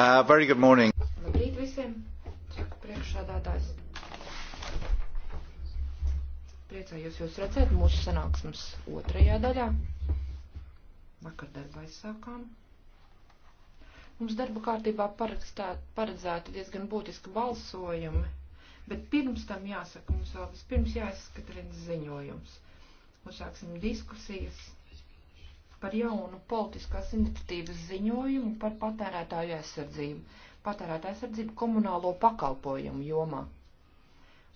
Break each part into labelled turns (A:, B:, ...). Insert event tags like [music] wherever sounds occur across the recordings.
A: Uh, very good morning.
B: Labrīt visiem. Saka priekšsādātājs. Priecājos jūs redzēt mūsu sanāksmes otrajā daļā. Vakar darbu aizsākām. Mums darba kārtībā paredzēti diezgan būtiski balsojumi, bet pirms tam jāsaka mums vēl vispirms jāizskata viens ziņojums. Uzsāksim diskusijas par jaunu politiskās iniciatīvas ziņojumu par patērētāju aizsardzību, patērētāju aizsardzību komunālo pakalpojumu jomā.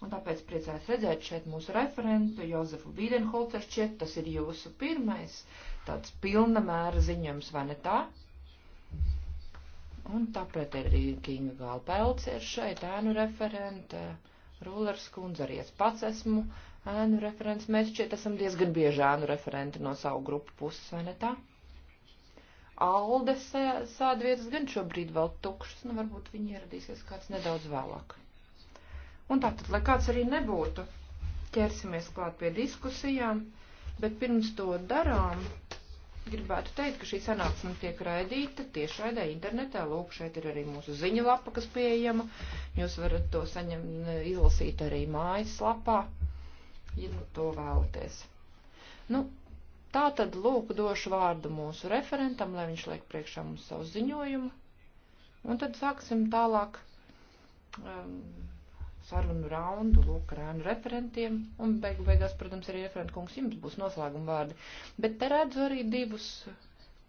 B: Un tāpēc priecājos redzēt šeit mūsu referentu Jozefu Vīdenholcer, šķiet, tas ir jūsu pirmais tāds pilna mēra ziņojums, vai ne tā? Un tāpēc arī Kinga Galpelts ir šeit ēnu referente, Rulers kundze arī es pats esmu ēnu referents. Mēs šķiet esam diezgan bieži ēnu referenti no savu grupu puses, vai ne tā? Alde sēd vietas gan šobrīd vēl tukšas, nu varbūt viņi ieradīsies kāds nedaudz vēlāk. Un tātad, lai kāds arī nebūtu, ķersimies klāt pie diskusijām, bet pirms to darām, gribētu teikt, ka šī sanāksme tiek raidīta tiešraidē internetā. Lūk, šeit ir arī mūsu ziņu lapa, kas pieejama. Jūs varat to saņemt, izlasīt arī mājas lapā ja to vēlaties. Nu, tā tad lūk došu vārdu mūsu referentam, lai viņš liek priekšā mums savu ziņojumu, un tad sāksim tālāk um, sarunu raundu, lūk, rēnu referentiem, un beigu beigās, protams, arī referenta kungs jums būs noslēguma vārdi. Bet te redzu arī divus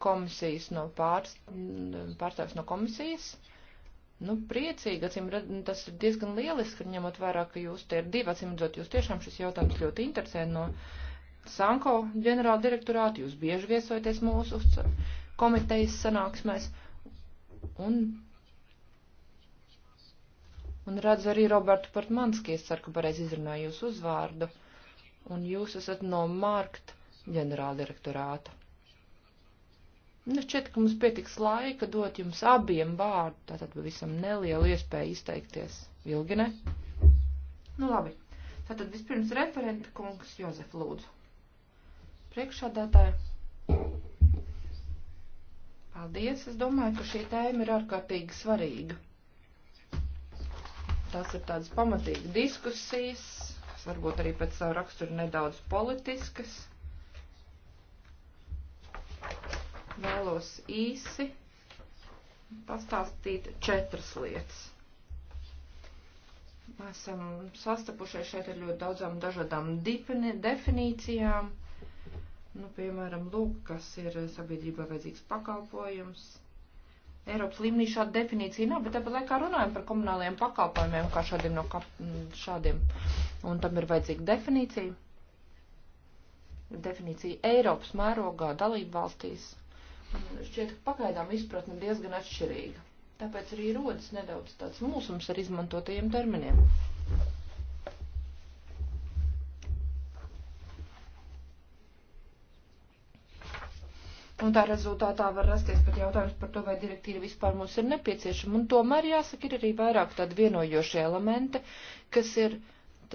B: komisijas no pārst, pārstāvis no komisijas, Nu, priecīgi, acīm redzot, tas ir diezgan lieliski, ņemot vērā, ka jūs te ir divi, acīm redzot, jūs tiešām šis jautājums ļoti interesē no Sanko ģenerāla direktorāta, jūs bieži viesojaties mūsu komitejas sanāksmēs, un, un redzu arī Robertu Portmanski, es ceru, ka pareizi izrunāju jūsu uzvārdu, un jūs esat no Markt ģenerāla direktorāta. Nu, šķiet, ka mums pietiks laika dot jums abiem vārdu, tātad pavisam nelielu iespēju izteikties. Ilgi ne? Nu, labi. Tātad vispirms referenta kungs Jozef Lūdzu. Priekšādātāja. Paldies, es domāju, ka šī tēma ir ārkārtīgi svarīga. Tās ir tādas pamatīgas diskusijas, kas varbūt arī pēc savu raksturu nedaudz politiskas. vēlos īsi pastāstīt četras lietas. Mēs esam sastapušies šeit ar ļoti daudzām dažādām definīcijām. Nu, piemēram, lūk, kas ir sabiedrībā vajadzīgs pakalpojums. Eiropas līmenī šāda definīcija nav, bet tāpat laikā runājam par komunālajiem pakalpojumiem, kā šādiem no kap, šādiem. Un tam ir vajadzīga definīcija. Definīcija Eiropas mērogā dalību valstīs šķiet, ka pagaidām izpratne diezgan atšķirīga. Tāpēc arī rodas nedaudz tāds mūsums ar izmantotajiem terminiem. Un tā rezultātā var rasties pat jautājums par to, vai direktīva vispār mums ir nepieciešama. Un tomēr, jāsaka, ir arī vairāk tādi vienojošie elementi, kas ir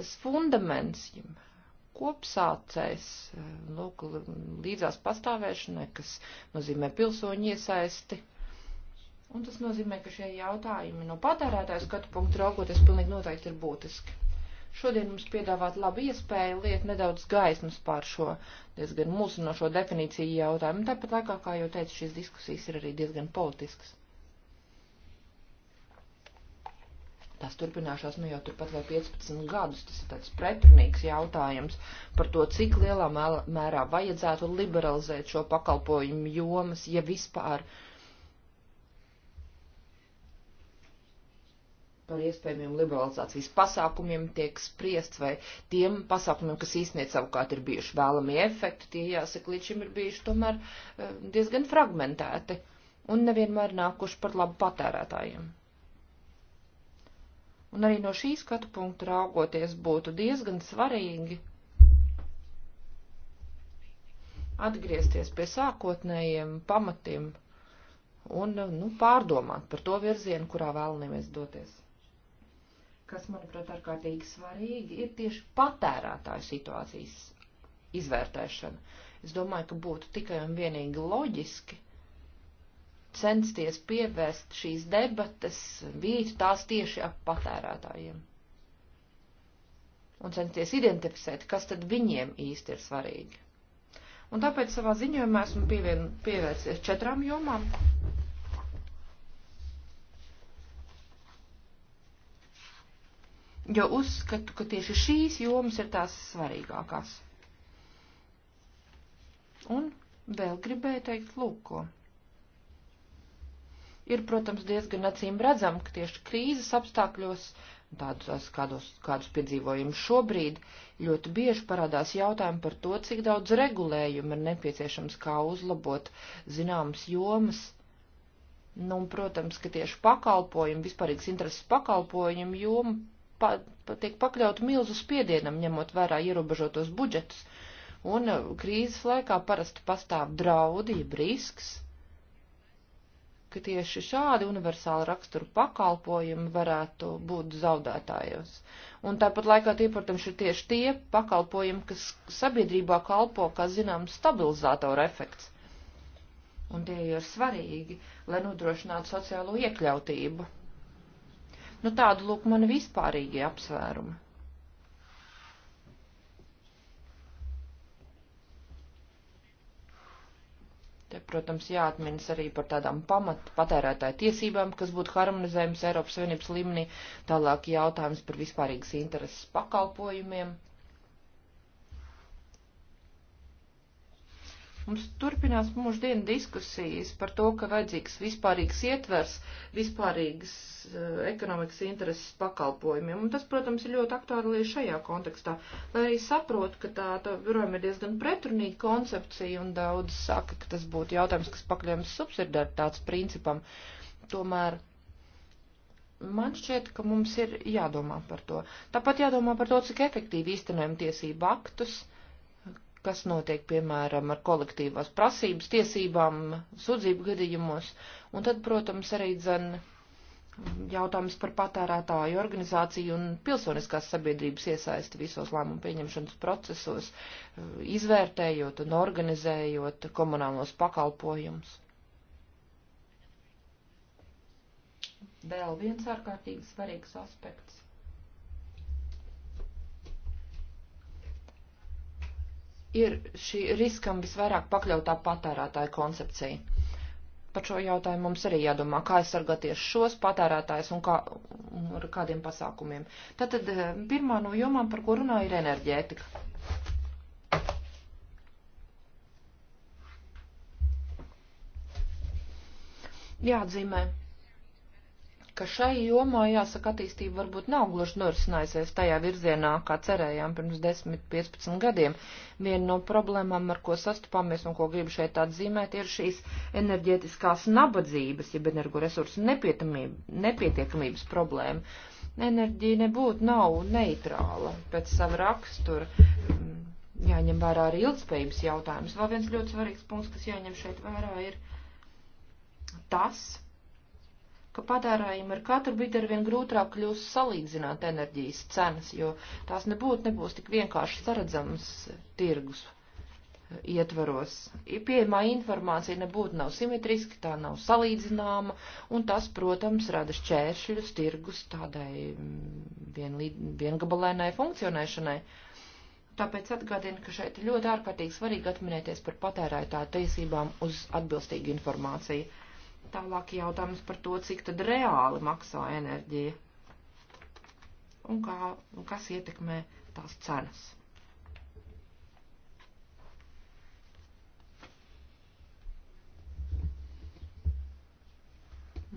B: tas fundaments, jums kopsācēs, eh, lūk, līdzās pastāvēšanai, kas nozīmē pilsoņu iesaisti. Un tas nozīmē, ka šie jautājumi no patērētāju skatu punktu raugoties pilnīgi noteikti ir būtiski. Šodien mums piedāvāt labu iespēju liet nedaudz gaismas pār šo diezgan mūsinošo definīciju jautājumu. Tāpat laikā, kā jau teicu, šīs diskusijas ir arī diezgan politiskas. Tas turpināšās nu jau turpat vai 15 gadus. Tas ir tāds pretrunīgs jautājums par to, cik lielā mērā vajadzētu liberalizēt šo pakalpojumu jomas, ja vispār par iespējamiem liberalizācijas pasākumiem tiek spriests, vai tiem pasākumiem, kas īstenībā savukārt ir bijuši vēlami efekti, tie jāsaka, līdz šim ir bijuši tomēr eh, diezgan fragmentēti un nevienmēr nākuši par labu patērētājiem. Un arī no šī skatu punkta raugoties būtu diezgan svarīgi atgriezties pie sākotnējiem pamatiem un nu, pārdomāt par to virzienu, kurā vēlamies doties. Kas, manuprāt, ārkārtīgi svarīgi, ir tieši patērētāju situācijas izvērtēšana. Es domāju, ka būtu tikai un vienīgi loģiski censties pievērst šīs debatas, vīt tās tieši ap patērētājiem. Un censties identificēt, kas tad viņiem īsti ir svarīgi. Un tāpēc savā ziņojumā esmu pievien, pievērsies četrām jomām. Jo uzskatu, ka tieši šīs jomas ir tās svarīgākās. Un vēl gribēju teikt lūko ir, protams, diezgan acīm redzam, ka tieši krīzes apstākļos, tādus, kādos, kādus piedzīvojam šobrīd, ļoti bieži parādās jautājumi par to, cik daudz regulējumu ir nepieciešams, kā uzlabot zināmas jomas. Nu, un, protams, ka tieši pakalpojumu, vispārīgs intereses pakalpojumu joma pa, pa, tiek pakļaut milzu spiedienam, ņemot vērā ierobežotos budžetus. Un eh, krīzes laikā parasti pastāv draudi, risks ka tieši šādi universāla rakstura pakalpojumi varētu būt zaudētājos. Un tāpat laikā tie, protams, ir tieši tie pakalpojumi, kas sabiedrībā kalpo, kā zinām, stabilizātora efekts. Un tie ir svarīgi, lai nodrošinātu sociālo iekļautību. Nu tādu lūk mani vispārīgie apsvērumi. Te, protams, jāatminas arī par tādām pamat patērētāju tiesībām, kas būtu harmonizējums Eiropas Savienības līmenī, tālāk jautājums par vispārīgas intereses pakalpojumiem. Mums turpinās mūždien diskusijas par to, ka vajadzīgs vispārīgs ietvers, vispārīgas uh, ekonomikas intereses pakalpojumiem. Un tas, protams, ir ļoti aktuāli arī šajā kontekstā. Lai arī saprotu, ka tā, tā joprojām ir diezgan pretrunīga koncepcija un daudz saka, ka tas būtu jautājums, kas pakļaujas subsidiaritātes principam. Tomēr man šķiet, ka mums ir jādomā par to. Tāpat jādomā par to, cik efektīvi īstenojam tiesību aktus. Uh, kas notiek, piemēram, ar kolektīvās prasības, tiesībām, sudzību gadījumos, un tad, protams, arī dzen jautājums par patērētāju organizāciju un pilsoniskās sabiedrības iesaisti visos lēmumu pieņemšanas procesos, izvērtējot un organizējot komunālos pakalpojumus. Vēl viens ārkārtīgi svarīgs aspekts ir šī riskam visvairāk pakļautā patērētāja koncepcija. Par šo jautājumu mums arī jādomā, kā aizsargāties šos patērētājus un kā, ar kādiem pasākumiem. Tātad eh, pirmā no jomām, par ko runāju, ir enerģētika. Jāatzīmē, ka šai jomā, jāsaka, attīstība varbūt nav gluži norisinājusies tajā virzienā, kā cerējām pirms 10-15 gadiem. Viena no problēmām, ar ko sastopāmies un ko gribu šeit atzīmēt, ir šīs enerģētiskās nabadzības, jeb energoresursu nepietiekamības problēma. Enerģija nebūtu nav neitrāla pēc sava rakstura. Mm, jāņem vērā arī ilgspējības jautājums. Vēl viens ļoti svarīgs punkts, kas jāņem šeit vērā, ir tas, ka patērājiem ar katru brīdi arvien grūtāk kļūst salīdzināt enerģijas cenas, jo tās nebūtu, nebūs tik vienkārši saredzams tirgus e, ietvaros. Pieejamā informācija nebūtu nav simetriska, tā nav salīdzināma, un tas, protams, rada šķēršļus tirgus tādai vienlīd, viengabalainai funkcionēšanai. Tāpēc atgādinu, ka šeit ļoti ārkārtīgi svarīgi atminēties par patērētāju tiesībām uz atbilstīgu informāciju. Tālāk jautājums par to, cik tad reāli maksā enerģija un kā, un kas ietekmē tās cenas.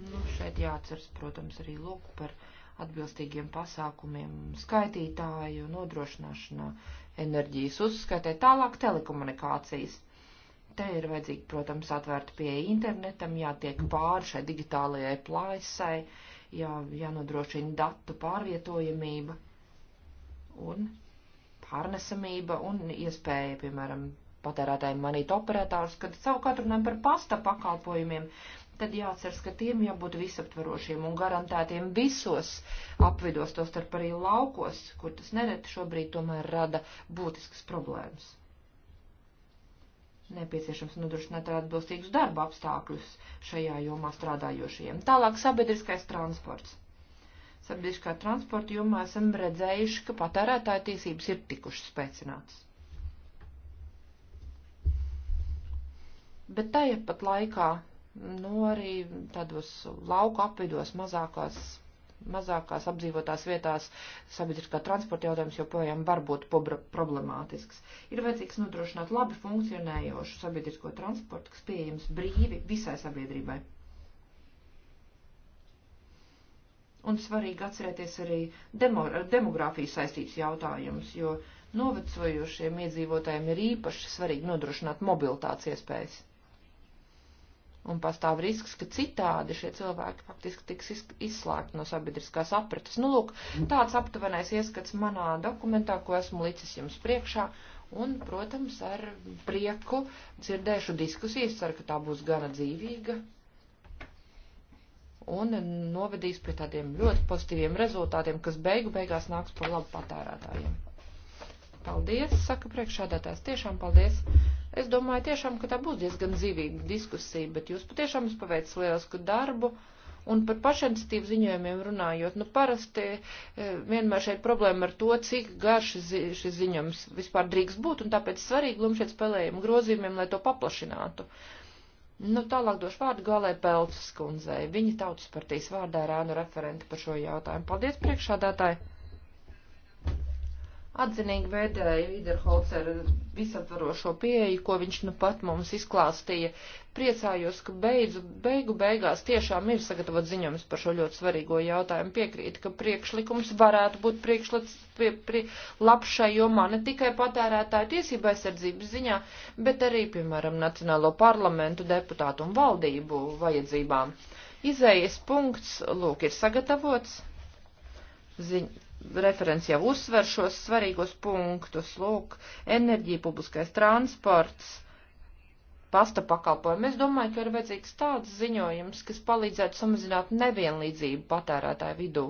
B: Nu, šeit jāatceras, protams, arī lūk par atbilstīgiem pasākumiem skaitītāju nodrošināšanā enerģijas uzskaitē tālāk telekomunikācijas. Te ir vajadzīgi, protams, atvērta pieeja internetam, jātiek pāri šai digitālajai plājasai, jā, jānodrošina datu pārvietojamība un pārnesamība un iespēja, piemēram, patērētājiem manīt operatārus, kad savukārt runājam par pasta pakalpojumiem, tad jāatceras, ka tiem jābūt visaptvarošiem un garantētiem visos apvidos, tostarp arī laukos, kur tas nereti šobrīd tomēr rada būtiskas problēmas nepieciešams nodrošināt atbilstīgus darba apstākļus šajā jomā strādājošajiem. Tālāk sabiedriskais transports. Sabiedriskā transporta jomā esam redzējuši, ka patērētāja tiesības ir tikušas spēcinātas. Bet tajā pat laikā, nu no arī tādos lauku apvidos mazākās mazākās apdzīvotās vietās sabiedriskā transporta jautājums joprojām var būt problemātisks. Ir vajadzīgs nodrošināt labi funkcionējošu sabiedrisko transportu, kas pieejams brīvi visai sabiedrībai. Un svarīgi atcerēties arī demo, ar demogrāfijas saistīts jautājums, jo novecojošiem iedzīvotājiem ir īpaši svarīgi nodrošināt mobilitātes iespējas. Un pastāv risks, ka citādi šie cilvēki faktiski tiks izslēgti no sabiedriskās apratas. Nu, lūk, tāds aptuvenais ieskats manā dokumentā, ko esmu licis jums priekšā. Un, protams, ar prieku dzirdēšu diskusijas, ceru, ka tā būs gana dzīvīga un novedīs pie tādiem ļoti pozitīviem rezultātiem, kas beigu beigās nāks par labu patērētājiem. Paldies, saka priekšādātājs, tiešām paldies. Es domāju tiešām, ka tā būs diezgan dzīvīga diskusija, bet jūs patiešām paveicat lielisku darbu. Un par pašinicitīvu ziņojumiem runājot, nu parasti eh, vienmēr šeit problēma ar to, cik garš šis ziņojums vispār drīkst būt, un tāpēc svarīgi lum šeit spēlējam grozījumiem, lai to paplašinātu. Nu, tālāk došu vārdu galai Pelcis kundzei. Viņa tautas partijas vārdā rānu referenti par šo jautājumu. Paldies priekšādātāji! atzinīgi vērtēju Viderholceru visaptvarošo pieeju, ko viņš nu pat mums izklāstīja. Priecājos, ka beidzu, beigu beigās tiešām ir sagatavot ziņojums par šo ļoti svarīgo jautājumu. Piekrīt, ka priekšlikums varētu būt priekšlats pie, pie, labs šai jomā ne tikai patērētāju tiesību aizsardzības ziņā, bet arī, piemēram, Nacionālo parlamentu deputātu un valdību vajadzībām. Izējas punkts, lūk, ir sagatavots. Ziņ, referents jau uzsver šos svarīgos punktus, lūk, enerģija, publiskais transports, pasta pakalpojumi. Es domāju, ka ir vajadzīgs tāds ziņojums, kas palīdzētu samazināt nevienlīdzību patērētāju vidū.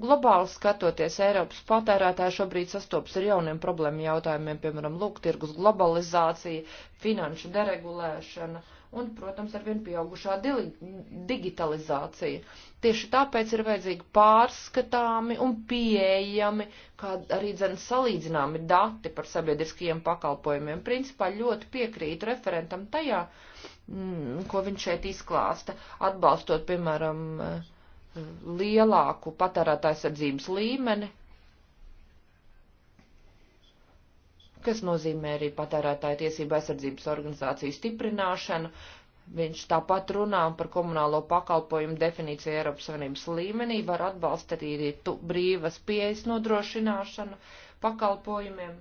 B: Globāli skatoties, Eiropas patērētāji šobrīd sastopas ar jauniem problēmu jautājumiem, piemēram, lūgtirgus globalizācija, finanšu deregulēšana un, protams, arvien pieaugušā digitalizācija. Tieši tāpēc ir vajadzīgi pārskatāmi un pieejami, kā arī dzen salīdzināmi dati par sabiedriskajiem pakalpojumiem. Principā ļoti piekrītu referentam tajā, mm, ko viņš šeit izklāsta, atbalstot, piemēram, lielāku patērētājsardzības līmeni, kas nozīmē arī patērētāja tiesība aizsardzības organizāciju stiprināšanu. Viņš tāpat runā par komunālo pakalpojumu definīciju Eiropas Savienības līmenī, var atbalstīt arī tu, brīvas pieejas nodrošināšanu pakalpojumiem.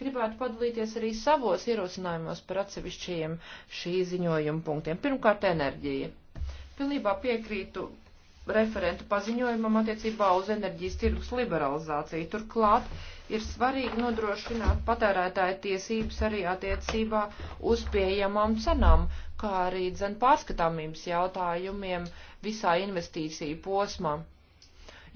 B: Gribētu padalīties arī savos ierosinājumos par atsevišķajiem šī ziņojuma punktiem. Pirmkārt, enerģija. Pilnībā piekrītu referentu paziņojumam attiecībā uz enerģijas tirgus liberalizāciju. Turklāt ir svarīgi nodrošināt patērētāju tiesības arī attiecībā uz pieejamām cenām, kā arī dzen pārskatāmības jautājumiem visā investīciju posmā.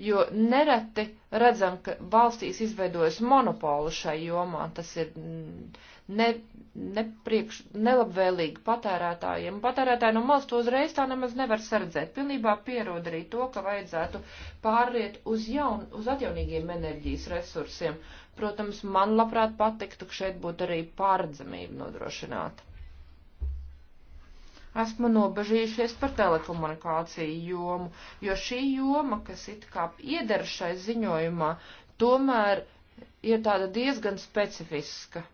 B: Jo nereti redzam, ka valstīs izveidojas monopolu šai jomā, tas ir mm, ne, ne priekš, nelabvēlīgi patērētājiem. Patērētāji no malas to uzreiz tā nemaz nevar sardzēt. Pilnībā pierod arī to, ka vajadzētu pāriet uz, jaun, uz atjaunīgiem enerģijas resursiem. Protams, man labprāt patiktu, ka šeit būtu arī pārdzamība nodrošināta. Esmu nobežījušies par telekomunikāciju jomu, jo šī joma, kas it kā iedara šai ziņojumā, tomēr ir tāda diezgan specifiska.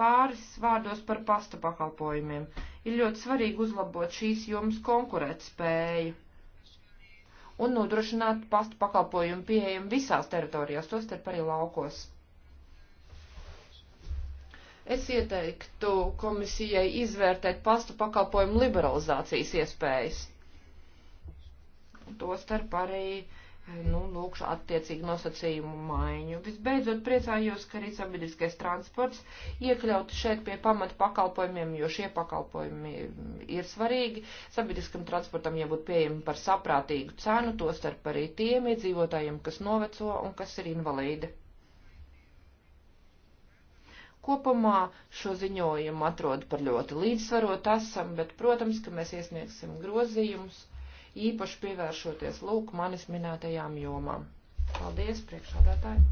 B: pāris vārdos par pasta pakalpojumiem. Ir ļoti svarīgi uzlabot šīs jomas konkurētspēju un nodrošināt pasta pakalpojumu pieejamu visās teritorijās, tostarp arī laukos. Es ieteiktu komisijai izvērtēt pasta pakalpojumu liberalizācijas iespējas. Tostarp arī uh, nu, lūk, attiecīgi nosacījumu maiņu. Visbeidzot, priecājos, ka arī sabiedriskais transports iekļauts šeit pie pamata pakalpojumiem, jo šie pakalpojumi ir svarīgi. Sabiedriskam transportam jābūt pieejami par saprātīgu cenu, to starp arī tiem iedzīvotājiem, kas noveco un kas ir invalīdi. Kopumā šo ziņojumu atrodu par ļoti līdzsvarot esam, bet, protams, ka mēs iesniegsim grozījumus īpaši pievēršoties lūk manis minētajām jomām. Paldies, priekšādātāji.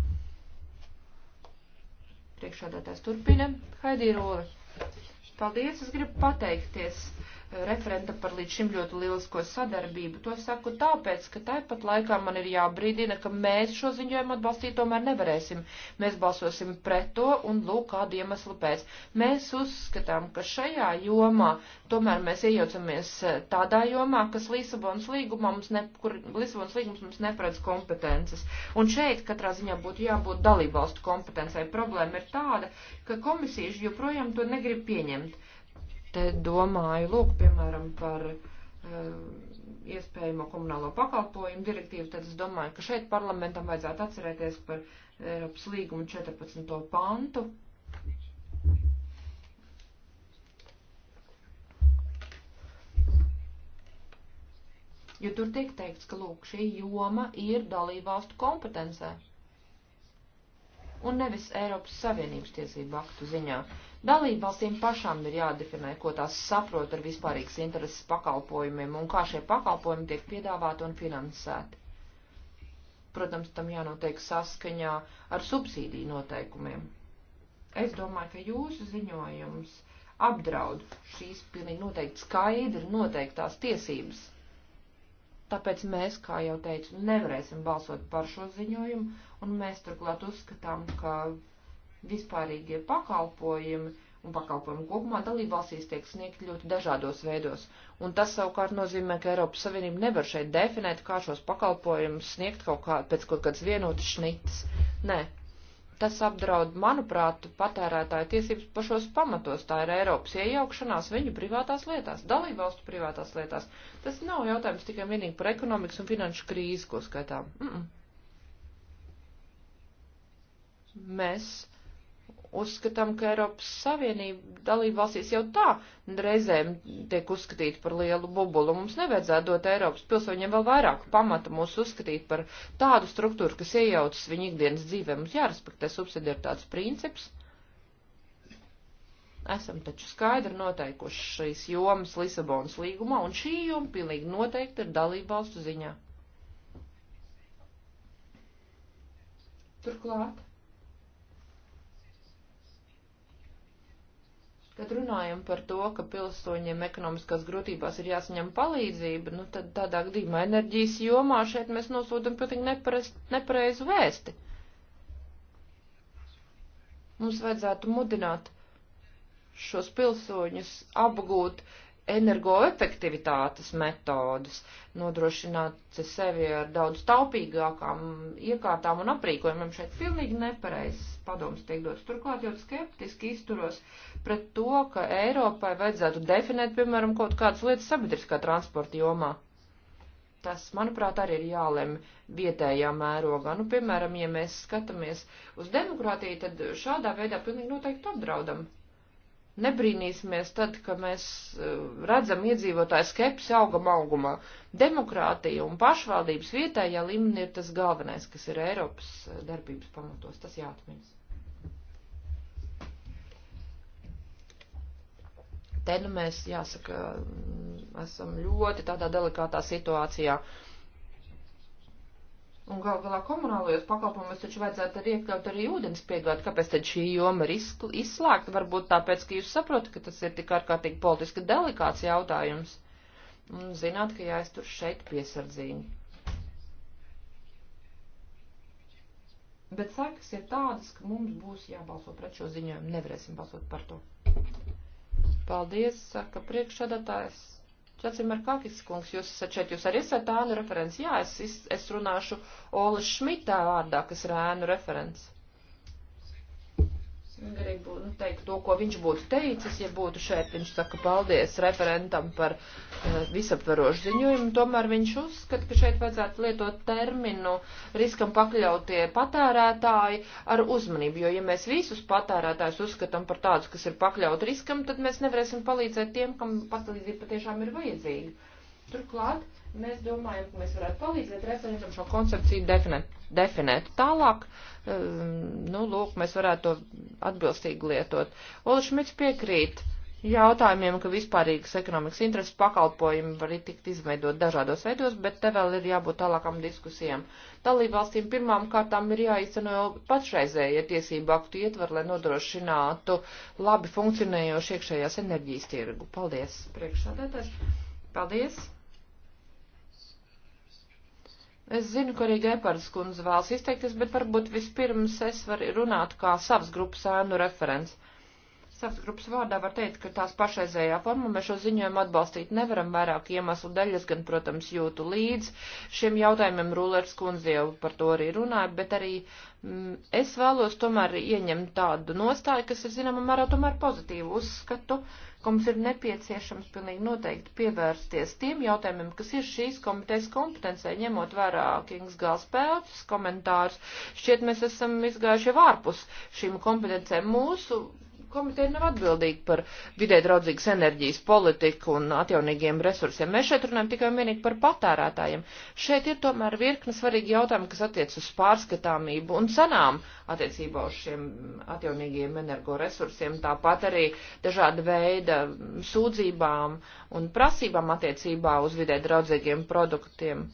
B: Priekšādātājs turpina. Haidī Roli. Paldies, es gribu pateikties referenta par līdz šim ļoti lielisko sadarbību. To saku tāpēc, ka tāpat laikā man ir jābrīdina, ka mēs šo ziņojumu atbalstīt tomēr nevarēsim. Mēs balsosim pret to un lūk kādu iemeslu pēc. Mēs uzskatām, ka šajā jomā tomēr mēs iejaucamies eh, tādā jomā, kas Lisabonas līgumā mums, ne, kur Lisabonas līgums mums neparedz kompetences. Un šeit katrā ziņā būtu jābūt dalībvalstu kompetencei. Problēma ir tāda, ka komisija joprojām to negrib pieņemt Te domāju, lūk, piemēram, par eh, iespējamo komunālo pakalpojumu direktīvu, tad es domāju, ka šeit parlamentam vajadzētu atcerēties par Eiropas līgumu 14. pantu. Jo tur tiek teikts, ka lūk, šī joma ir dalībvalstu kompetencē un nevis Eiropas Savienības tiesību aktu ziņā. Uh, Dalībvalstīm pašām ir jādefinē, ko tās saprot ar vispārīgas intereses pakalpojumiem un kā šie pakalpojumi tiek piedāvāti un finansēti. Protams, tam jānotiek saskaņā ar subsīdiju noteikumiem. Es domāju, ka jūsu ziņojums apdraud šīs pilnīgi noteikti skaidri noteiktās tiesības. Tāpēc mēs, kā jau teicu, nevarēsim balsot par šo ziņojumu, un mēs turklāt uzskatām, ka vispārīgie pakalpojumi un pakalpojumi kopumā dalībvalstīs tiek sniegti ļoti dažādos veidos. Un tas savukārt nozīmē, ka Eiropas Savienība nevar šeit definēt, kā šos pakalpojumus sniegt kaut kā pēc kaut kādas vienotas šnitas. Nē. Tas apdraud, manuprāt, patērētāju tiesības pašos pamatos. Tā ir Eiropas iejaukšanās viņu privātās lietās, dalībvalstu privātās lietās. Tas nav jautājums tikai vienīgi par ekonomikas un finanšu krīzi, ko skatām. Mm -mm. Mēs uzskatām, ka Eiropas Savienība dalība valstīs jau tā reizēm tiek uzskatīta par lielu bubulu. Mums nevajadzētu dot Eiropas pilsoņiem vēl vairāk pamata mūs uzskatīt par tādu struktūru, kas iejaucas viņu ikdienas dzīvē. Mums jārespektē subsidiaritātes princips. Esam taču skaidri noteikuši šīs jomas Lisabonas līgumā, un šī joma pilnīgi noteikti ir dalība valstu ziņā. Turklāt. Kad runājam par to, ka pilsoņiem ekonomiskās grūtībās ir jāsaņem palīdzība, nu tad tādā gadījumā enerģijas jomā šeit mēs nosūtam pilnīgi nepareizu vēsti. Mums vajadzētu mudināt šos pilsoņus apgūt energoefektivitātes metodas, nodrošināt sevi ar daudz taupīgākām iekārtām un aprīkojumiem. Šeit pilnīgi nepareizs padomus tiek dots. Turklāt ļoti skeptiski izturos pret to, ka Eiropai vajadzētu definēt, piemēram, kaut kādas lietas sabiedriskā transporta jomā. Tas, manuprāt, arī ir jālem vietējā mērogā. Nu, piemēram, ja mēs skatāmies uz demokrātiju, tad šādā veidā pilnīgi noteikti apdraudam nebrīnīsimies tad, ka mēs eh, redzam iedzīvotāju skepsi augam augumā. Demokrātija un pašvaldības vietējā līmenī ir tas galvenais, kas ir Eiropas eh, darbības pamatos. Tas jāatminas. Te nu mēs, jāsaka, esam ļoti tādā delikātā situācijā. Un gal galā komunālajos pakalpojumos taču vajadzētu arī iekļaut arī ūdens piegādi. Kāpēc tad šī joma ir izslēgta? Varbūt tāpēc, ka jūs saprotat, ka tas ir tik ārkārtīgi politiski delikāts jautājums. Un zināt, ka jāiztur šeit piesardzīgi. Bet sekas ir tādas, ka mums būs jābalso pret šo ziņojumu. Nevarēsim balsot par to. Paldies, saka priekšsēdētājs. Čacimēr Kakis kungs, jūs esat šeit, jūs arī esat ēnu referents. Jā, es, es runāšu Ola Šmitā vārdā, kas ir ēnu referents gribu nu, teikt to, ko viņš būtu teicis, ja būtu šeit. Viņš saka paldies referentam par uh, eh, visaptverošu ziņojumu. Tomēr viņš uzskata, ka šeit vajadzētu lietot terminu riskam pakļautie patērētāji ar uzmanību. Jo, ja mēs visus patērētājus uzskatām par tādus, kas ir pakļauti riskam, tad mēs nevarēsim palīdzēt tiem, kam patlīdzība patiešām ir vajadzīga. Turklāt Mēs domājam, ka mēs varētu palīdzēt referentam šo koncepciju definēt. definēt. Tālāk, um, nu, lūk, mēs varētu to atbilstīgi lietot. Ola Šmits piekrīt jautājumiem, ka vispārīgas ekonomikas intereses pakalpojumi var tikt izveidot dažādos veidos, bet te vēl ir jābūt tālākam diskusijām. Dalībvalstīm pirmām kārtām ir jāizceno jau pašreizējie tiesību aktu ietver, lai nodrošinātu labi funkcionējošu iekšējās enerģijas tirgu. Paldies, priekšsādētājs. Paldies. Es zinu, ka arī Gepards kundze vēlas izteikties, bet varbūt vispirms es varu runāt kā savas grupas ēnu referents. Savas grupas vārdā var teikt, ka tās pašreizējā forma mēs šo ziņojumu atbalstīt nevaram vairāk iemeslu dēļ, es gan, protams, jūtu līdz šiem jautājumiem, Rulers kundze jau par to arī runāja, bet arī Mm, es vēlos tomēr ieņemt tādu nostāju, kas ir zināmā mērā tomēr pozitīvu uzskatu, ka mums ir nepieciešams pilnīgi noteikti pievērsties tiem jautājumiem, kas ir šīs komitejas kompetencē, ņemot vērā Kings Gals pēcus komentārus. Šķiet, mēs esam izgājuši jau ārpus šīm kompetencēm. Mūsu komiteja nav atbildīga par vidē draudzīgas enerģijas politiku un atjaunīgiem resursiem. Mēs šeit runājam tikai un vienīgi par patērētājiem. Šeit ir tomēr virkne svarīgi jautājumi, kas attiec uz pārskatāmību un cenām attiecībā uz šiem atjaunīgiem energoresursiem, tāpat arī dažāda veida sūdzībām un prasībām attiecībā uz vidē draudzīgiem produktiem.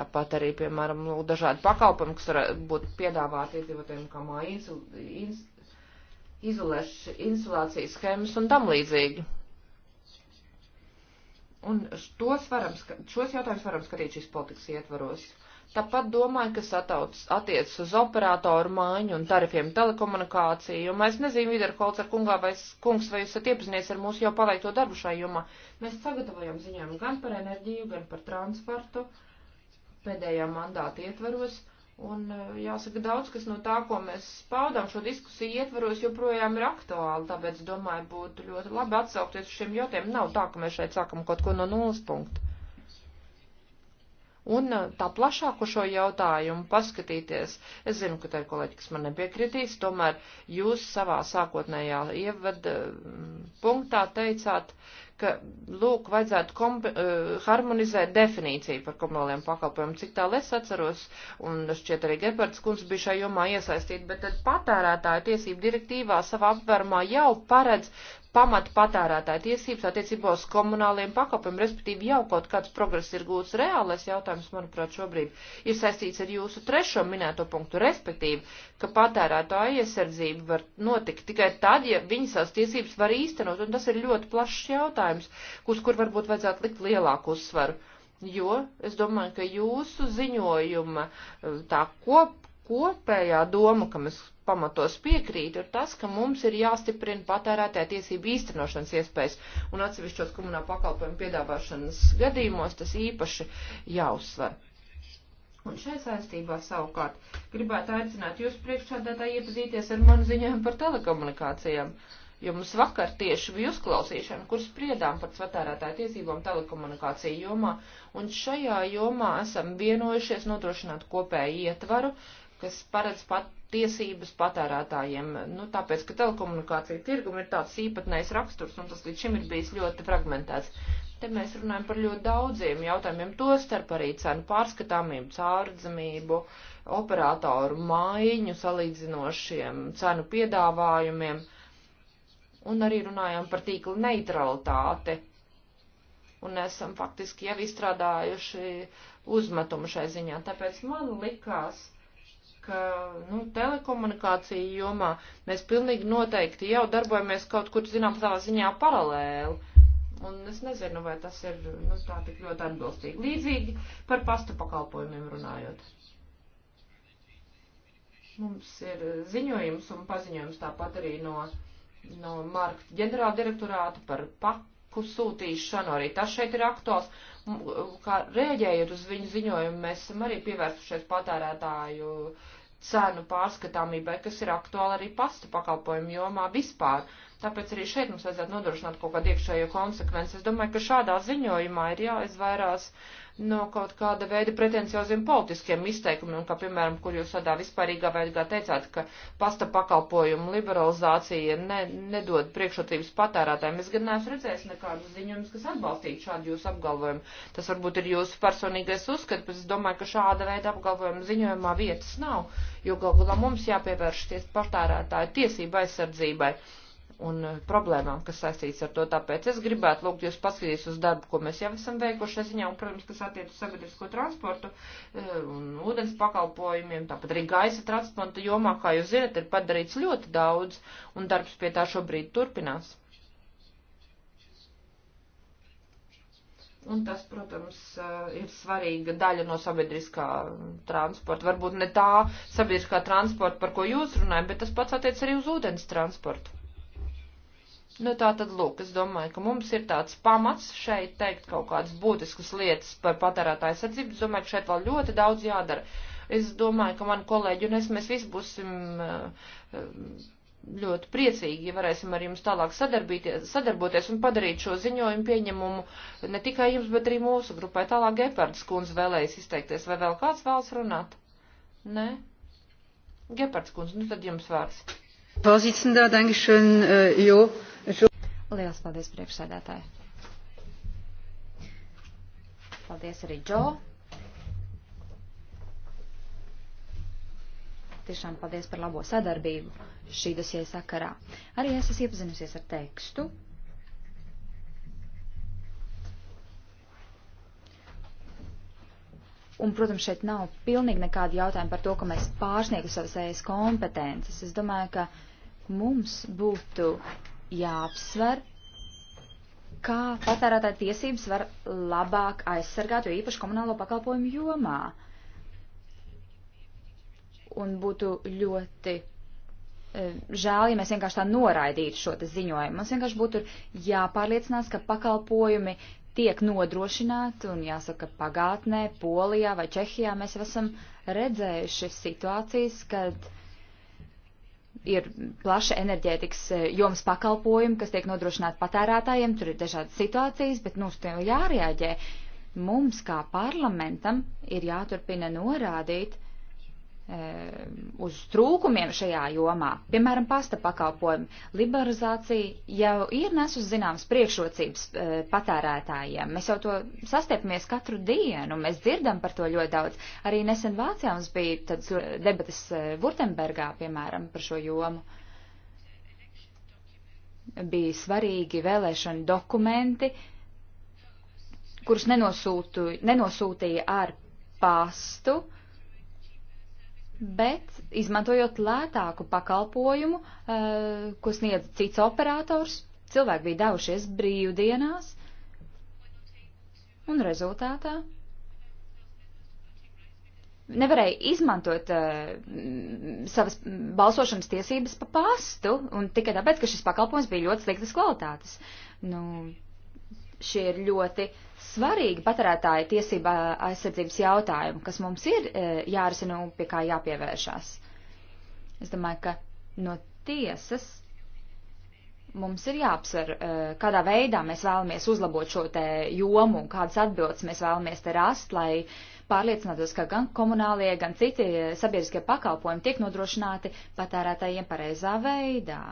B: Tāpat arī, piemēram, dažādi pakalpojumi, kas var būt piedāvāti iedzīvotājiem kā mājas izolēšu insulācijas schēmas un tam līdzīgi. Un šos, varam, šos jautājumus varam skatīt šīs politikas ietvaros. Tāpat domāju, kas atauc, attiec uz operātoru māju un tarifiem telekomunikāciju, jo mēs nezinu, Vidar Holcer kungā vai kungs, vai jūs esat iepazinies ar mūsu jau paveikto darbu šai jomā. Mēs sagatavojam ziņojumu gan par enerģiju, gan par transportu pēdējā mandāta ietvaros. Uh, Un eh, jāsaka, daudz kas no tā, ko mēs spaudām šo diskusiju ietvaros, joprojām ir aktuāli, tāpēc, domāju, būtu ļoti labi atsaukties uz šiem jautājumiem. Nav tā, ka mēs šeit sākam kaut ko no nulles punkta. Un eh, tā plašāku šo jautājumu paskatīties, es zinu, ka te ir kolēģi, kas man nepiekritīs, tomēr jūs savā sākotnējā ievada mm, punktā teicāt, uh, ka, lūk, vajadzētu kombi, uh, eh, harmonizēt definīciju par komunāliem pakalpojumiem. Cik tālu es atceros, un šķiet arī Gepards kungs bija šajā jomā iesaistīta, bet tad patērētāja tiesība direktīvā savā apvērumā jau paredz pamata patērētāja tiesības attiecībā uz komunāliem pakalpiem, respektīvi jau kaut kāds progress ir gūts reālais jautājums, manuprāt, šobrīd ir saistīts ar jūsu trešo minēto punktu, respektīvi, ka patērētāja iesardzība var notikt tikai tad, ja viņi savas tiesības var īstenot, un tas ir ļoti plašs jautājums, uz kur varbūt vajadzētu likt lielāku uzsvaru. Jo es domāju, ka jūsu ziņojuma tā kop, kopējā doma, kam es pamatos piekrītu, ir tas, ka mums ir jāstiprina patērētāja tiesību īstenošanas iespējas, un atsevišķos komunā pakalpojumu piedāvāšanas gadījumos tas īpaši jāuzsver. Un šai saistībā savukārt gribētu aicināt jūs priekšsādātāji iepazīties ar manu ziņām par telekomunikācijām, jo mums vakar tieši bija uzklausīšana, kur spriedām par patērētāju tiesībām telekomunikāciju jomā, un šajā jomā esam vienojušies nodrošināt kopēju ietvaru, uh, kas paredz pat tiesības patērētājiem, nu, tāpēc, ka telekomunikācija tirgum ir tāds īpatnējs raksturs, un tas līdz šim ir bijis ļoti fragmentēts. Te mēs runājam par ļoti daudziem jautājumiem, to starp arī cenu pārskatāmību, cārdzamību, operātoru maiņu, salīdzinošiem cenu piedāvājumiem, un arī runājam par tīkla neutralitāti, un esam faktiski jau izstrādājuši uzmetumu šai ziņā, tāpēc man likās, ka nu, telekomunikācija jomā mēs pilnīgi noteikti jau darbojamies kaut kur, zinām, savā ziņā paralēli. Un es nezinu, vai tas ir nu, tā tik ļoti atbilstīgi. Līdzīgi par pasta pakalpojumiem runājot. Mums ir ziņojums un paziņojums tāpat arī no, no Marka ģenerāldirektorāta par paku sūtīšanu. Arī tas šeit ir aktuāls kā rēģējot uz viņu ziņojumu, mēs esam arī pievērsušies patērētāju cenu pārskatāmībai, kas ir aktuāla arī pastu pakalpojumu jomā vispār. Uh, Tāpēc arī šeit mums vajadzētu nodrošināt kaut kādu iekšējo konsekvenci. Es domāju, ka šādā ziņojumā ir jāizvairās no kaut kāda veida pretencioziem politiskiem izteikumiem, kā piemēram, kur jūs tādā vispārīgā veidā teicāt, ka pasta pakalpojumu liberalizācija ne, nedod priekšrocības patērētājiem. Es gan neesmu redzējis nekādus ziņojumus, kas atbalstītu šādu jūsu apgalvojumu. Tas varbūt ir jūsu personīgais uzskats, bet es domāju, ka šāda veida apgalvojumu ziņojumā vietas nav, jo galvā mums jāpievēršties patērētāju tiesību aizsardzībai un eh, problēmām, kas saistīts ar to. Tāpēc es gribētu lūgt jūs paskatīties uz darbu, ko mēs jau esam veikuši ziņā, un, protams, kas attiec uz sabiedrisko transportu eh, un ūdens pakalpojumiem, tāpat arī gaisa transporta jomā, kā jūs zinat, ir padarīts ļoti daudz, un darbs pie tā šobrīd turpinās. Un tas, protams, eh, ir svarīga daļa no sabiedriskā transporta. Varbūt ne tā sabiedriskā transporta, par ko jūs runājat, bet tas pats attiec arī uz ūdens transportu. Nu, tā tad, lūk, es domāju, ka mums ir tāds pamats šeit teikt kaut kādas būtiskas lietas par patērētāju sardzību. Es domāju, ka šeit vēl ļoti daudz jādara. Es domāju, ka mani kolēģi un es, mēs visi būsim eh, eh, ļoti priecīgi, ja varēsim ar jums tālāk sadarboties un padarīt šo ziņojumu pieņemumu ne tikai jums, bet arī mūsu grupai. Tālāk Gepards kundze vēlējas izteikties. Vai vēl kāds vēlas runāt? Nē? Gepards kundze, nu tad jums vārds.
C: Äh, Lielas paldies priekšsēdētāji. Paldies arī Džo. Tiešām paldies par labo sadarbību šī dosie sakarā. Arī es esmu iepazinusies ar tekstu. Un, protams, šeit nav pilnīgi nekāda jautājuma par to, ka mēs pārsniegtu savas ēs e kompetences. Es domāju, ka mums būtu jāapsver, kā patērētāja tiesības var labāk aizsargāt, jo īpaši komunālo pakalpojumu jomā. Un būtu ļoti e, žēl, ja mēs vienkārši tā noraidītu šo te ziņojumu. Mums vienkārši būtu jāpārliecinās, ka pakalpojumi tiek nodrošināti, un jāsaka, pagātnē, Polijā vai Čehijā mēs jau esam redzējuši situācijas, kad uh, ir plaša enerģētikas e, jomas pakalpojumi, kas tiek nodrošināti patērētājiem, tur ir dažādas situācijas, bet nu, uz tiem jārēģē. Mums, kā parlamentam, ir jāturpina norādīt, uz trūkumiem šajā jomā, piemēram, pasta pakalpojumi, liberalizācija jau ir nesus zināmas priekšrocības eh, patērētājiem. Mēs jau to sastiepamies katru dienu, mēs dzirdam par to ļoti daudz. Arī nesen Vācijā mums bija tāds eh, debatas Vurtembergā, eh, piemēram, par šo jomu. Bija svarīgi vēlēšana dokumenti, kurus nenosūtu, nenosūtīja ar pastu. Uh, bet izmantojot lētāku pakalpojumu, eh, ko sniedz cits operators, cilvēki bija devušies brīvdienās, un rezultātā nevarēja izmantot uh, savas balsošanas tiesības pa pastu, un tikai tāpēc, ka šis pakalpojums bija ļoti sliktas kvalitātes. Nu, šie ir ļoti uh, svarīgi patērētāja tiesība aizsardzības jautājumi, kas mums ir e, jārisina un pie kā jāpievēršās. Es domāju, ka no tiesas mums ir jāapsver, e, kādā veidā mēs vēlamies uzlabot šo te jomu un kādas atbildes mēs vēlamies te rast, lai pārliecinātos, ka gan komunālie, gan citi e, sabiedriskie pakalpojumi tiek nodrošināti patērētājiem pareizā veidā.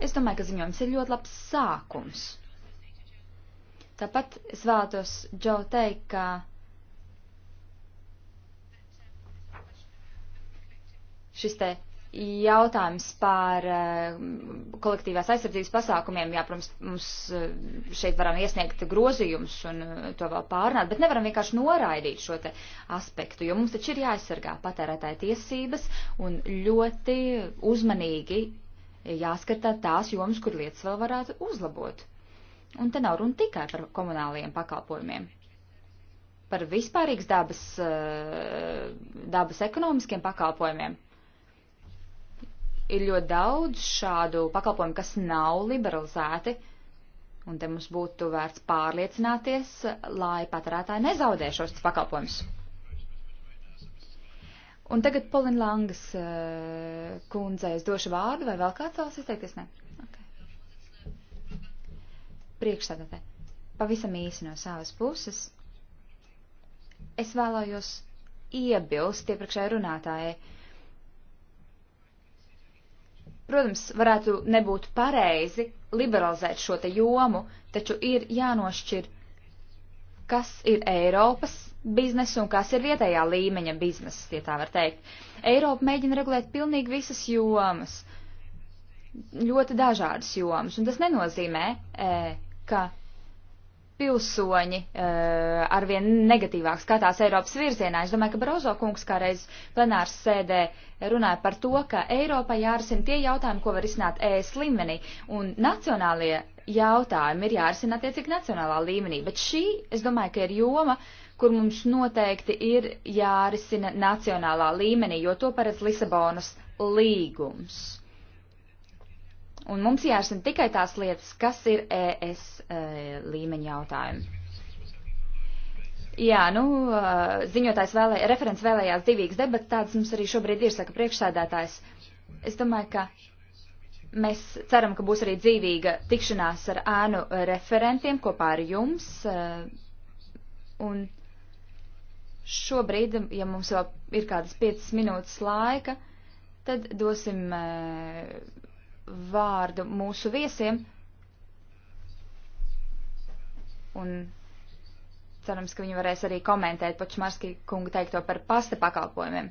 C: Es domāju, ka ziņojums ir ļoti labs sākums. Tāpat es vēlētos, Džo, teikt, ka šis te jautājums par eh, kolektīvās aizsardzības pasākumiem, jā, protams, mums eh, šeit varam iesniegt grozījumus un eh, to vēl pārnāt, bet nevaram vienkārši noraidīt šo te aspektu, jo mums taču ir jāaizsargā patērētāja tiesības un ļoti uzmanīgi jāskatā tās jomas, kur lietas vēl varētu uzlabot. Un te nav runa tikai par komunālajiem pakalpojumiem, par vispārīgas dabas, eh, dabas ekonomiskiem pakalpojumiem. Ir ļoti daudz šādu pakalpojumu, kas nav liberalizēti, un te mums būtu vērts pārliecināties, lai patērētāji nezaudē šos pakalpojumus. Un tagad Polina Langas eh, kundzei es došu vārdu, vai vēl kāds vēlas izteikties? Ne? Priekšsēdētāji, pavisam īsi no savas puses. Es vēlējos iebilst iepriekšējai runātājai. Protams, varētu nebūt pareizi liberalizēt šo te jomu, taču ir jānošķir, kas ir Eiropas biznesa un kas ir vietējā līmeņa biznesa, ja tā var teikt. Eiropa mēģina regulēt pilnīgi visas jomas, ļoti dažādas jomas, un tas nenozīmē e, ka pilsoņi uh, arvien negatīvāk skatās Eiropas virzienā. Es domāju, ka Brozo kungs kādreiz plenārs sēdē runāja par to, ka Eiropai jārisina tie jautājumi, ko var risināt ES līmenī, un nacionālie jautājumi ir jārisina attiecīgi nacionālā līmenī. Bet šī, es domāju, ka ir joma, kur mums noteikti ir jārisina nacionālā līmenī, jo to paredz Lisabonas līgums. Un mums jārisina tikai tās lietas, kas ir ES e, līmeņa jautājumi. Jā, nu, e, ziņotājs vēlē, referents vēlējās divīgas debatas, tādas mums arī šobrīd ir, saka priekšsēdētājs. Es domāju, ka mēs ceram, ka būs arī dzīvīga tikšanās ar ēnu referentiem kopā ar jums. E, un šobrīd, ja mums vēl ir kādas 5 minūtes laika, tad dosim vārdu mūsu viesiem. Un cerams, ka viņi varēs arī komentēt Počmarski kungu teikto par pasta pakalpojumiem.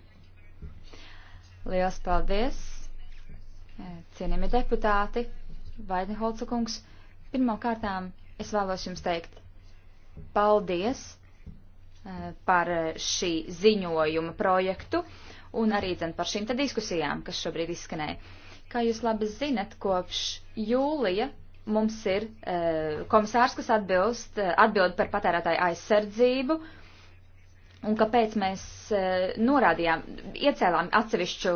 C: Liels paldies, e, cienījami deputāti, Vaidniholca kungs. Pirmkārtām es vēlos jums teikt paldies e, par šī ziņojuma projektu un arī dzen, par šīm te diskusijām, kas šobrīd izskanēja. Kā jūs labi zinat, kopš jūlija mums ir e, komisārs, kas atbilst, e, atbild par patērētāju aizsardzību, un kāpēc mēs e, norādījām, iecēlām atsevišķu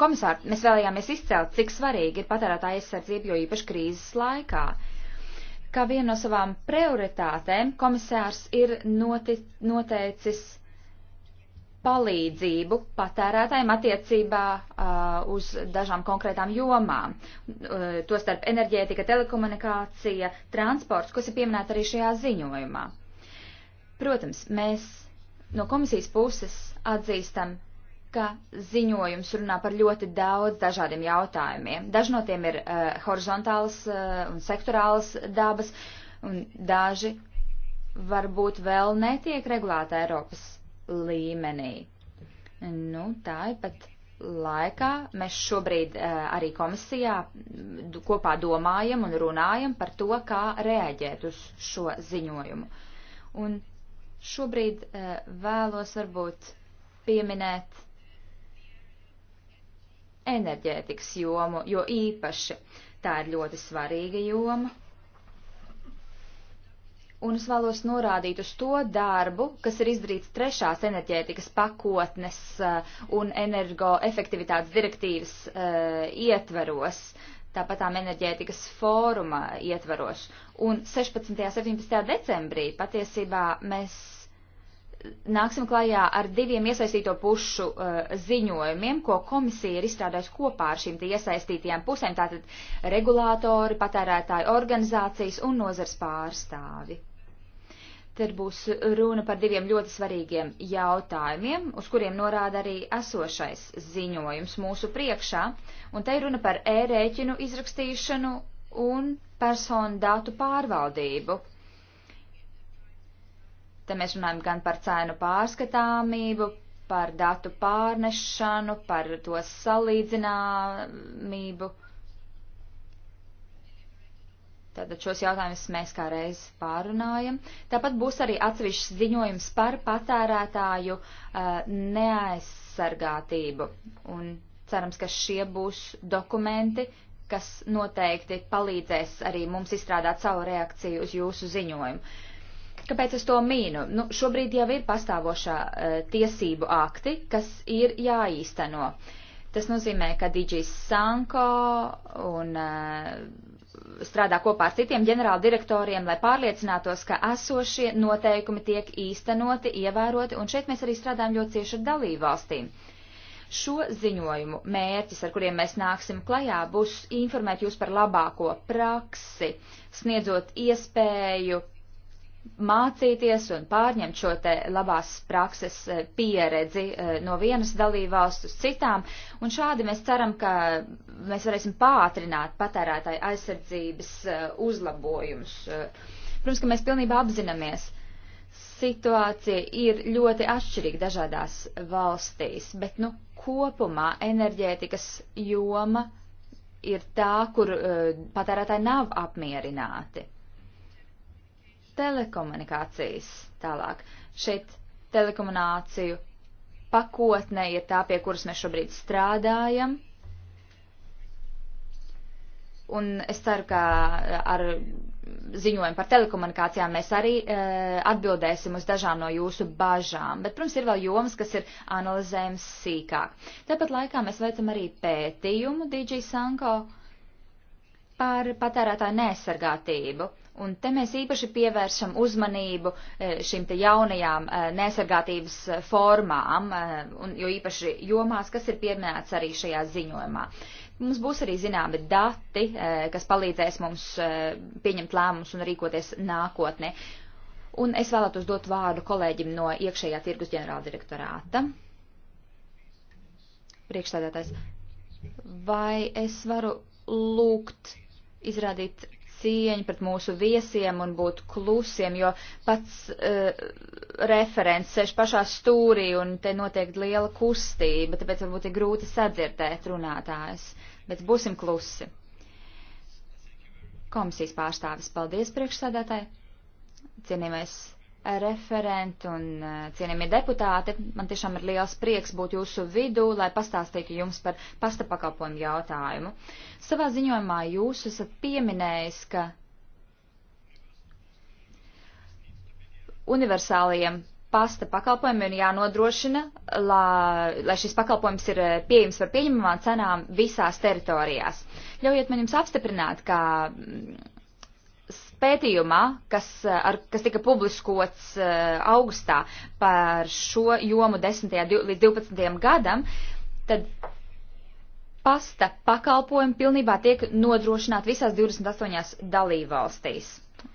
C: komisāru, mēs vēlējāmies izcelt, cik svarīgi ir patērētāja aizsardzība, jo īpaši krīzes laikā. Kā vienu no savām prioritātēm komisārs ir noti, noteicis palīdzību patērētājiem attiecībā uh, uz dažām konkrētām jomām, uh, tostarp enerģētika, telekomunikācija, transports, kas ir pieminēta arī šajā ziņojumā. Protams, mēs no komisijas puses atzīstam, ka ziņojums runā par ļoti daudz dažādiem jautājumiem. Daži no tiem ir uh, horizontālas uh, un sektorālas dabas, un daži varbūt vēl netiek regulēta Eiropas līmenī. Nu, tāpat laikā mēs šobrīd eh, arī komisijā kopā domājam un runājam par to, kā reaģēt uz šo ziņojumu. Un šobrīd eh, vēlos varbūt pieminēt enerģētikas jomu, jo īpaši tā ir ļoti svarīga joma un es vēlos norādīt uz to darbu, kas ir izdarīts trešās enerģētikas pakotnes uh, un energoefektivitātes direktīvas uh, ietveros, tāpat tām enerģētikas fóruma ietveros. Un 16. un 17. decembrī patiesībā mēs nāksim klajā ar diviem iesaistīto pušu uh, ziņojumiem, ko komisija ir izstrādājusi kopā ar šīm iesaistītajām pusēm, tātad regulātori, patērētāju organizācijas un nozars pārstāvi. Tad būs runa par diviem ļoti svarīgiem jautājumiem, uz kuriem norāda arī esošais ziņojums mūsu priekšā, un te ir runa par e-rēķinu izrakstīšanu un personu datu pārvaldību. Te mēs runājam gan par cēnu pārskatāmību, par datu pārnešanu, par to salīdzināmību. Tātad šos jautājumus mēs kā reiz pārunājam. Tāpat būs arī atsevišķs ziņojums par patērētāju uh, neaizsargātību. Un cerams, ka šie būs dokumenti, kas noteikti palīdzēs arī mums izstrādāt savu reakciju uz jūsu ziņojumu. Kāpēc es to mīnu? Nu, šobrīd jau ir pastāvošā uh, tiesību akti, kas ir jāīsteno. Tas nozīmē, ka Digis Sanko un uh, strādā kopā ar citiem ģenerāla direktoriem, lai pārliecinātos, ka esošie noteikumi tiek īstenoti, ievēroti, un šeit mēs arī strādājam ļoti cieši ar dalību valstīm. Šo ziņojumu mērķis, ar kuriem mēs nāksim klajā, būs informēt jūs par labāko praksi, sniedzot iespēju mācīties un pārņemt šo te labās prakses e, pieredzi e, no vienas dalībvalsts uz citām, un šādi mēs ceram, ka mēs varēsim pātrināt patērētāju aizsardzības e, uzlabojumus. Protams, ka mēs pilnībā apzināmies, situācija ir ļoti atšķirīga dažādās valstīs, bet, nu, kopumā enerģētikas joma ir tā, kur patērētāji nav apmierināti. Telekomunikācijas tālāk. Šeit telekomunikāciju pakotne ir tā, pie kuras mēs šobrīd strādājam. Un es ceru, ka ar ziņojumu par telekomunikācijām mēs arī e, atbildēsim uz dažām no jūsu bažām. Bet, protams, ir vēl jomas, kas ir analizējams sīkāk. Tāpat laikā mēs veicam arī pētījumu DJ Sanko par patērētāju nesargātību. Un te mēs īpaši pievēršam uzmanību e, šīm te jaunajām e, nesargātības e, formām, un, jo īpaši jomās, kas ir pieminēts arī šajā ziņojumā. Mums būs arī zināmi dati, kas palīdzēs mums pieņemt lēmumus un rīkoties nākotnē. Un es vēlētos dot vārdu kolēģim no iekšējā tirgus ģenerāldirektorāta. Priekšstādātais, vai es varu lūgt izrādīt cieņu pret mūsu viesiem un būt klusiem, jo pats uh, referents sēž pašā stūrī un te notiek liela kustība, tāpēc varbūt ir grūti sadzirdēt runātājs, bet būsim klusi. Komisijas pārstāvis, paldies priekšsēdētāji, cienījamais referenti un eh, cienījamie deputāti. Man tiešām ir liels prieks būt jūsu vidū, lai pastāstītu jums par pasta pakalpojumu jautājumu. Savā ziņojumā jūs esat pieminējis, ka universāliem pasta pakalpojumiem ir jānodrošina, lai, lai šis pakalpojums ir eh, pieejams par pieņemamām cenām visās teritorijās. Ļaujiet man jums apstiprināt, ka Pētījumā, kas, eh, ar, kas tika publiskots eh, augustā par šo jomu 10. līdz 12. gadam, tad pasta pakalpojumi pilnībā tiek nodrošināti visās 28 dalībvalstīs.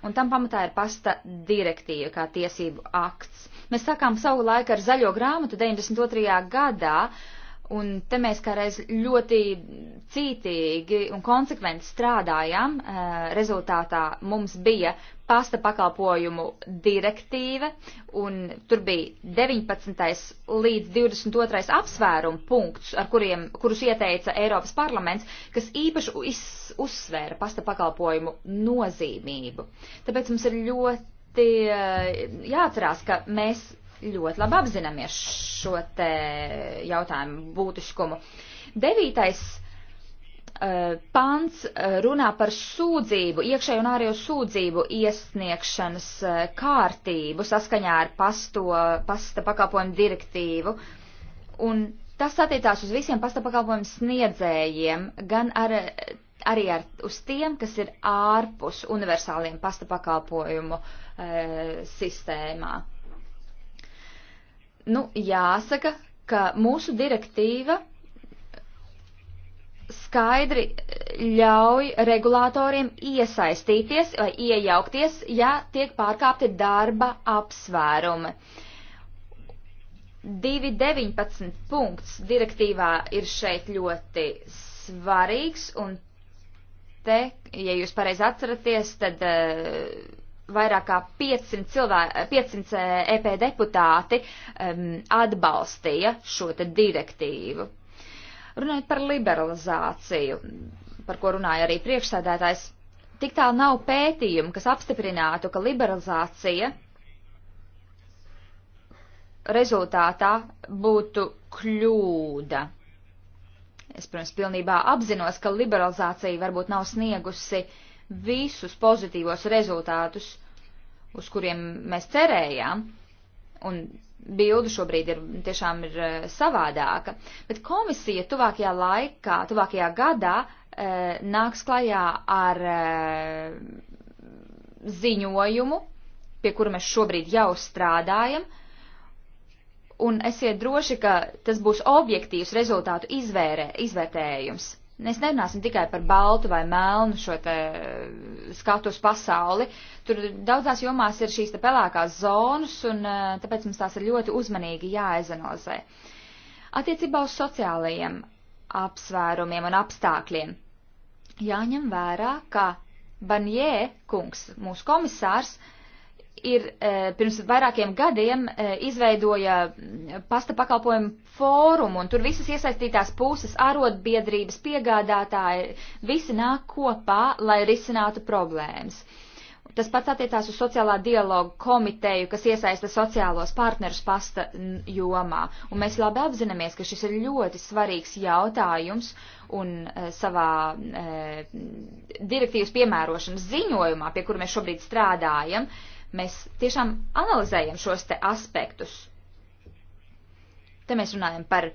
C: Un tam pamatā ir pasta direktīva kā tiesību akts. Mēs sākām savu laiku ar zaļo grāmatu 92. gadā, uh, Un te mēs kādreiz ļoti cītīgi un konsekventi strādājām. Eh, rezultātā mums bija pasta pakalpojumu direktīve, un tur bija 19. līdz 22. apsvērumu punkts, ar kuriem, kurus ieteica Eiropas parlaments, kas īpaši uzsvēra pasta pakalpojumu nozīmību. Tāpēc mums ir ļoti eh, jāatcerās, ka mēs ļoti labi apzināmies šo te jautājumu būtiskumu. Devītais uh, pants eh, runā par sūdzību, iekšējo un ārējo sūdzību iesniegšanas eh, kārtību saskaņā ar pasto, pasta pakalpojumu direktīvu. Un tas attiecās uz visiem pasta pakalpojumu sniedzējiem, gan ar, arī ar, uz tiem, kas ir ārpus universāliem pasta pakalpojumu e, sistēmā nu, jāsaka, ka mūsu direktīva skaidri ļauj regulātoriem iesaistīties vai iejaukties, ja tiek pārkāpti darba apsvērumi. 2.19. punkts direktīvā ir šeit ļoti svarīgs, un te, ja jūs pareizi atceraties, tad uh, vairāk kā 500, cilvēki, 500 EP deputāti um, atbalstīja šo te direktīvu. Runājot par liberalizāciju, par ko runāja arī priekšsēdētājs, tik tālu nav pētījumu, kas apstiprinātu, ka liberalizācija rezultātā būtu kļūda. Es, protams, pilnībā apzinos, ka liberalizācija varbūt nav sniegusi uh, visus pozitīvos rezultātus, uz kuriem mēs cerējām, un bilde šobrīd ir tiešām ir eh, savādāka, bet komisija tuvākajā laikā, tuvākajā gadā eh, nāks klajā ar eh, ziņojumu, pie kura mēs šobrīd jau strādājam, un esiet droši, ka tas būs objektīvs rezultātu izvērē, izvērtējums. Mēs nerunāsim tikai par baltu vai melnu šo te eh, skatu uz pasauli. Tur daudzās jomās ir šīs te pelēkās zonas, un eh, tāpēc mums tās ir ļoti uzmanīgi jāizanalizē. Attiecībā uz sociālajiem apsvērumiem un apstākļiem jāņem vērā, ka Banjē kungs, mūsu komisārs, uh, ir e, pirms vairākiem gadiem e, izveidoja mm, pasta pakalpojumu fórumu, un tur visas iesaistītās puses, arotbiedrības, piegādātāji, visi nāk kopā, lai risinātu problēmas. Tas pats attiecās uz sociālā dialogu komiteju, kas iesaista sociālos partnerus pasta jomā. Un mēs labi apzināmies, ka šis ir ļoti svarīgs jautājums, un e, savā e, direktīvas piemērošanas ziņojumā, pie kura mēs šobrīd strādājam, e, Mēs tiešām analizējam šos te aspektus. Te mēs runājam par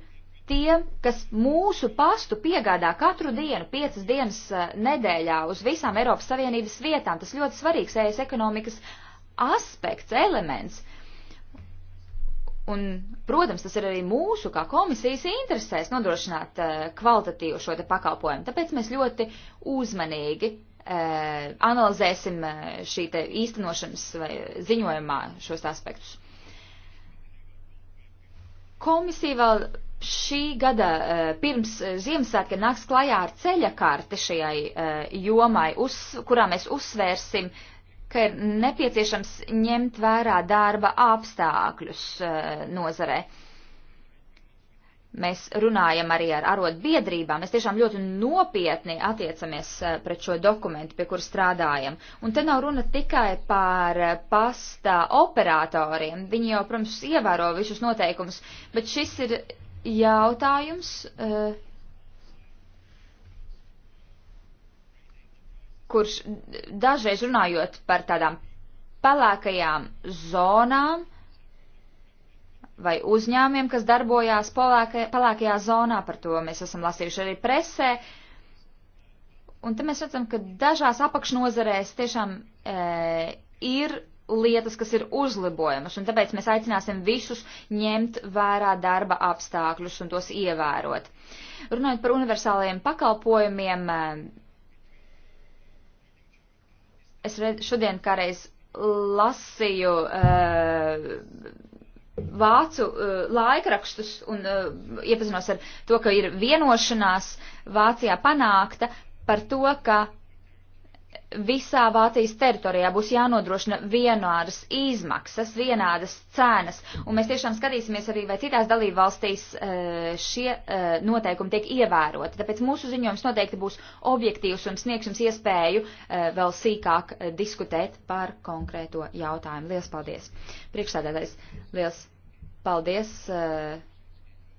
C: tiem, kas mūsu pastu piegādā katru dienu, piecas dienas eh, nedēļā uz visām Eiropas Savienības vietām. Tas ļoti svarīgs ēs ekonomikas aspekts, elements. Un, protams, tas ir arī mūsu, kā komisijas interesēs nodrošināt uh, kvalitatīvu šo te pakalpojumu. Tāpēc mēs ļoti uzmanīgi Eh, analizēsim eh, šī te īstenošanas vai ziņojumā šos aspektus. Komisija vēl šī gada eh, pirms Ziemassvētkiem nāks klajā ar ceļa karti šajai jomai, uz, kurā mēs uzsvērsim, ka ir nepieciešams ņemt vērā darba apstākļus nozarē. Uh, Mēs runājam arī ar arotbiedrībām, mēs tiešām ļoti nopietni attiecamies eh, pret šo dokumentu, pie kur strādājam. Un te nav runa tikai par eh, pasta operatoriem, viņi jau, protams, ievēro visus noteikumus, bet šis ir jautājums, eh, kurš dažreiz runājot par tādām pelēkajām zonām, vai uzņēmiem, kas darbojās palākajā, palākajā zonā, par to mēs esam lasījuši arī presē. Un te mēs redzam, ka dažās apakšnozarēs tiešām e, ir lietas, kas ir uzlibojamas, un tāpēc mēs aicināsim visus ņemt vērā darba apstākļus un tos ievērot. Runājot par universālajiem pakalpojumiem, e, es šodien kāreiz lasīju uh, vācu uh, laikrakstus un uh, iepazinos ar to, ka ir vienošanās Vācijā panākta par to, ka visā Vācijas teritorijā būs jānodrošina vienādas izmaksas, vienādas cenas, un mēs tiešām skatīsimies arī, vai citās dalībvalstīs e, šie e, noteikumi tiek ievēroti. Tāpēc mūsu ziņojums noteikti būs objektīvs un sniegs jums iespēju e, vēl sīkāk diskutēt par konkrēto jautājumu. Lielas paldies! Priekšsēdētājs, liels paldies! Uh,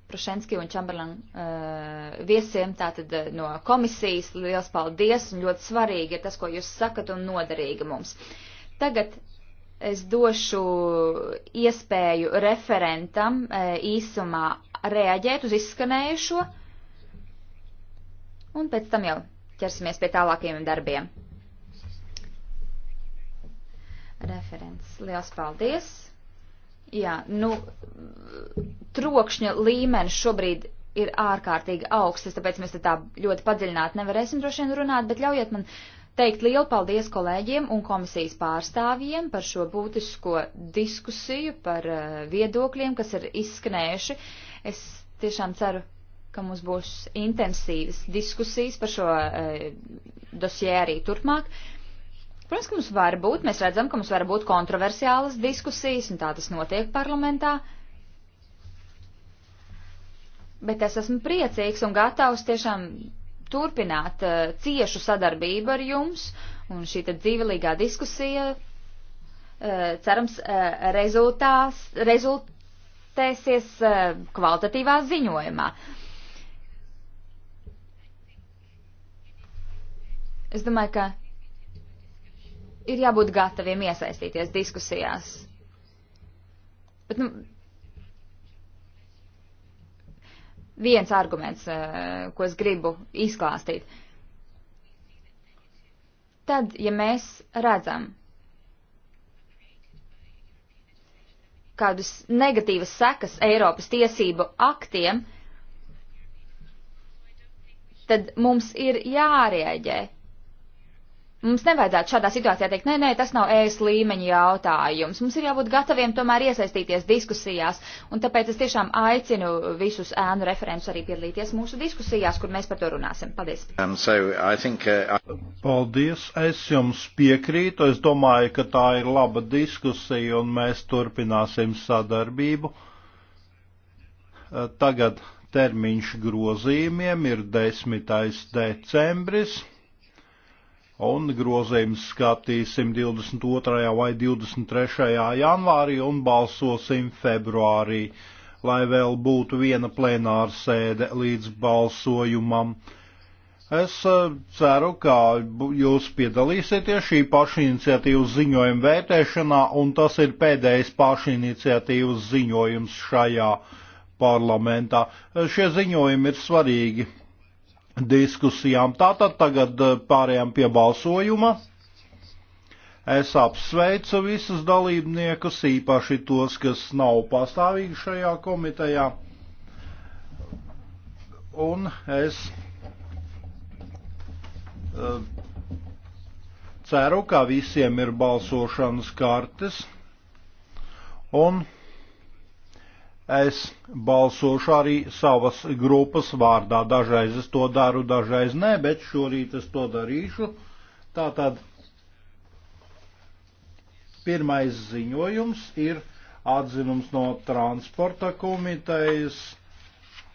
C: Prošenski un Čamberlan uh, eh, viesiem, tātad eh, no komisijas. Liels paldies un ļoti svarīgi ir tas, ko jūs sakat un noderīgi mums. Tagad es došu iespēju referentam uh, īsumā reaģēt uz izskanējušo un pēc tam jau ķersimies pie tālākajiem darbiem. Referents. Liels paldies! Jā, nu, trokšņa līmenis šobrīd ir ārkārtīgi augsts, tāpēc mēs tā ļoti padziļināti nevarēsim droši vien runāt, bet ļaujiet man teikt lielu paldies kolēģiem un komisijas pārstāvjiem par šo būtisko diskusiju, par eh, viedokļiem, kas ir izskanējuši. Es tiešām ceru, ka mums būs intensīvas diskusijas par šo eh, dosjē arī turpmāk. Protams, ka mums var būt, mēs redzam, ka mums var būt kontroversiālas diskusijas, un tā tas notiek parlamentā. Bet es esmu priecīgs un gatavs tiešām turpināt uh, ciešu sadarbību ar jums, un šī tad dzīvelīgā diskusija, uh, cerams, uh, rezultās, rezultēsies uh, kvalitatīvā ziņojumā. Es domāju, ka ir jābūt gataviem iesaistīties diskusijās. Bet, nu, viens arguments, eh, ko es gribu izklāstīt. Tad, ja mēs redzam kādus negatīvas sekas Eiropas tiesību aktiem, tad mums ir jārēģē. Mums nevajadzētu šādā situācijā teikt, nē, nē, tas nav ēs līmeņa jautājums. Mums ir jābūt gataviem tomēr iesaistīties diskusijās, un tāpēc es tiešām aicinu visus ēnu referents arī piedalīties mūsu diskusijās, kur mēs par to runāsim. Paldies.
A: Um, so think, uh,
D: I... Paldies, es jums piekrītu. Es domāju, ka tā ir laba diskusija, un mēs turpināsim sadarbību. Uh, tagad termiņš grozījumiem ir 10. decembris un grozījums skatīsim 22. vai 23. janvārī un balsosim februārī, lai vēl būtu viena plenāra sēde līdz balsojumam. Es e, ceru, ka jūs piedalīsieties šī pašiniciatīvas ziņojuma vērtēšanā, un tas ir pēdējais pašiniciatīvas ziņojums šajā parlamentā. E, šie ziņojumi ir svarīgi diskusijām. Tātad tagad eh, pārējām pie balsojuma. Es apsveicu visus dalībniekus, īpaši tos, kas nav pastāvīgi šajā komitejā. Un es eh, ceru, ka visiem ir balsošanas kartes. Un es balsošu arī savas grupas vārdā. Dažreiz es to daru, dažreiz nē, bet šorīt es to darīšu. Tātad pirmais ziņojums ir atzinums no transporta komitejas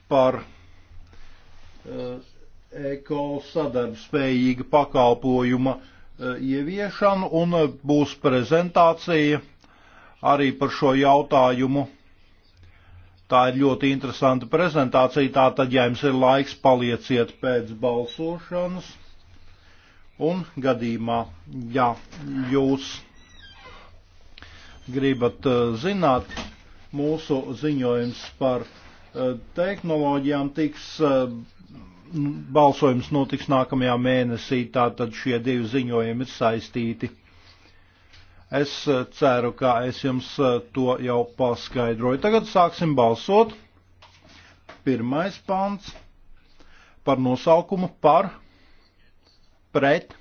D: par uh, eh, eko sadarbspējīga pakalpojuma uh, ieviešanu un uh, būs prezentācija arī par šo jautājumu Tā ir ļoti interesanta prezentācija. Tātad, ja jums ir laiks, palieciet pēc balsošanas. Un gadījumā, ja jūs gribat eh, zināt, mūsu ziņojums par eh, tehnoloģijām tiks, eh, balsojums notiks nākamajā mēnesī, tātad šie divi ziņojumi ir saistīti. Es eh, ceru, ka es jums eh, to jau paskaidroju. Tagad sāksim balsot. Pirmais pants par nosaukumu par, pret,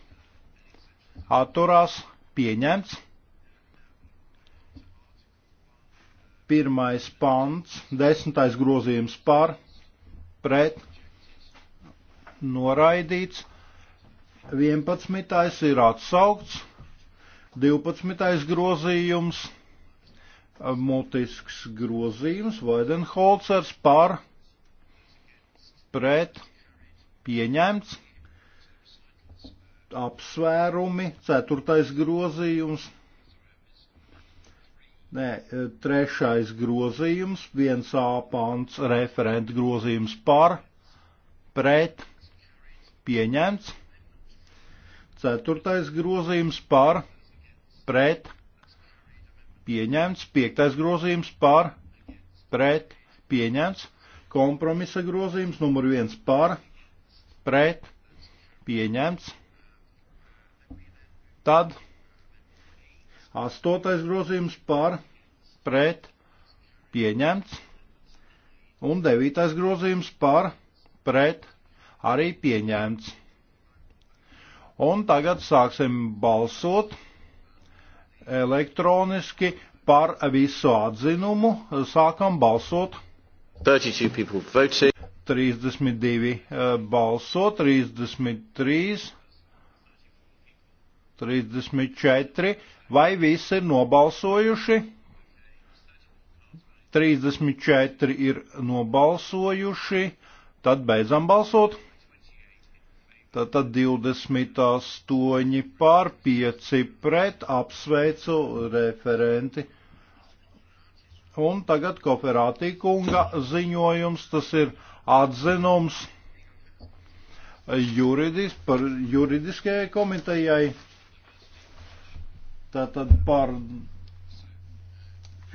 D: atturās, pieņemts. Pirmais pants, desmitais grozījums par, pret, noraidīts. 11. ir atsaukts. 12. grozījums, mutisks grozījums, Vaidenholcers par pret pieņemts, apsvērumi, 4. grozījums, nē, 3. grozījums, 1A pants referenta grozījums par pret pieņemts, 4. grozījums par pret pret, pieņemts, piektais grozījums par, pret, pieņemts, kompromisa grozījums numur viens par, pret, pieņemts. Tad astotais grozījums par, pret, pieņemts. Un devītais grozījums par, pret, arī pieņemts. Un tagad sāksim balsot elektroniski par visu atzinumu. Sākam balsot. 32, 32 eh, balso, 33, 34. Vai visi ir nobalsojuši? 34 ir nobalsojuši. Tad beidzam balsot. Tātad 28 pār 5 pret apsveicu referenti. Un tagad koferātī kunga ziņojums, tas ir atzinums juridis, par juridiskajai komitejai. Tātad par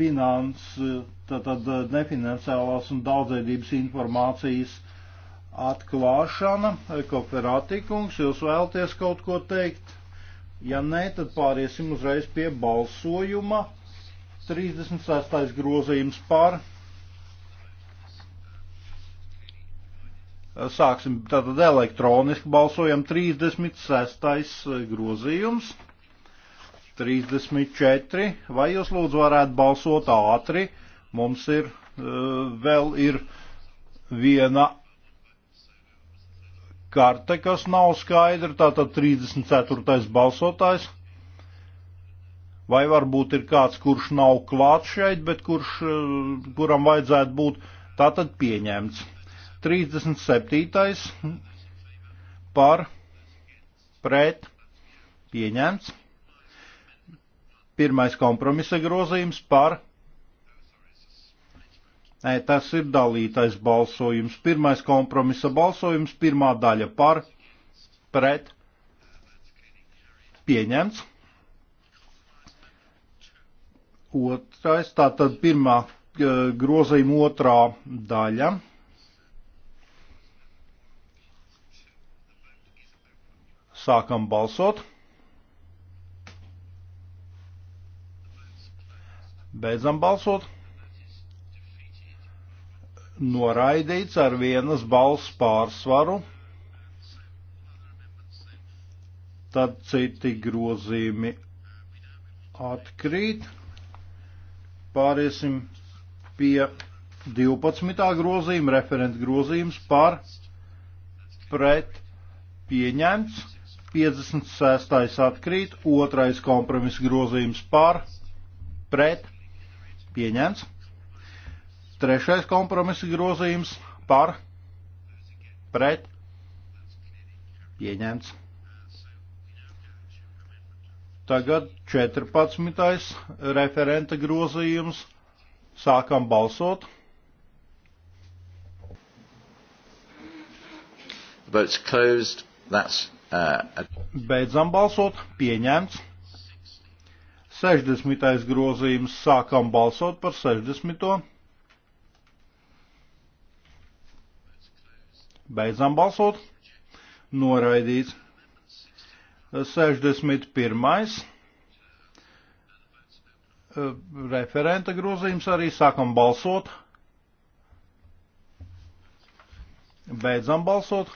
D: finanses, tātad nefinanciālās un daudzveidības informācijas atklāšana. Kooperatīkungs, jūs vēlaties kaut ko teikt? Ja nē, tad pāriesim uzreiz pie balsojuma. 36. grozījums par. Sāksim tātad elektroniski balsojam 36. grozījums. 34. Vai jūs lūdzu varētu balsot ātri? Mums ir, eh, vēl ir viena karte, kas nav skaidra, tātad 34. balsotājs. Vai varbūt ir kāds, kurš nav klāts šeit, bet kurš, eh, kuram vajadzētu būt tātad pieņemts. 37. par pret pieņemts. Pirmais kompromisa grozījums par Nē, tas ir dalītais balsojums. Pirmais kompromisa balsojums, pirmā daļa par, pret, pieņemts. Otrais, tātad pirmā eh, grozījuma otrā daļa. Sākam balsot. Beidzam balsot noraidīts ar vienas balss pārsvaru. Tad citi grozījumi atkrīt. Pāriesim pie 12. grozījuma, referenta grozījums par pret pieņemts. 56. atkrīt, otrais kompromisa grozījums par pret pieņemts. Trešais kompromisa grozījums par pret pieņemts. Tagad 14. referenta grozījums. Sākam balsot.
A: Votes closed. That's,
D: uh, Beidzam balsot. Pieņemts. 60. grozījums. Sākam balsot par 60. Beidzam balsot. Noraidīts. 61. E, referenta grozījums arī sākam balsot. Beidzam balsot.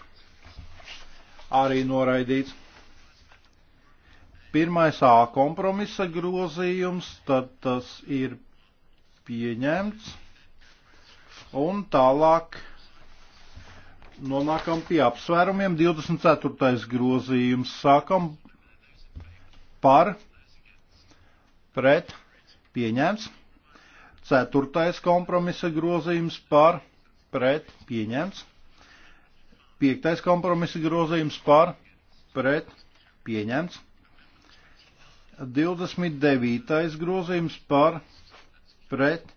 D: Arī noraidīts. Pirmais A kompromisa grozījums, tad tas ir pieņemts. Un tālāk Nonākam pie apsvērumiem. 24. grozījums sākam par pret pieņemts. 4. kompromisa grozījums par pret pieņemts. 5. kompromisa grozījums par pret pieņemts. 29. grozījums par pret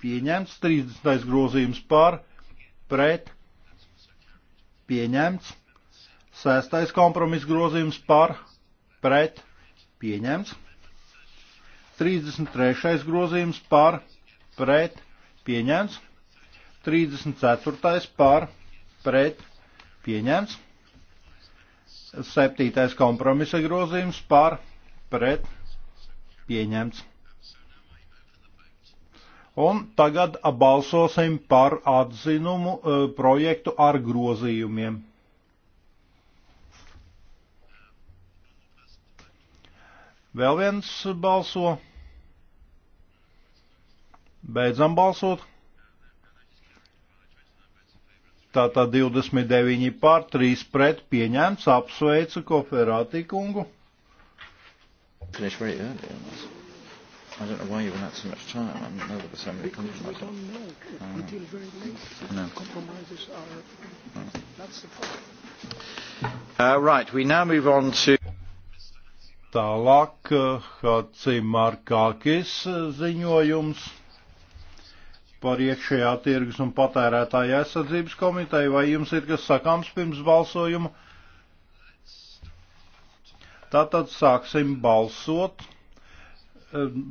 D: pieņemts. 30. grozījums par pret pieņemts pieņemts. Sestais kompromiss grozījums par pret pieņemts. 33. grozījums par pret pieņemts. 34. par pret pieņemts. 7. kompromisa grozījums par pret pieņemts. Un tagad balsosim par atzinumu e, projektu ar grozījumiem. Vēl viens balso. Beidzam balsot. Tātad 29 pār 3 pret pieņēmts apsveicu koferātikungu. Finish very early on this. I don't know why you went out so much time. I didn't know there were so many because compromises. We don't
E: know uh, until very late if no. compromises are... Uh. That's the problem.
D: Uh, right, we now move on to... Tālāk, uh, Hatsimarkākis uh, ziņojums par iekšējā tirgus un patērētāja aizsardzības komiteju. Vai jums ir kas sakāms pirms balsojuma? Tātad sāksim balsot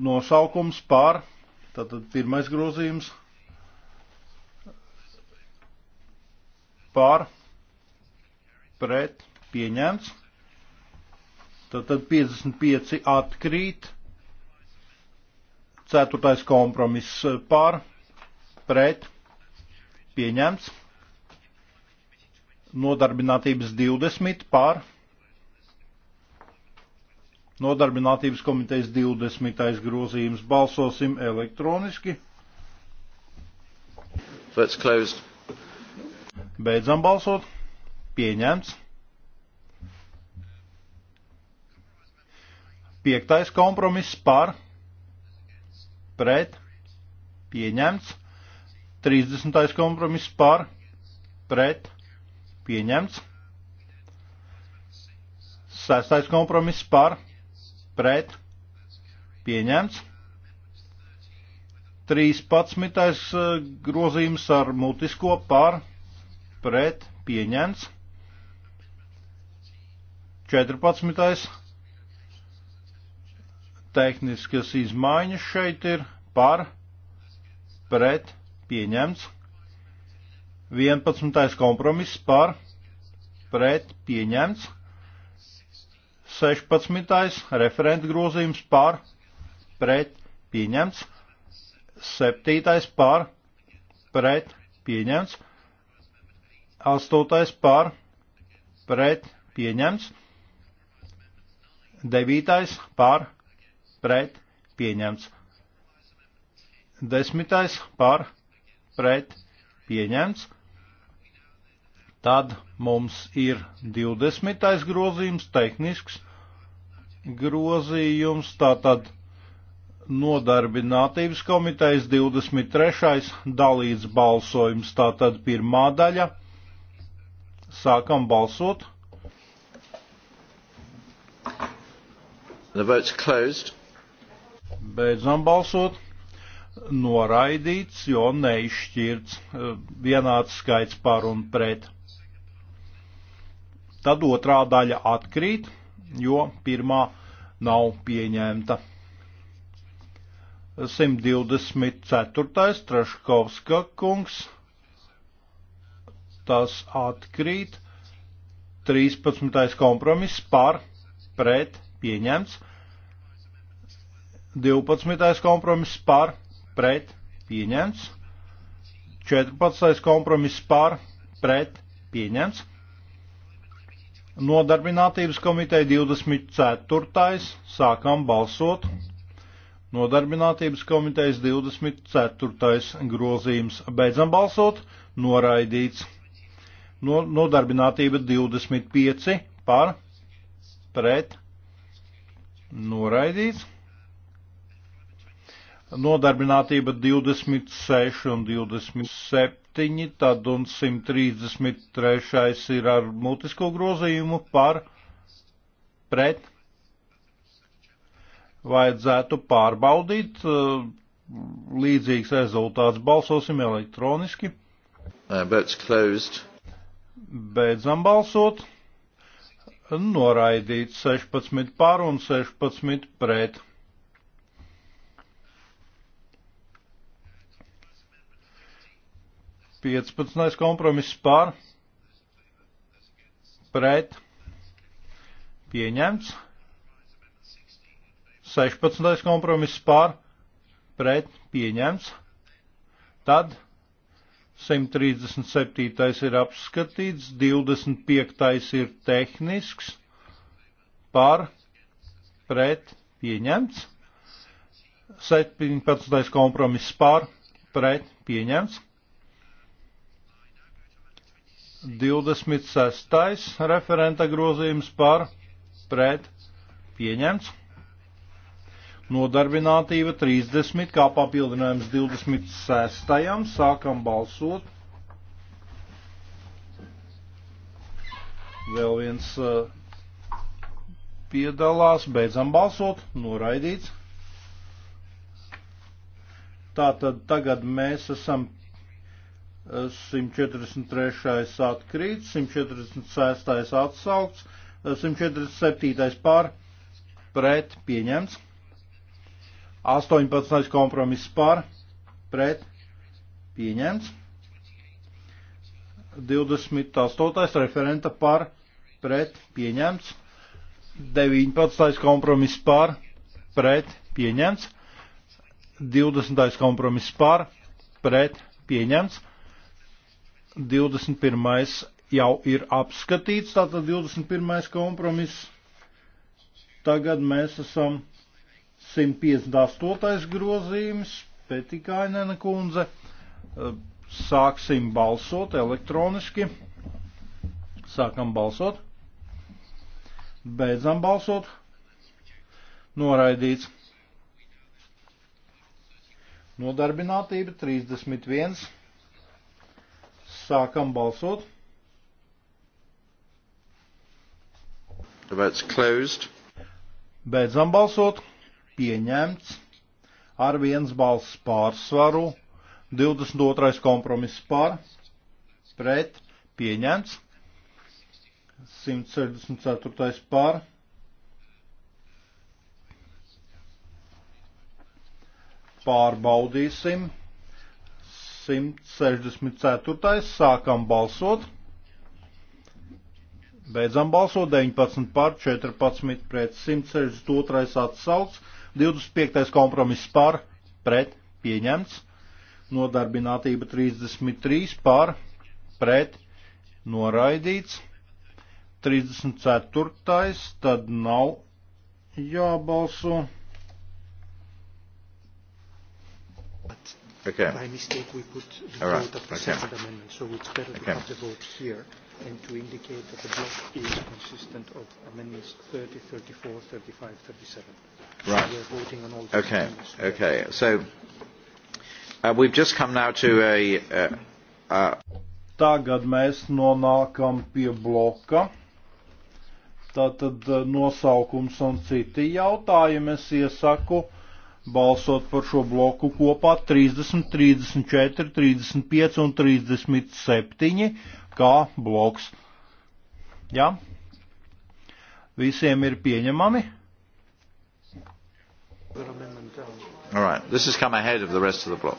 D: nosaukums pār, tātad pirmais grozījums pār, pret, pieņemts. Tātad 55 atkrīt. Ceturtais kompromiss pār, pret, pieņemts. Nodarbinātības 20 pār, Nodarbinātības komitejas 20. grozījums. Balsosim elektroniski. That's closed. Beidzam balsot. Pieņemts. Piektais kompromiss par, pret, pieņemts. 30. kompromiss par, pret, pieņemts. 6. kompromiss par, pret pret pieņemts. 13. Uh, grozījums ar mutisko par pret pieņemts. 14. tehniskas izmaiņas šeit ir par pret pieņemts. 11. kompromiss par pret pieņemts. 16. referenta grozījums par pret pieņemts. 7. par pret pieņemts. 8. par pret pieņemts. 9. par pret pieņemts. 10. par pret pieņemts. Tad mums ir 20. grozījums, tehnisks grozījums, tātad nodarbinātības komitejas 23. dalīts balsojums, tātad pirmā daļa. Sākam balsot. The vote's closed. Beidzam balsot. Noraidīts, jo neizšķirts eh, vienāds skaits par un pret. Tad otrā daļa atkrīt, jo pirmā nav pieņemta. 124. Traškovska kungs, tas atkrīt, 13. kompromiss par, pret, pieņemts, 12. kompromiss par, pret, pieņemts, 14. kompromiss par, pret, pieņemts, Nodarbinātības komiteja 24. sākām balsot. Nodarbinātības komitejas 24. grozījums beidzam balsot, noraidīts. No, nodarbinātība 25 par, pret, noraidīts. Nodarbinātība 26 un 27 7, tad un 133 ir ar mutisko grozījumu par pret. Vajadzētu pārbaudīt, eh, līdzīgs rezultāts balsosim elektroniski. Uh, Beidzam balsot. Noraidīt 16 pār un 16 pret. 15. kompromiss par, pret, pieņemts. 16. kompromiss par, pret, pieņemts. Tad 137. ir apskatīts, 25. ir tehnisks, par, pret, pieņemts. 17. kompromiss par, pret, pieņemts. 26. referenta grozījums par pret pieņemts. Nodarbinātība 30, kā papildinājums 26. Sākam balsot. Vēl viens eh, piedalās, beidzam balsot, noraidīts. Tātad tagad mēs esam 143. atkrīt, 146. atsaukts, 147. pār pret pieņemts, 18. kompromiss pār pret pieņemts, 28. referenta pār pret pieņemts, 19. kompromiss pār pret pieņemts, 20. kompromiss pār pret pieņemts, 21. jau ir apskatīts, tātad 21. kompromiss. Tagad mēs esam 158. grozījums, Petikainena kundze. Sāksim balsot elektroniski. Sākam balsot. Beidzam balsot. Noraidīts. Nodarbinātība 31. Sākam balsot. Beidzam balsot. Pieņemts ar viens balss pārsvaru. 22. kompromiss par, pret, pieņemts. 164. par. Pārbaudīsim. 164. sākam balsot. Beidzam balsot 19 par 14 pret 162 atsauc, 25. kompromiss par pret pieņemts, nodarbinātība 33 par pret noraidīts, 34. tad nav jābalso. What? Okay.
E: By mistake, we put the All right. vote of the okay. second amendment, so it's better okay. to have the vote here and to indicate that the block is consistent of amendments 30, 34, 35, 37. Right. So we're voting on all these Okay. Amendments
A: okay. So uh, we've just come now to a. Uh,
E: uh,
D: Tagad mēs nonākam pie bloka. Tātad uh, nosaukums un citi jautājumi es iesaku balsot par šo bloku kopā 30, 34, 35 un 37 kā bloks. Jā? Visiem ir pieņemami? All right, this has come ahead of the rest of the block.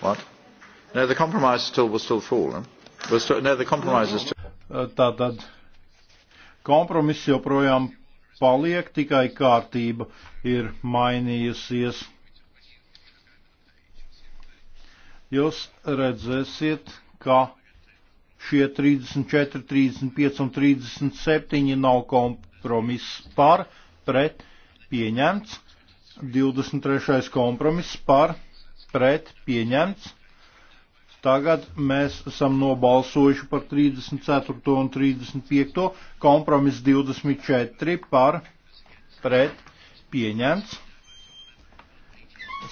D: What? No, the
A: compromise still was still full. Huh? Was still, no, the compromise is
D: still. Tātad kompromiss joprojām paliek, tikai kārtība ir mainījusies. Jūs redzēsiet, ka šie 34, 35 un 37 nav kompromiss par, pret, pieņemts. 23. kompromiss par, pret, pieņemts. Tagad mēs esam nobalsojuši par 34. un 35. kompromisu 24 par pret pieņemts.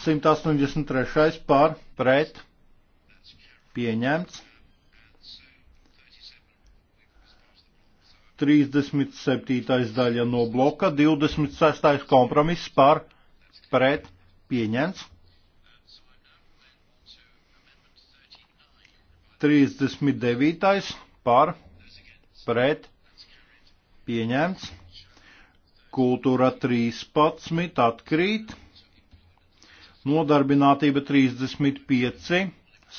D: 183. par pret pieņemts. 37. daļa no bloka, 26. kompromiss par pret pieņemts. 39. par pret pieņemts. Kultūra 13 atkrīt. Nodarbinātība 35.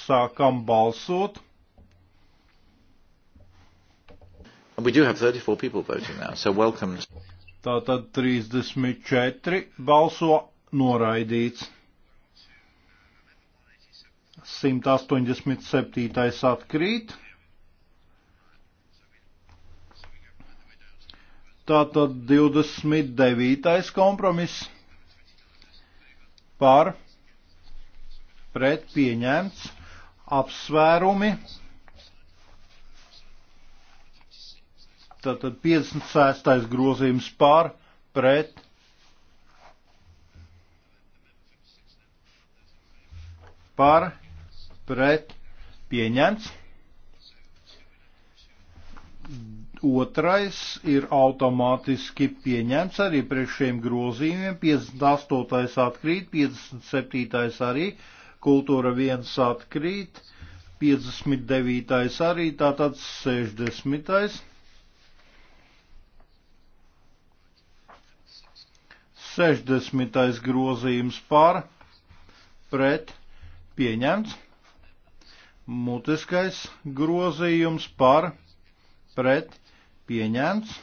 D: Sākam balsot. We do have
A: 34 people voting now, so welcome.
D: Tātad 34 balso noraidīts. 187. atkrīt. Tātad 29. kompromiss par pret pieņemts apsvērumi. Tātad 56. grozījums par pret par pret pieņemts. Otrais ir automātiski pieņemts arī priekš šiem grozījumiem. 58. atkrīt, 57. arī, kultūra 1 atkrīt, 59. arī, tātad 60. 60. grozījums par pret pieņemts mutiskais grozījums par pret pieņemts,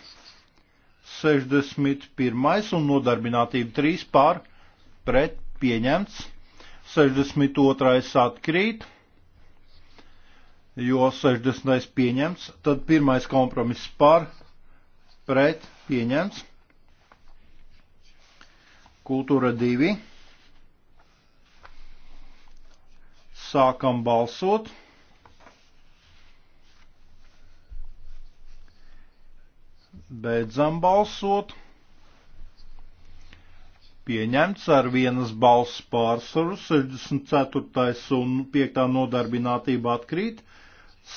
D: 61. un nodarbinātība 3 par pret pieņemts, 62. atkrīt, jo 60. pieņemts, tad pirmais kompromiss par pret pieņemts, kultūra 2 Sākam balsot. Beidzam balsot. Pieņemts ar vienas balss pārsvaru 64. un 5. nodarbinātība atkrīt.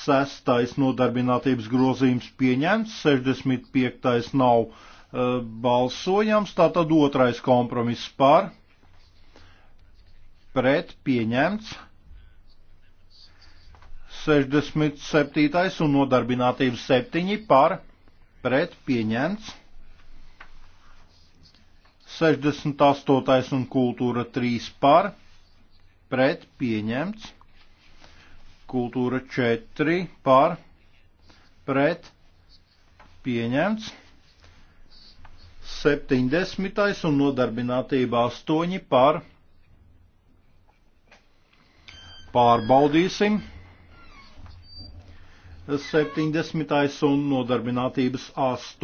D: 6. nodarbinātības grozījums pieņemts, 65. nav uh, balsojams, tātad otrais kompromiss par, pret pieņemts, 67. un nodarbinātības 7 par pret pieņemts. 68. un kultūra 3 par pret pieņemts. Kultūra 4 par pret pieņemts. 70. un nodarbinātība 8 par pārbaudīsim. 70. un nodarbinātības 8.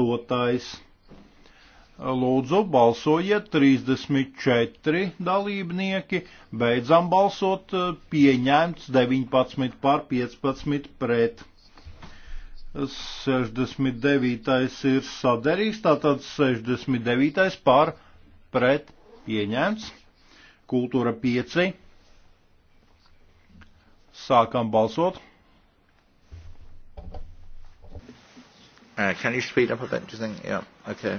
D: Lūdzu, balsojiet 34 dalībnieki, beidzam balsot pieņemts 19 pār 15 pret. 69. ir saderīgs, tātad 69. pār pret pieņemts. Kultūra 5. Sākam balsot. Uh, can you speed up a bit, do you think? Yeah, okay.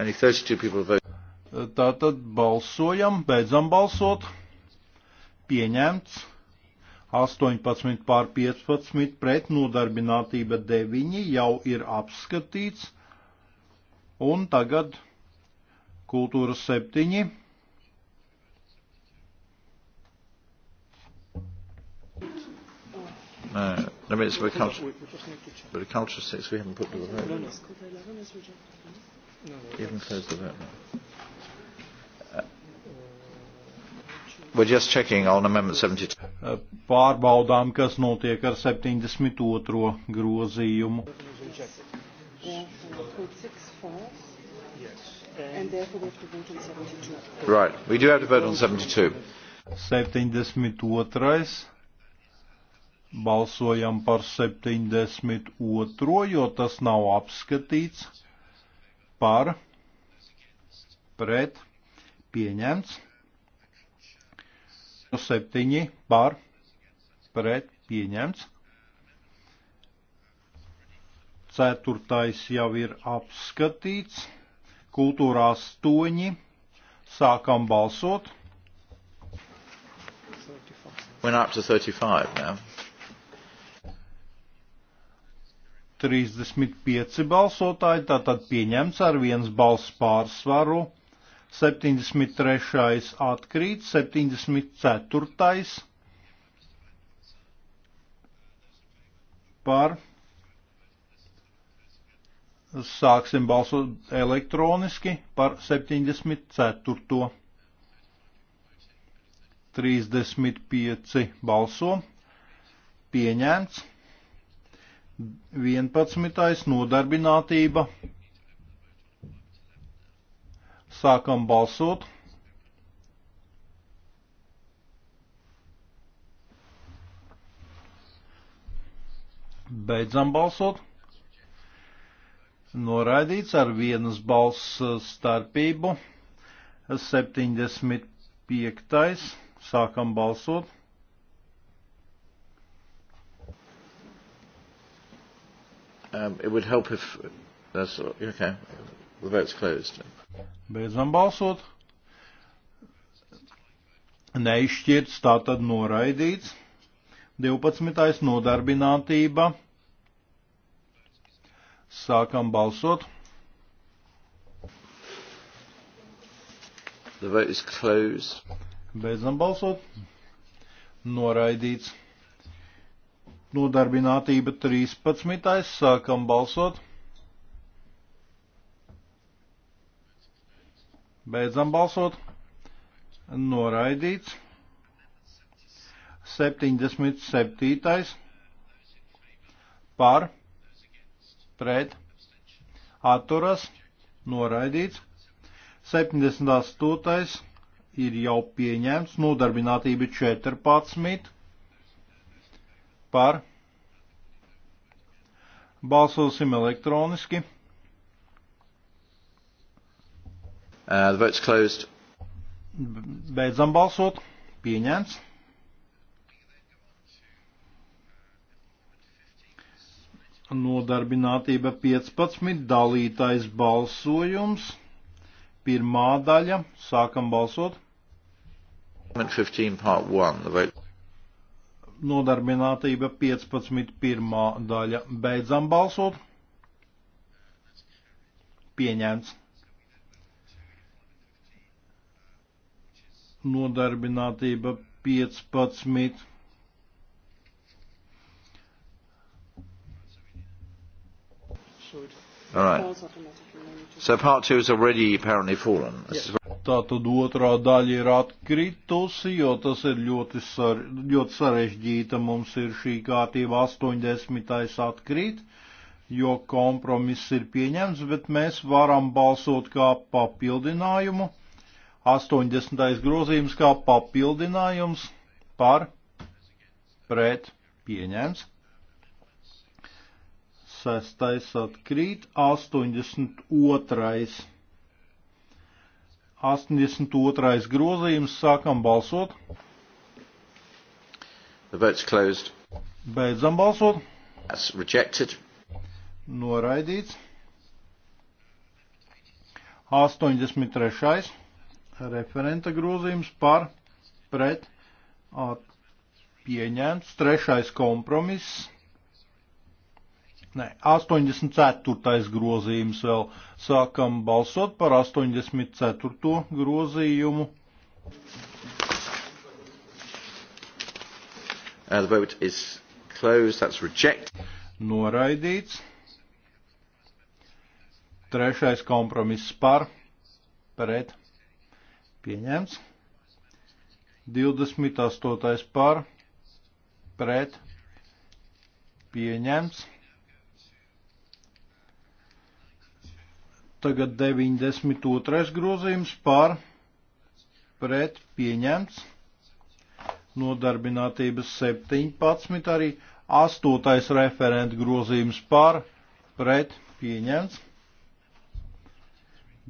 D: Only 32 people vote. Tātad balsojam, beidzam balsot. Pieņemts. 18 pār 15 pret nodarbinātība 9 jau ir apskatīts. Un tagad kultūra 7.
A: No, uh, no, but it's for the culture. But the culture six, we haven't put to the vote. No, no. You haven't closed the vote. Now. Uh, we're just checking on amendment 72.
D: Uh, pārbaudām, kas notiek ar 72. grozījumu.
E: Yeah, and therefore we have to vote on 72.
D: Right, we do have to vote on 72. 72 balsojam par 72, jo tas nav apskatīts par pret pieņemts. 7 par pret pieņemts. Ceturtais jau ir apskatīts. Kultūrā 8. Sākam balsot. We're up to 35 now. 35 balsotāji, tātad pieņemts ar viens balss pārsvaru, 73. atkrīt, 74. par. Sāksim balsot elektroniski par 74. 35 balso. Pieņemts. 11. nodarbinātība. Sākam balsot. Beidzam balsot. Noraidīts ar vienas balss starpību. 75. Sākam balsot. Um, it would help if that's uh, okay. The vote's closed. Beidzam balsot. Neizšķirts, tātad noraidīts. 12. nodarbinātība. Sākam balsot. The vote is closed. Beidzam balsot. Noraidīts. Nodarbinātība 13. Sākam balsot. Beidzam balsot. Noraidīts. 77. Par. Pret. Atturas. Noraidīts. 78. Ir jau pieņemts. Nodarbinātība 14 par. Balsosim elektroniski.
A: Uh, the vote's closed.
D: Beidzam balsot. Pieņemts. Nodarbinātība 15, dalītais balsojums. Pirmā daļa. Sākam balsot.
A: 15, part 1. The vote
D: nodarbinātība 15.1. daļa. Beidzam balsot. Pieņemts. Nodarbinātība 15.
E: All right.
A: So part two has already apparently fallen. Yeah
D: tā tad otrā daļa ir atkritusi, jo tas ir ļoti, sar, ļoti sarežģīta. Mums ir šī kārtība 80. atkrīt, jo kompromiss ir pieņemts, bet mēs varam balsot kā papildinājumu. 80. grozījums kā papildinājums par pret pieņemts. Sestais atkrīt, 82. 82. grozījums sākam balsot. The vote's closed. Beidzam balsot. That's rejected. Noraidīts. 83. referenta grozījums par pret pieņemts. Trešais kompromiss Nē, 84. grozījums vēl sākam balsot par 84. grozījumu. Uh, the vote is closed. That's reject. Noraidīts. Trešais kompromiss par. Pret. Pieņemts. 28. par. Pret. Pieņemts. Tagad 92. grozījums par pret pieņemts. Nodarbinātības 17 arī. 8. referenta grozījums par pret pieņemts.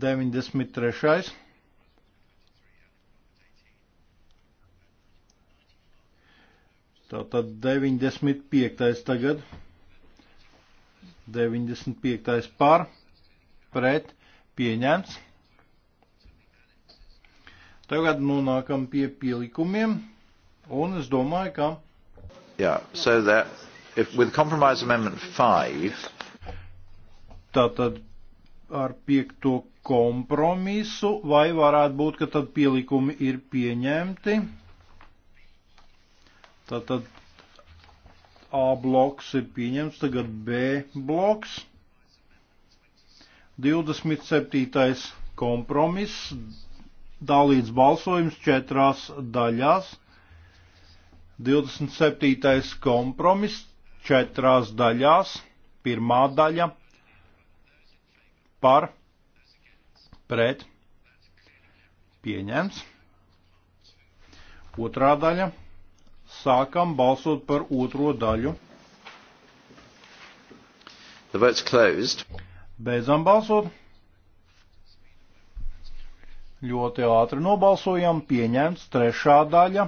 D: 93. Tātad 95. tagad. 95. par pret pret pieņemts. Tagad nonākam nu pie pielikumiem, un es domāju, ka.
A: Yeah, so that if with compromise amendment 5.
D: Tātad ar piekto kompromisu, vai varētu būt, ka tad pielikumi ir pieņemti? Tātad A bloks ir pieņemts, tagad B bloks. 27. kompromiss, dalīts balsojums četrās daļās. 27. kompromiss četrās daļās. Pirmā daļa par pret pieņemts. Otrā daļa. Sākam balsot par otro daļu. The vote's closed. Beidzam balsot. Ļoti ātri nobalsojam, pieņemts trešā daļa.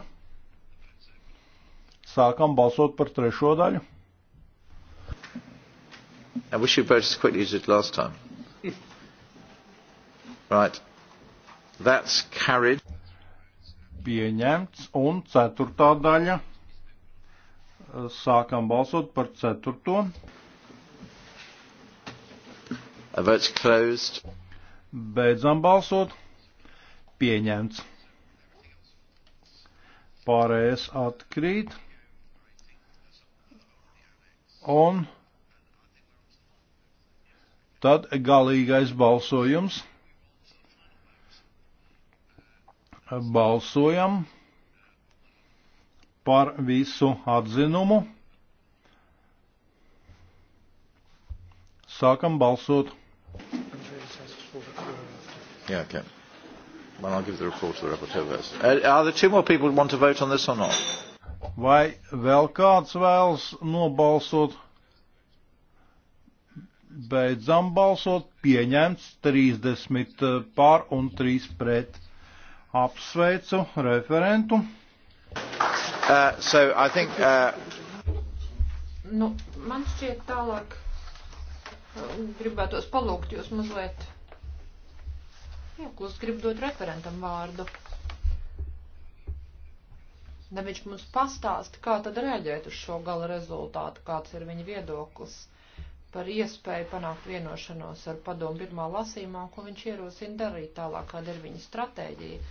D: Sākam balsot par trešo daļu.
A: I wish you voted as quickly as you did last
D: time. Right. That's carried. Pieņemts un ceturtā daļa. Sākam balsot par ceturto. Votes closed. Beidzam balsot. Pieņemts. Pārējais atkrīt. Un tad galīgais balsojums. Balsojam par visu atzinumu. Sākam balsot. Yeah, okay. Well, I'll give the report
A: to the rapporteur first. Uh, are there two more people who want to vote on this or not?
D: Vai vēl kāds vēlas nobalsot? Beidzam balsot, pieņemts 30 uh, pār un 3 pret. Apsveicu referentu. Uh, so I think, uh... nu,
B: man šķiet tālāk gribētos palūgt jūs mazliet. Jā, klus grib dot referentam vārdu. Ne viņš mums pastāsta, kā tad reaģēt uz šo gala rezultātu, kāds ir viņa viedoklis par iespēju panākt vienošanos ar padomu pirmā lasīmā, ko viņš ierosina darīt tālāk, kāda ir viņa stratēģija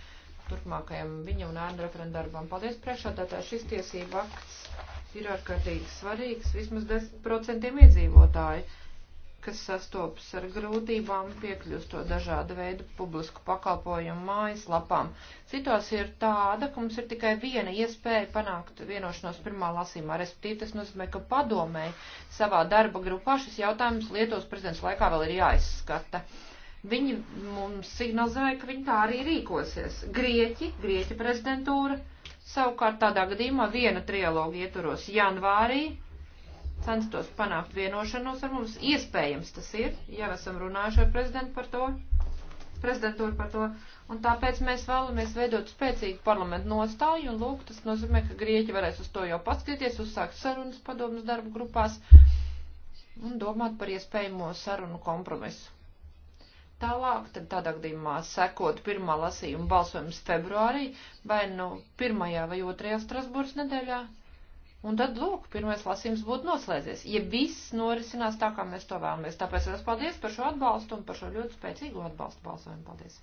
B: turpmākajam viņa un ēnu referendarbam. Paldies priekšādātāji, šis tiesība akts ir ārkārtīgi svarīgs vismaz 10% iedzīvotāji kas sastopas ar grūtībām, piekļūstot dažādu veidu publisku pakalpojumu mājaslapām. Situācija ir tāda, ka mums ir tikai viena iespēja panākt vienošanos pirmā lasīmā, respektīvi tas nozīmē, ka padomēji savā darba grupā šis jautājums Lietuvas prezidents laikā vēl ir jāizskata. Viņi mums signalizēja, ka viņi tā arī rīkosies. Grieķi, Grieķi prezidentūra, savukārt tādā gadījumā viena trialoga ietvaros janvārī censtos panākt vienošanos ar mums. Iespējams tas ir, jau esam runājuši ar prezidentu par to, prezidentūru par to, un tāpēc mēs vēlamies veidot spēcīgu parlamentu nostāju, un lūk, tas nozīmē, ka Grieķi varēs uz to jau paskatīties, uzsākt sarunas padomus darbu grupās un domāt par iespējamo sarunu kompromisu. Tālāk, tad tādā gadījumā sekot pirmā lasījuma balsojums februārī, vai nu pirmajā vai otrajā Strasbūras nedēļā, Un tad, lūk, pirmais lasījums būtu noslēdzies, ja viss norisinās tā, kā mēs to vēlamies. Tāpēc es paldies par šo atbalstu un par šo ļoti spēcīgo atbalstu balsojumu. Paldies.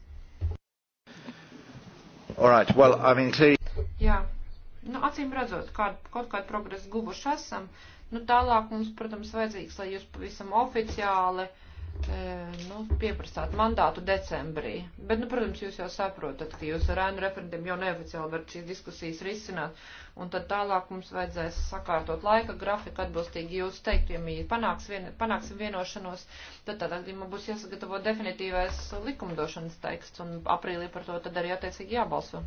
A: All right, well, I mean, clearly...
B: Jā, nu, acīm redzot, kād, kaut kādu progresu guvuši esam. Nu, tālāk mums, protams, vajadzīgs, lai jūs pavisam oficiāli uh, E, nu, pieprasāt mandātu decembrī. Bet, nu, protams, jūs jau saprotat, ka jūs ar ēnu referentiem jau neoficiāli varat šīs diskusijas risināt, un tad tālāk mums vajadzēs sakārtot laika grafiku atbilstīgi jūs teiktiem, ja panāks vien, panāksim vienošanos, tad tādā gadījumā būs jāsagatavo definitīvais likumdošanas teksts, un aprīlī par to tad arī attiecīgi jābalso.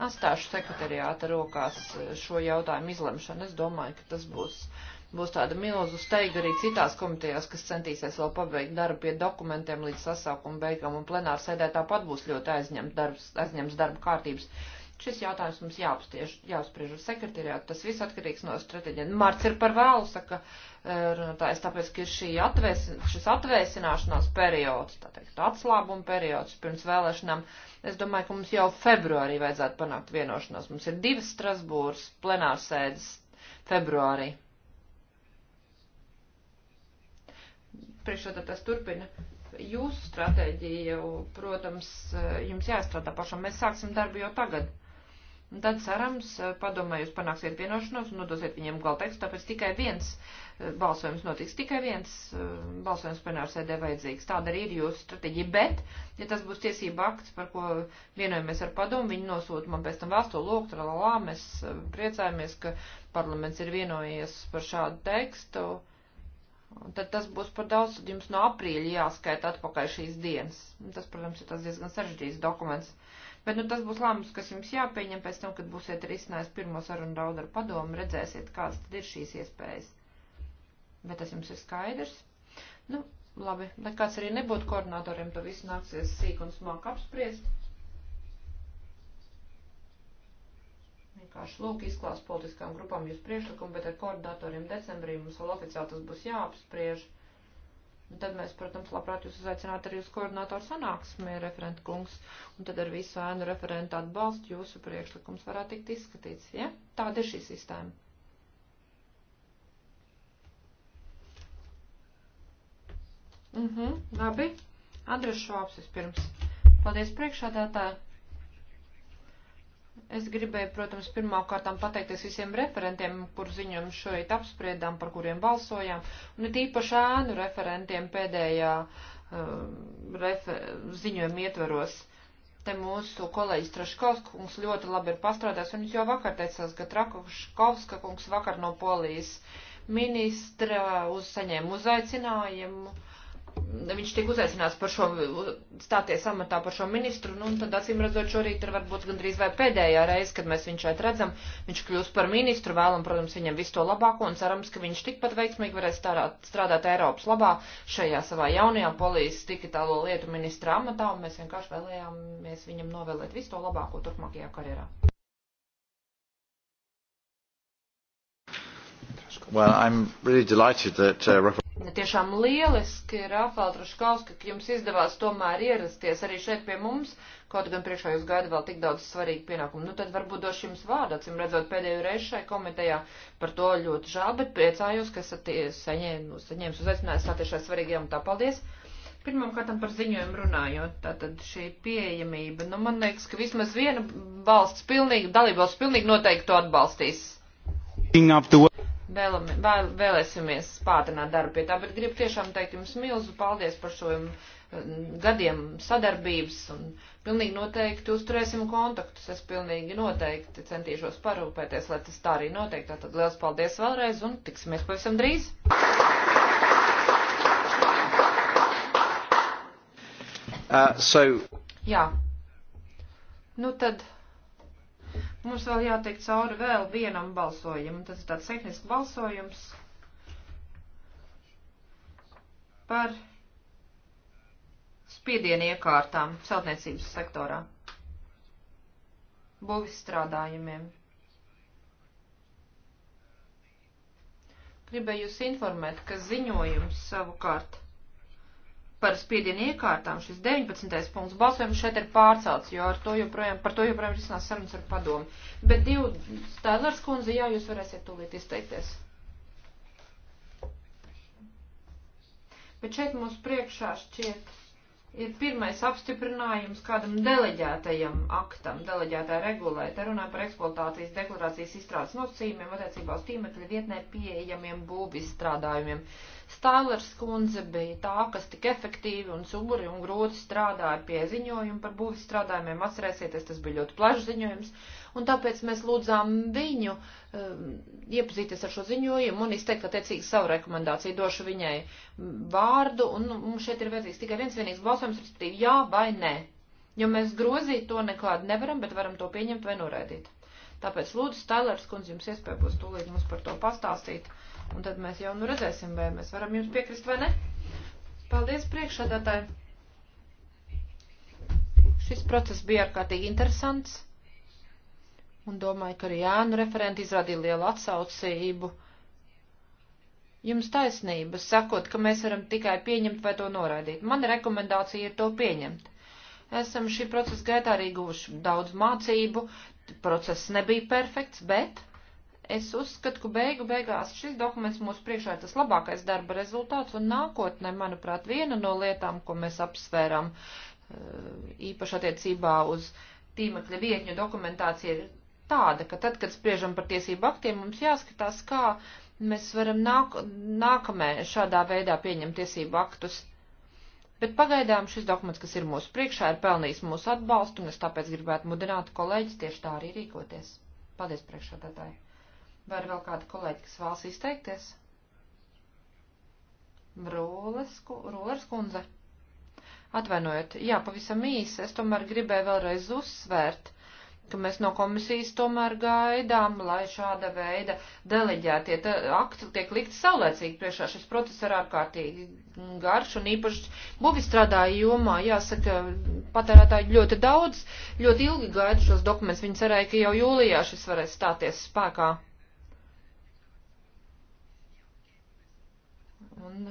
B: Atstāšu sekretariāta rokās e, šo jautājumu izlemšanu. Es domāju, ka tas būs uh, Būs tāda milzu steiga arī citās komitejās, kas centīsies vēl pabeigt darbu pie dokumentiem līdz sasaukuma beigām, un plenāra sēdē tāpat būs ļoti aizņemts darbs, aizņemts darba kārtības. Šis jautājums mums jāapstiež, jāapspriež ar sekretariātu, tas viss atkarīgs no strateģiem. Marts ir par vēlu, saka e, runātājs, tāpēc, ka ir šī atvēs, šis atvēsināšanās periods, tā teikt, atslābuma periods pirms vēlēšanām. Es domāju, ka mums jau februārī vajadzētu panākt vienošanos. Mums ir divas Strasbūras plenārsēdes februārī. Priekšsēdētājs turpina. Jūsu stratēģija, protams, jums jāstrādā pašam. Mēs sāksim darbu jau tagad. Un tad cerams, padomā, jūs panāksiet vienošanos un nodosiet viņiem galu tekstu, tāpēc tikai viens eh, balsojums notiks, tikai viens eh, balsojums plenārsēdē vajadzīgs. Tāda arī ir jūsu strateģija, bet, ja tas būs tiesība akts, par ko vienojamies ar padomu, viņi nosūta man pēc tam vēsto loktu, lalā, mēs eh, priecājamies, ka parlaments ir vienojies par šādu tekstu Un tad tas būs par daudz, tad jums no aprīļa jāskaita atpakaļ šīs dienas. Un tas, protams, ir tas diezgan sarežģīts dokuments. Bet nu, tas būs lēmums, kas jums jāpieņem pēc tam, kad būsiet risinājis pirmo sarunu raudu ar padomu, redzēsiet, kādas tad ir šīs iespējas. Bet tas jums ir skaidrs. Nu, labi, nekāds arī nebūtu koordinatoriem, to visu nāksies sīk un smāk apspriest. vienkārši lūk izklāst politiskām grupām jūs priekšlikumu, bet ar koordinatoriem decembrī mums vēl oficiāli tas būs jāapspriež. Un tad mēs, protams, labprāt jūs uzaicinātu arī uz koordinātoru sanāksmē, referenta kungs, un tad ar visu ēnu referentu atbalstu jūsu priekšlikums varētu tikt izskatīts, ja? Tāda ir šī sistēma. Mhm, labi. Andres Švāps vispirms. Paldies priekšādātāji. Es gribēju, protams, pirmkārtām pateikties visiem referentiem, kur ziņojumu šeit apspriedām, par kuriem balsojām, un it īpaši ēnu referentiem pēdējā uh, refer ziņojuma ietveros. Te mūsu kolēģis Traškovskungs ļoti labi ir pastrādājis, un viņš jau vakar teicās, ka Trakovska kungs vakar no Polijas ministra uz saņēma uzaicinājumu. Uh, viņš tika uzaicināts par šo, stāties amatā par šo ministru, nu, un tad acīm redzot šorīt ir varbūt gandrīz vai pēdējā reize, kad mēs viņu šeit redzam, viņš kļūs par ministru, vēlam, protams, viņam visu to labāko un cerams, ka viņš tikpat veiksmīgi varēs strādāt, strādāt Eiropas labā šajā savā jaunajā polijas digitālo lietu ministra amatā, un mēs vienkārši vēlējāmies viņam novēlēt visu to labāko turpmākajā karjerā.
A: Well, I'm really delighted that uh,
B: Tiešām lieliski, Rafāla Traškauska, ka jums izdevās tomēr ierasties arī šeit pie mums, kaut gan priekšā jūs gaida vēl tik daudz svarīgu pienākumu. Nu, tad varbūt došu jums vārdu, acīm redzot, pēdējo reizi šai komitejā par to ļoti žēl, bet priecājos, ka esat saņēmis, saņēmis uzaicinājumu stāties šai svarīgajam. Tā paldies! Pirmam kārtam par ziņojumu runājot, tātad šī pieejamība. Nu, man liekas, ka vismaz viena valsts pilnīgi, dalībvalsts pilnīgi noteikti to atbalstīs. Vēlam, vēl, vēlēsimies pātrināt darbu pie tā, bet gribu tiešām teikt jums milzu paldies par šo eh, gadiem sadarbības un pilnīgi noteikti uzturēsim kontaktus. Es pilnīgi noteikti centīšos parūpēties, lai tas tā arī notiek. Tātad liels paldies vēlreiz un tiksimies pavisam drīz. Uh, so... Jā. Nu tad. Mums vēl jātiek cauri vēl vienam balsojumam. Tas ir tāds tehnisks balsojums par spiedienu iekārtām celtniecības sektorā, būvis strādājumiem. Gribēju jūs informēt, ka ziņojums savukārt par spiedienu iekārtām šis 19. punkts balsojums šeit ir pārcelts, jo ar to joprojām, par to joprojām risinās sarunas ar padomu. Bet divu Stēlers kundze, jā, jūs varēsiet tūlīt izteikties. Bet šeit mums priekšā šķiet ir pirmais apstiprinājums kādam deleģētajam aktam, deleģētā regulē. Te runā par eksploatācijas deklarācijas izstrādes nosacījumiem attiecībā uz tīmekļa vietnē pieejamiem būvizstrādājumiem. Stālers kundze bija tā, kas tik efektīvi un suri un grūti strādāja pie ziņojuma par būvizstrādājumiem. Atcerēsieties, tas bija ļoti plašs ziņojums. Uh, un tāpēc mēs lūdzām viņu um, iepazīties ar šo ziņojumu un izteikt attiecīgi savu rekomendāciju. Došu viņai vārdu, un nu, mums šeit ir vajadzīgs tikai viens vienīgs balsojums, respektīvi jā vai nē. Jo mēs grozīt to nekādu nevaram, bet varam to pieņemt vai noraidīt. Tāpēc lūdzu, Stailers kundze, jums iespēja būs tūlīt mums par to pastāstīt, un tad mēs jau nu redzēsim, vai mēs varam jums piekrist vai ne. Paldies priekšādātāji! Šis process bija ārkārtīgi interesants un domāju, ka arī Jānu referenti izrādīja lielu atsaucību. Jums taisnība, sakot, ka mēs varam tikai pieņemt vai to noraidīt. Mana rekomendācija ir to pieņemt. Esam šī procesa gaitā arī guvuši daudz mācību, process nebija perfekts, bet es uzskatu, ka beigu beigās šis dokuments mūsu priekšā ir tas labākais darba rezultāts, un nākotnē, manuprāt, viena no lietām, ko mēs apsvēram eh, īpaši attiecībā uz tīmekļa vietņu dokumentāciju, ir tāda, ka tad, kad spriežam par tiesību aktiem, mums jāskatās, kā mēs varam nāk, nākamē šādā veidā pieņemt tiesību aktus. Bet pagaidām šis dokuments, kas ir mūsu priekšā, ir pelnījis mūsu atbalstu, un es tāpēc gribētu mudināt kolēģis tieši tā arī rīkoties. Paldies priekšādātāji. Vai ir vēl kāda kolēģi, kas vēlas izteikties? Rūles, Rūles kundze. Atvainojiet, jā, pavisam īsi, es tomēr gribēju vēlreiz uzsvērt, ka mēs no komisijas tomēr gaidām, lai šāda veida deleģētie akti tiek likt saulēcīgi priekšā. Šis process ir ārkārtīgi garš un īpaši būvistrādāja jomā, jāsaka, patērētāji ļoti daudz, ļoti ilgi gaida šos dokumentus. Viņi cerēja, ka jau jūlijā šis varēs stāties spēkā. Un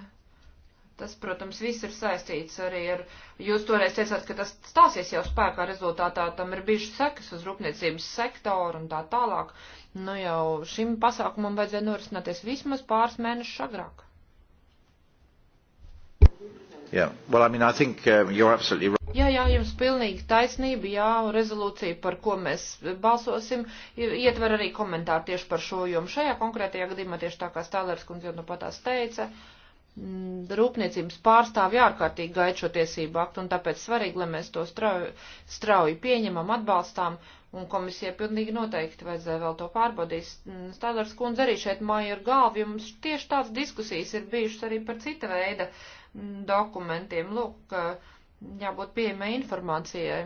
B: Tas, protams, viss ir saistīts arī ar, jūs toreiz teicāt, ka tas stāsies jau spēkā rezultātā, tam ir bijušas sekas uz rūpniecības sektoru un tā tālāk. Nu jau šim pasākumam vajadzēja norisināties vismaz pāris mēnešus agrāk.
A: Yeah. Well, I mean, I think, um, absolutely...
B: Jā, jā, jums pilnīgi taisnība, jā, rezolūcija, par ko mēs balsosim, ietver arī komentāru tieši par šo, jo šajā konkrētajā gadījumā tieši tā kā Stēlers kundze jau nu patās teica, uh, Mm, rūpniecības pārstāvji ārkārtīgi gaida šo tiesību aktu, un tāpēc svarīgi, lai mēs to strauji, strauji pieņemam, atbalstām, un komisija pilnīgi noteikti vajadzēja vēl to pārbaudīt. Mm, Stādars kundze arī šeit māja ar galvu, jo mums tieši tāds diskusijas ir bijušas arī par cita veida mm, dokumentiem. Lūk, jābūt pieejamai informācijai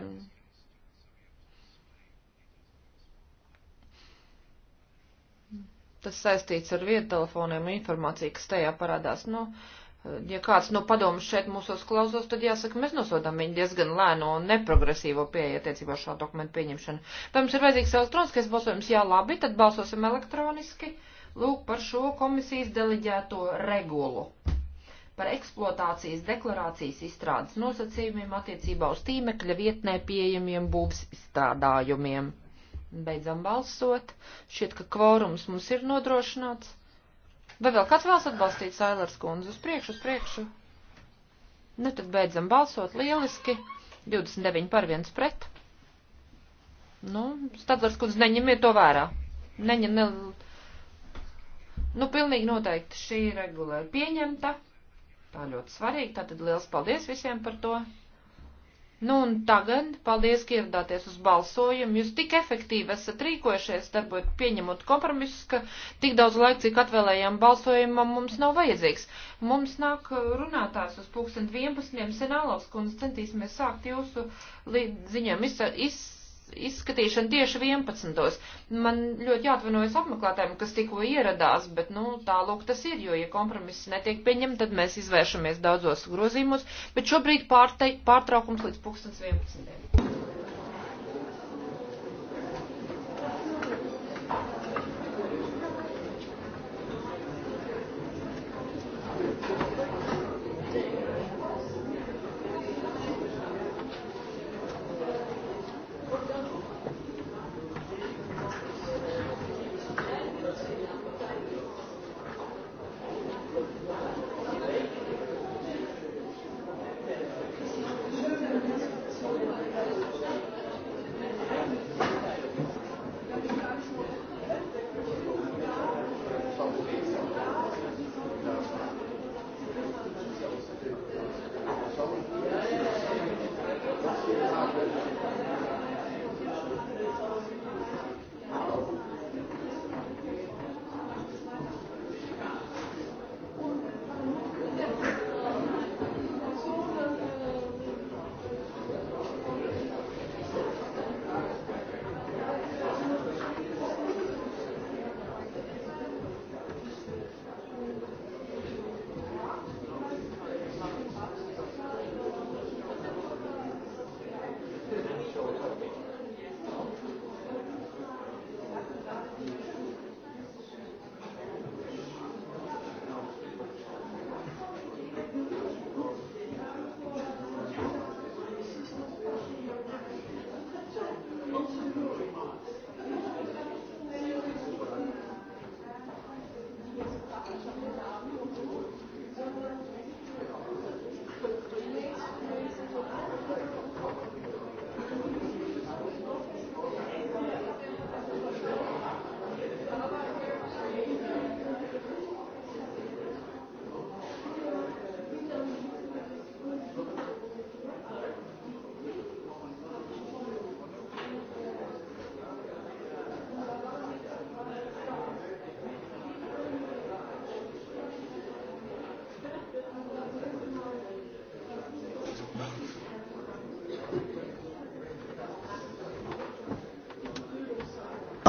B: tas saistīts ar viettelefoniem un informāciju, kas tajā parādās. Nu, ja kāds no nu, padomus šeit mūsos klausos, tad jāsaka, mēs nosodām viņu diezgan lēno un neprogresīvo pieeja attiecībā šā dokumentu pieņemšanu. Vai mums ir vajadzīgs elektroniskais balsojums? Jā, labi, tad balsosim elektroniski. Lūk par šo komisijas deleģēto regulu par eksploatācijas deklarācijas izstrādes nosacījumiem attiecībā uz tīmekļa vietnē pieejamiem būvs izstrādājumiem. Beidzam balsot. Šķiet, ka kvorums mums ir nodrošināts. Vai vēl kāds vēlas atbalstīt Sailers kundzi? Uz priekšu, uz priekšu. Nu, tad beidzam balsot. Lieliski. 29 par 1 pret. Nu, Stadlers kundze, neņemiet to vērā. Neņem, ne... Nu, pilnīgi noteikti šī regula ir pieņemta. Tā ļoti svarīgi. Tātad liels paldies visiem par to. Nu un tagad, paldies, ka ieradāties uz balsojumu. Jūs tik efektīvi esat rīkojušies, darbojot, pieņemot kompromisus, ka tik daudz laika, cik atvēlējām balsojumam, mums nav vajadzīgs. Mums nāk runātājs uz pulksten 11. Senālaus kundze centīsimies sākt jūsu ziņām izsākt. Iz, izskatīšanu tieši 11. Man ļoti jāatvainojas apmeklētājiem, kas tikko ieradās, bet, nu, tālūk tas ir, jo, ja kompromiss netiek pieņemts, tad mēs izvēršamies daudzos grozīmos, bet šobrīd pārte, pārtraukums līdz 11.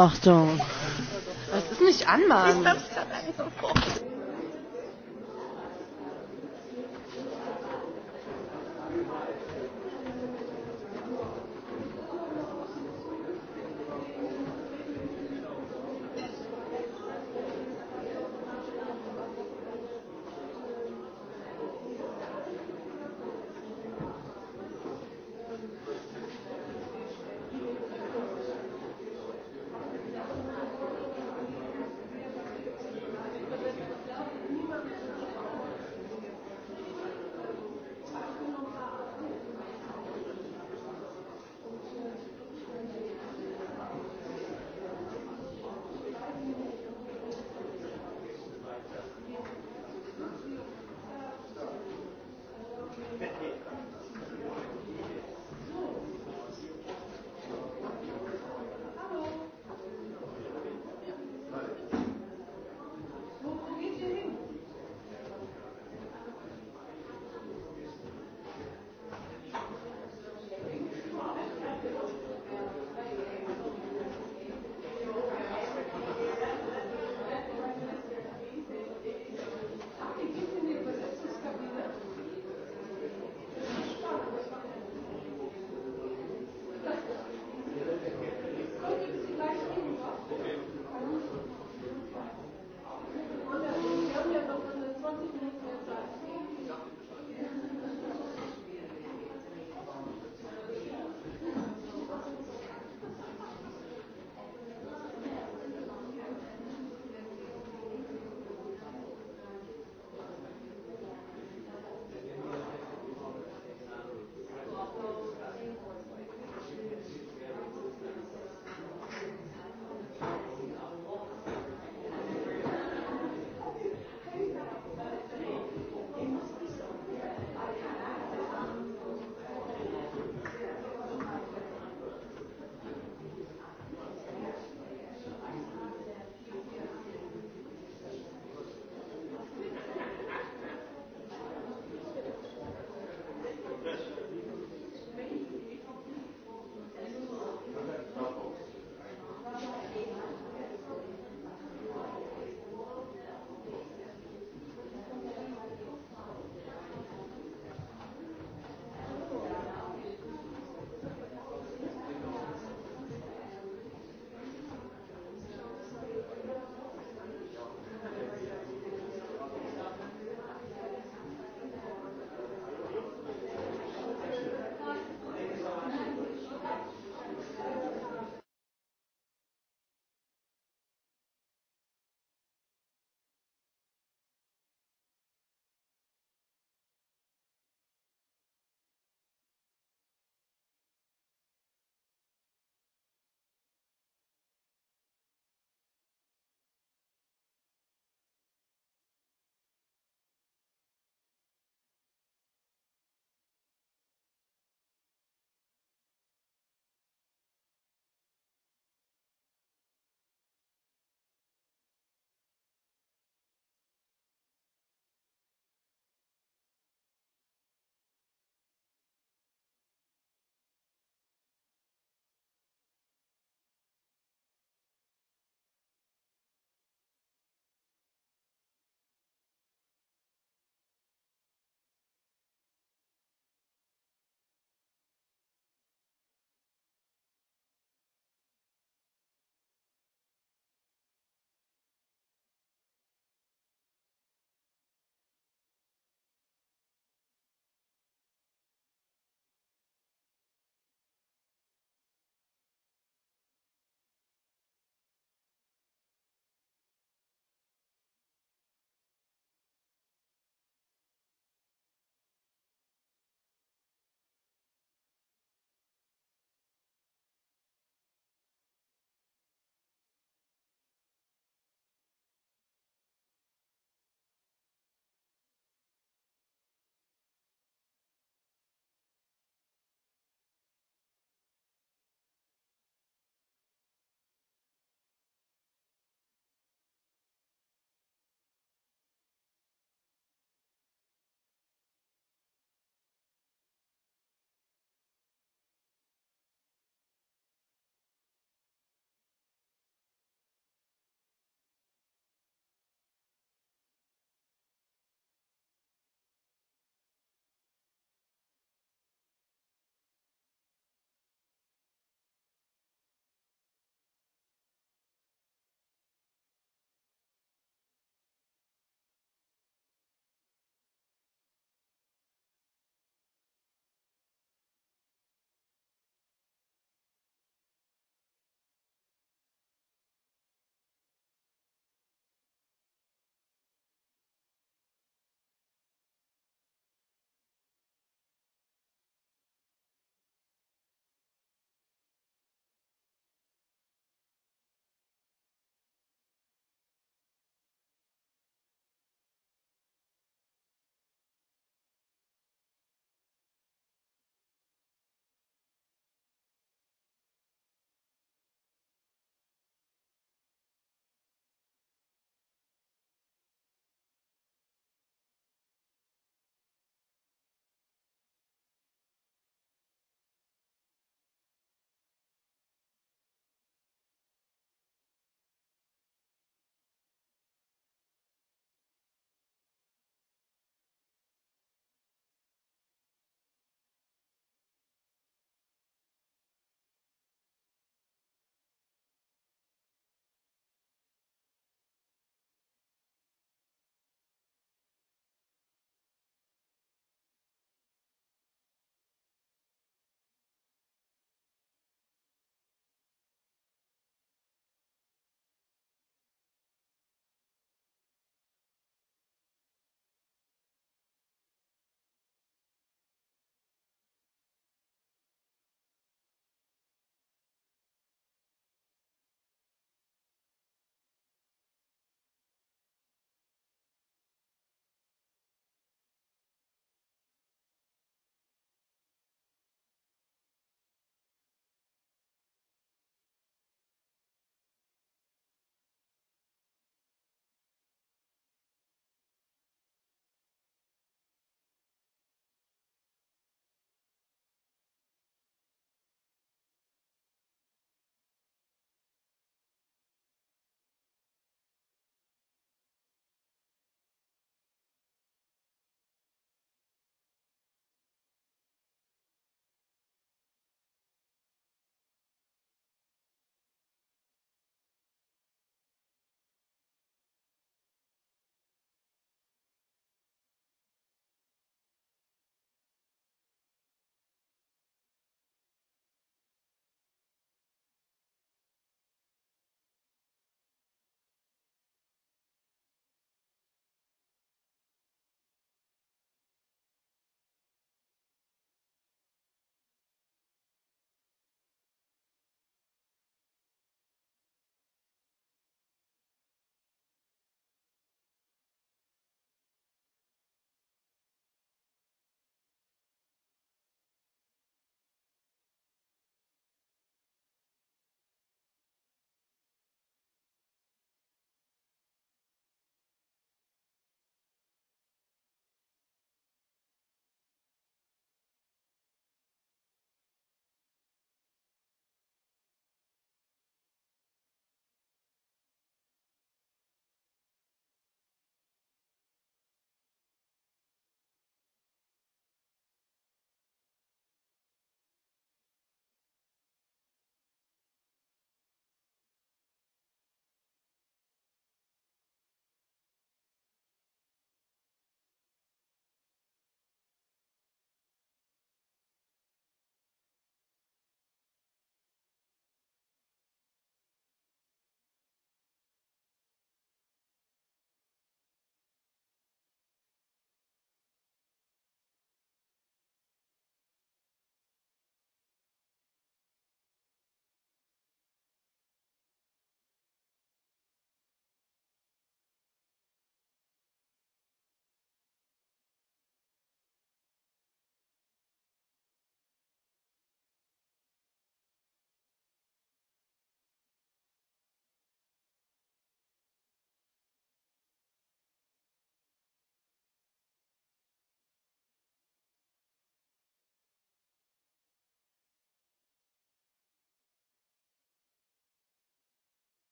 E: Achtung. Das ist nicht anmachen.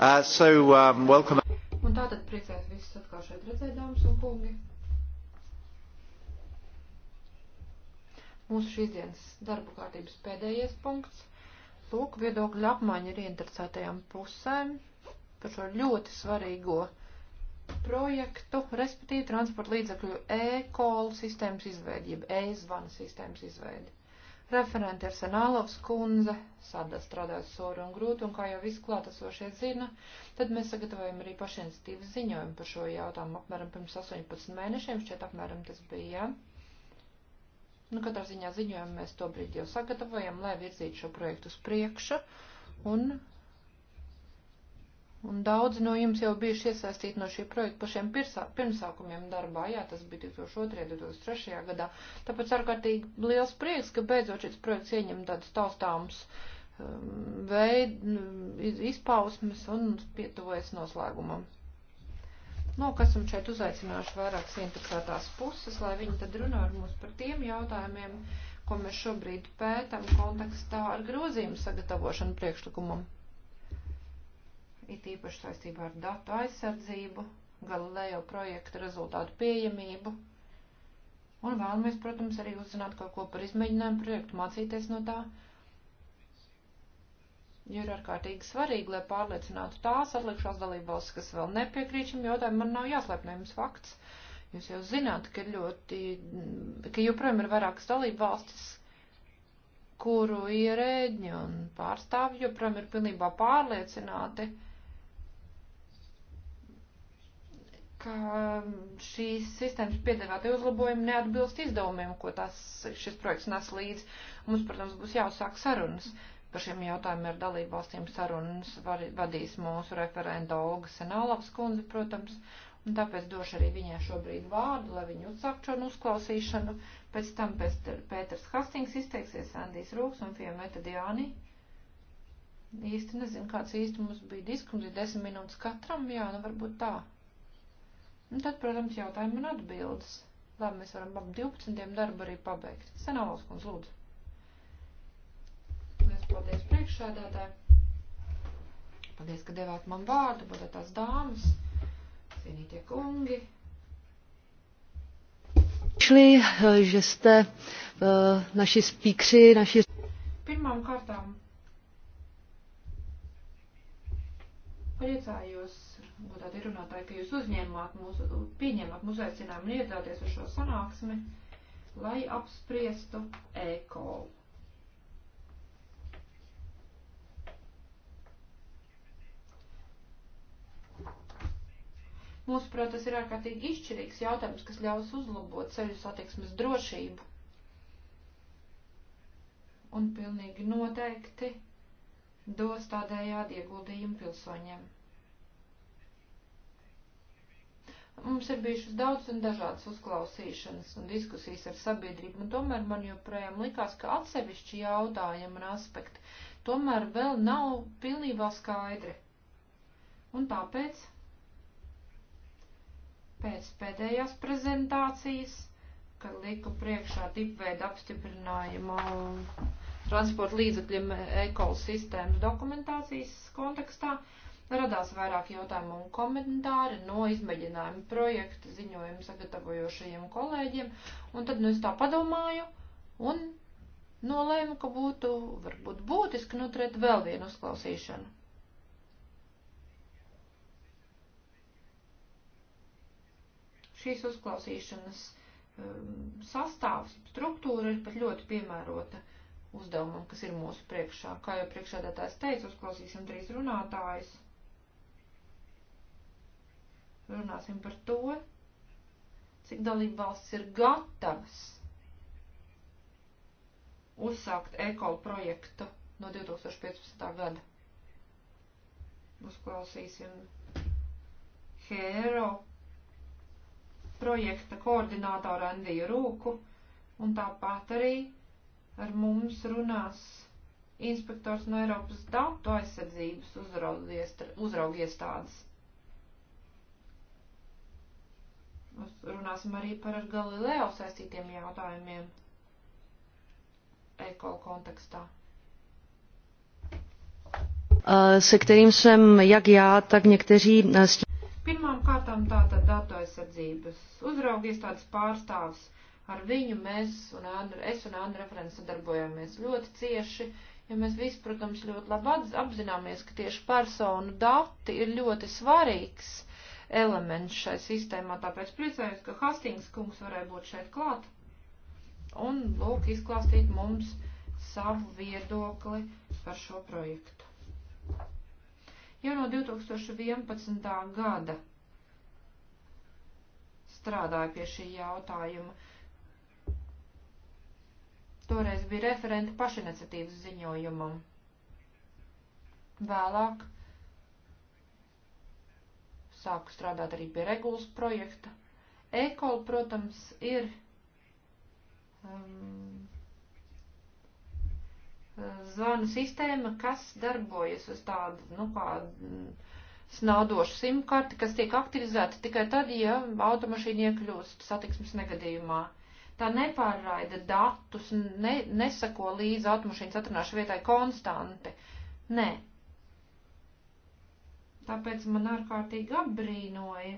A: Uh, so, um, welcome.
B: Un tātad priecājos visus atkal šeit redzēt, dāmas un kungi. Mūsu šīs dienas darbu kārtības pēdējais punkts. Lūk, viedokļu apmaiņa ir interesētajām pusēm par šo ļoti svarīgo projektu, respektīvi transporta līdzakļu e-call sistēmas izveidi, jeb e-zvana sistēmas izveidi. Referenti ir Senālovs kundze, sādā strādājas soru un grūti, un kā jau visklātesošie zina, tad mēs sagatavojam arī pašinstīvu ziņojumu par šo jautājumu apmēram pirms 18 mēnešiem, šķiet apmēram tas bija, jā. Nu, katrā ziņā ziņojumu mēs to brīdi jau sagatavojam, lai virzītu šo projektu uz priekšu, un Un daudzi no jums jau bijuši iesaistīti no šī projekta pašiem pirmsākumiem darbā, jā, tas bija 2002. 2003. gadā. Tāpēc ārkārtīgi liels prieks, ka beidzot šis projekts ieņem tādas taustāmas um, veidu, izpausmes un pietuvojas noslēgumam. Nu, kas mums šeit uzaicināšu vairākas interesētās puses, lai viņi tad runā ar mums par tiem jautājumiem, ko mēs šobrīd pētam kontekstā ar grozījumu sagatavošanu priekšlikumam it īpaši saistībā ar datu aizsardzību, Galileo projekta rezultātu pieejamību. Un vēlamies, protams, arī uzzināt kaut ko par izmēģinājumu projektu, mācīties no tā, jo ir ārkārtīgi svarīgi, lai pārliecinātu tās atlikušās dalībvalstis, kas vēl nepiekrīt šim jautājumam, man nav jāslēpnējums fakts. Jūs jau zināt, ka ļoti, ka joprojām ir vairākas dalībvalstis, kuru ierēģi un pārstāvji joprojām ir pilnībā pārliecināti, uh, ka um, šīs sistēmas piedāvātie uzlabojumi neatbilst izdevumiem, ko tas, šis projekts nes līdz. Mums, protams, būs jāuzsāk sarunas par šiem jautājumiem ar dalību valstīm. Sarunas var, vadīs mūsu referenta Olga Senālavas kundze, protams, un tāpēc došu arī viņai šobrīd vārdu, lai viņa uzsāktu šo uzklausīšanu. Pēc tam pēc Pēters Hastings izteiksies Andijs Rūks un Fiemeta Diāni. Īsti nezinu, kāds īsti mums bija diskums, ir desmit minūtes katram, jā, nu varbūt tā. Un tad, protams, jautājumi un atbildes. Labi, mēs varam ap 12. darbu arī pabeigt. Senālos kundz, lūdzu. Mēs paldies priekšsēdētāji. Paldies, ka devāt man vārdu, paldies dāmas, cienītie kungi. Šli, že ste eh, naši spīkši, naši... Pirmām kārtām priecājos deputāti runātāji, ka jūs uzņēmāt mūsu, pieņēmāt mūsu aicinājumu un iedzāties uz šo sanāksmi, lai apspriestu e-kolu. Mūsuprāt, tas ir ārkārtīgi izšķirīgs jautājums, kas ļaus uzlabot ceļu satiksmes drošību. Un pilnīgi noteikti dos tādējādi ieguldījumu pilsoņiem. Mums ir bijušas daudz un dažādas uzklausīšanas un diskusijas ar sabiedrību, un tomēr man joprojām likās, ka atsevišķi jautājumi un aspekti tomēr vēl nav pilnībā skaidri. Un tāpēc pēc pēdējās prezentācijas, kad liku priekšā tipveidu apstiprinājumu transporta līdzekļiem ekosistēmas dokumentācijas kontekstā, uh, radās vairāk jautājumu un komentāri no izmēģinājuma projekta ziņojumu sagatavojošajiem kolēģiem, un tad nu es tā padomāju un nolēmu, ka būtu varbūt būtiski noturēt vēl vienu uzklausīšanu. Šīs uzklausīšanas um, sastāvs, struktūra ir pat ļoti piemērota uzdevumam, kas ir mūsu priekšā. Kā jau priekšādātājs teica, uzklausīsim trīs runātājus runāsim par to, cik dalība valsts ir gatavas uzsākt ekolu projektu no 2015. gada. Uzklausīsim Hēro projekta koordinātoru Andiju Rūku, un tāpat arī ar mums runās inspektors no Eiropas datu aizsardzības uzraugiestādes. Runāsim arī par ar Galileo saistītiem jautājumiem ECO kontekstā.
E: Eh,
B: se kterým jsem jak já, tak někteří... Eh, Pirmām kārtām tātad datu aizsardzības uzraugi iestādes pārstāvs. Ar viņu mēs un Andra, es un Andra referents sadarbojāmies ļoti cieši, jo ja mēs visi, protams, ļoti labi apzināmies, ka tieši personu dati ir ļoti svarīgs elements šai sistēmā, tāpēc priecājos, ka Hastings kungs varēja būt šeit klāt un lūk izklāstīt mums savu viedokli par šo projektu. Jau no 2011. gada strādāju pie šī jautājuma. Toreiz bija referenti pašiniciatīvas ziņojumam. Vēlāk sāku strādāt arī pie regulas projekta. Ekola, protams, ir um, zvanu sistēma, kas darbojas uz tādu, nu, kā snaudošu simkarti, kas tiek aktivizēta tikai tad, ja automašīna iekļūst satiksmes negadījumā tā nepārraida datus, ne, nesako līdzi automašīnas atrunāšu vietai konstanti. Nē, Tāpēc man ārkārtīgi apbrīnoja,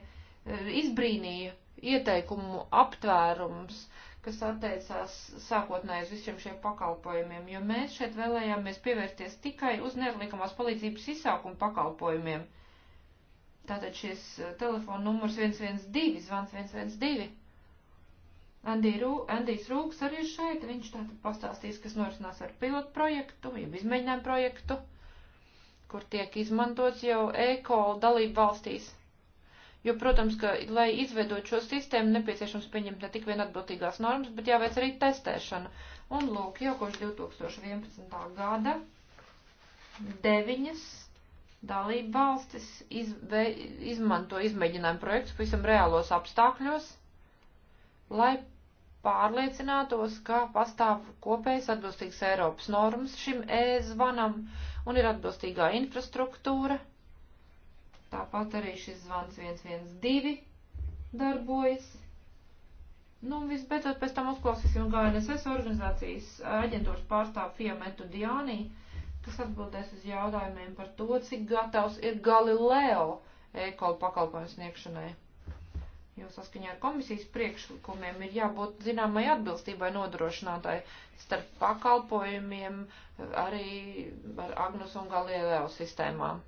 B: eh, izbrīnīja ieteikumu aptvērums, kas attiecās sākotnēji uz visiem šiem pakalpojumiem, jo mēs šeit vēlējāmies pievērsties tikai uz nerlikamās palīdzības izsākumu pakalpojumiem. Tātad šis eh, telefona numurs 112, zvans 112. Andī Rū, Andijs Rūks arī ir šeit, viņš tātad pastāstīs, kas norisinās ar pilotu projektu, jeb izmēģinājumu projektu kur tiek izmantots jau e-kola dalību valstīs. Jo, protams, ka, lai izveidot šo sistēmu, nepieciešams pieņemt ne tik vien atbildīgās normas, bet jāveic arī testēšana. Un, lūk, jau kopš 2011. gada deviņas dalību valstis izve, izmanto izmēģinājumu projektus pavisam reālos apstākļos, lai pārliecinātos, ka pastāv kopējas atbilstīgas Eiropas normas šim e-zvanam. Uh, un ir atbilstīgā infrastruktūra. Tāpat arī šis zvans 112 darbojas. Nu, un visbeidzot, pēc tam uzklausīsim GNSS organizācijas aģentūras pārstāvu Fiamentu Diānī, kas atbildēs uz jautājumiem par to, cik gatavs ir Galileo ekolu pakalpojumu sniegšanai jo saskaņā ar komisijas priekšlikumiem ir jābūt zināmai atbilstībai nodrošinātāji starp pakalpojumiem eh, arī ar Agnus un Galileo sistēmām.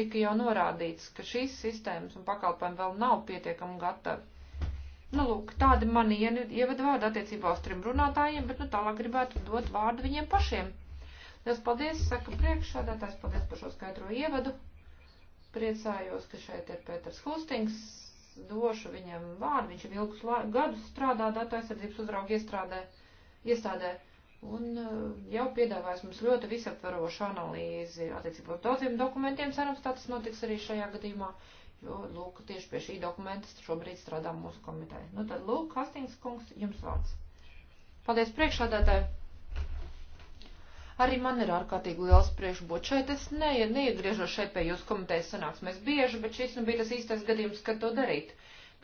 B: Tika jau norādīts, ka šīs sistēmas un pakalpojumi vēl nav pietiekami gatavi. Nu, lūk, tādi mani ievada vārdi attiecībā uz trim runātājiem, bet, nu, tālāk gribētu dot vārdu viņiem pašiem. Liels paldies, saka priekšādātājs, paldies par šo skaidro ievadu. Priecājos, ka šeit ir Pēters Hustings, došu viņam vārdu, viņš jau ilgus gadus strādā datu aizsardzības uzraugu iestrādē, iestādē, un eh, jau piedāvājas mums ļoti visaptverošu analīzi attiecībā uz daudziem dokumentiem, cerams, tā tas notiks arī šajā gadījumā, jo, lūk, tieši pie šī dokumenta šobrīd strādā mūsu komiteja. Nu tad, lūk, Hastings kungs, jums vārds. Paldies priekšādātāji! Arī man ir ārkārtīgi liels priekšbūts. Šeit es ne, neiegriežos šeit pie jūsu komitejas sanāksmēs bieži, bet šis nu bija tas īstais gadījums, kad to darīt.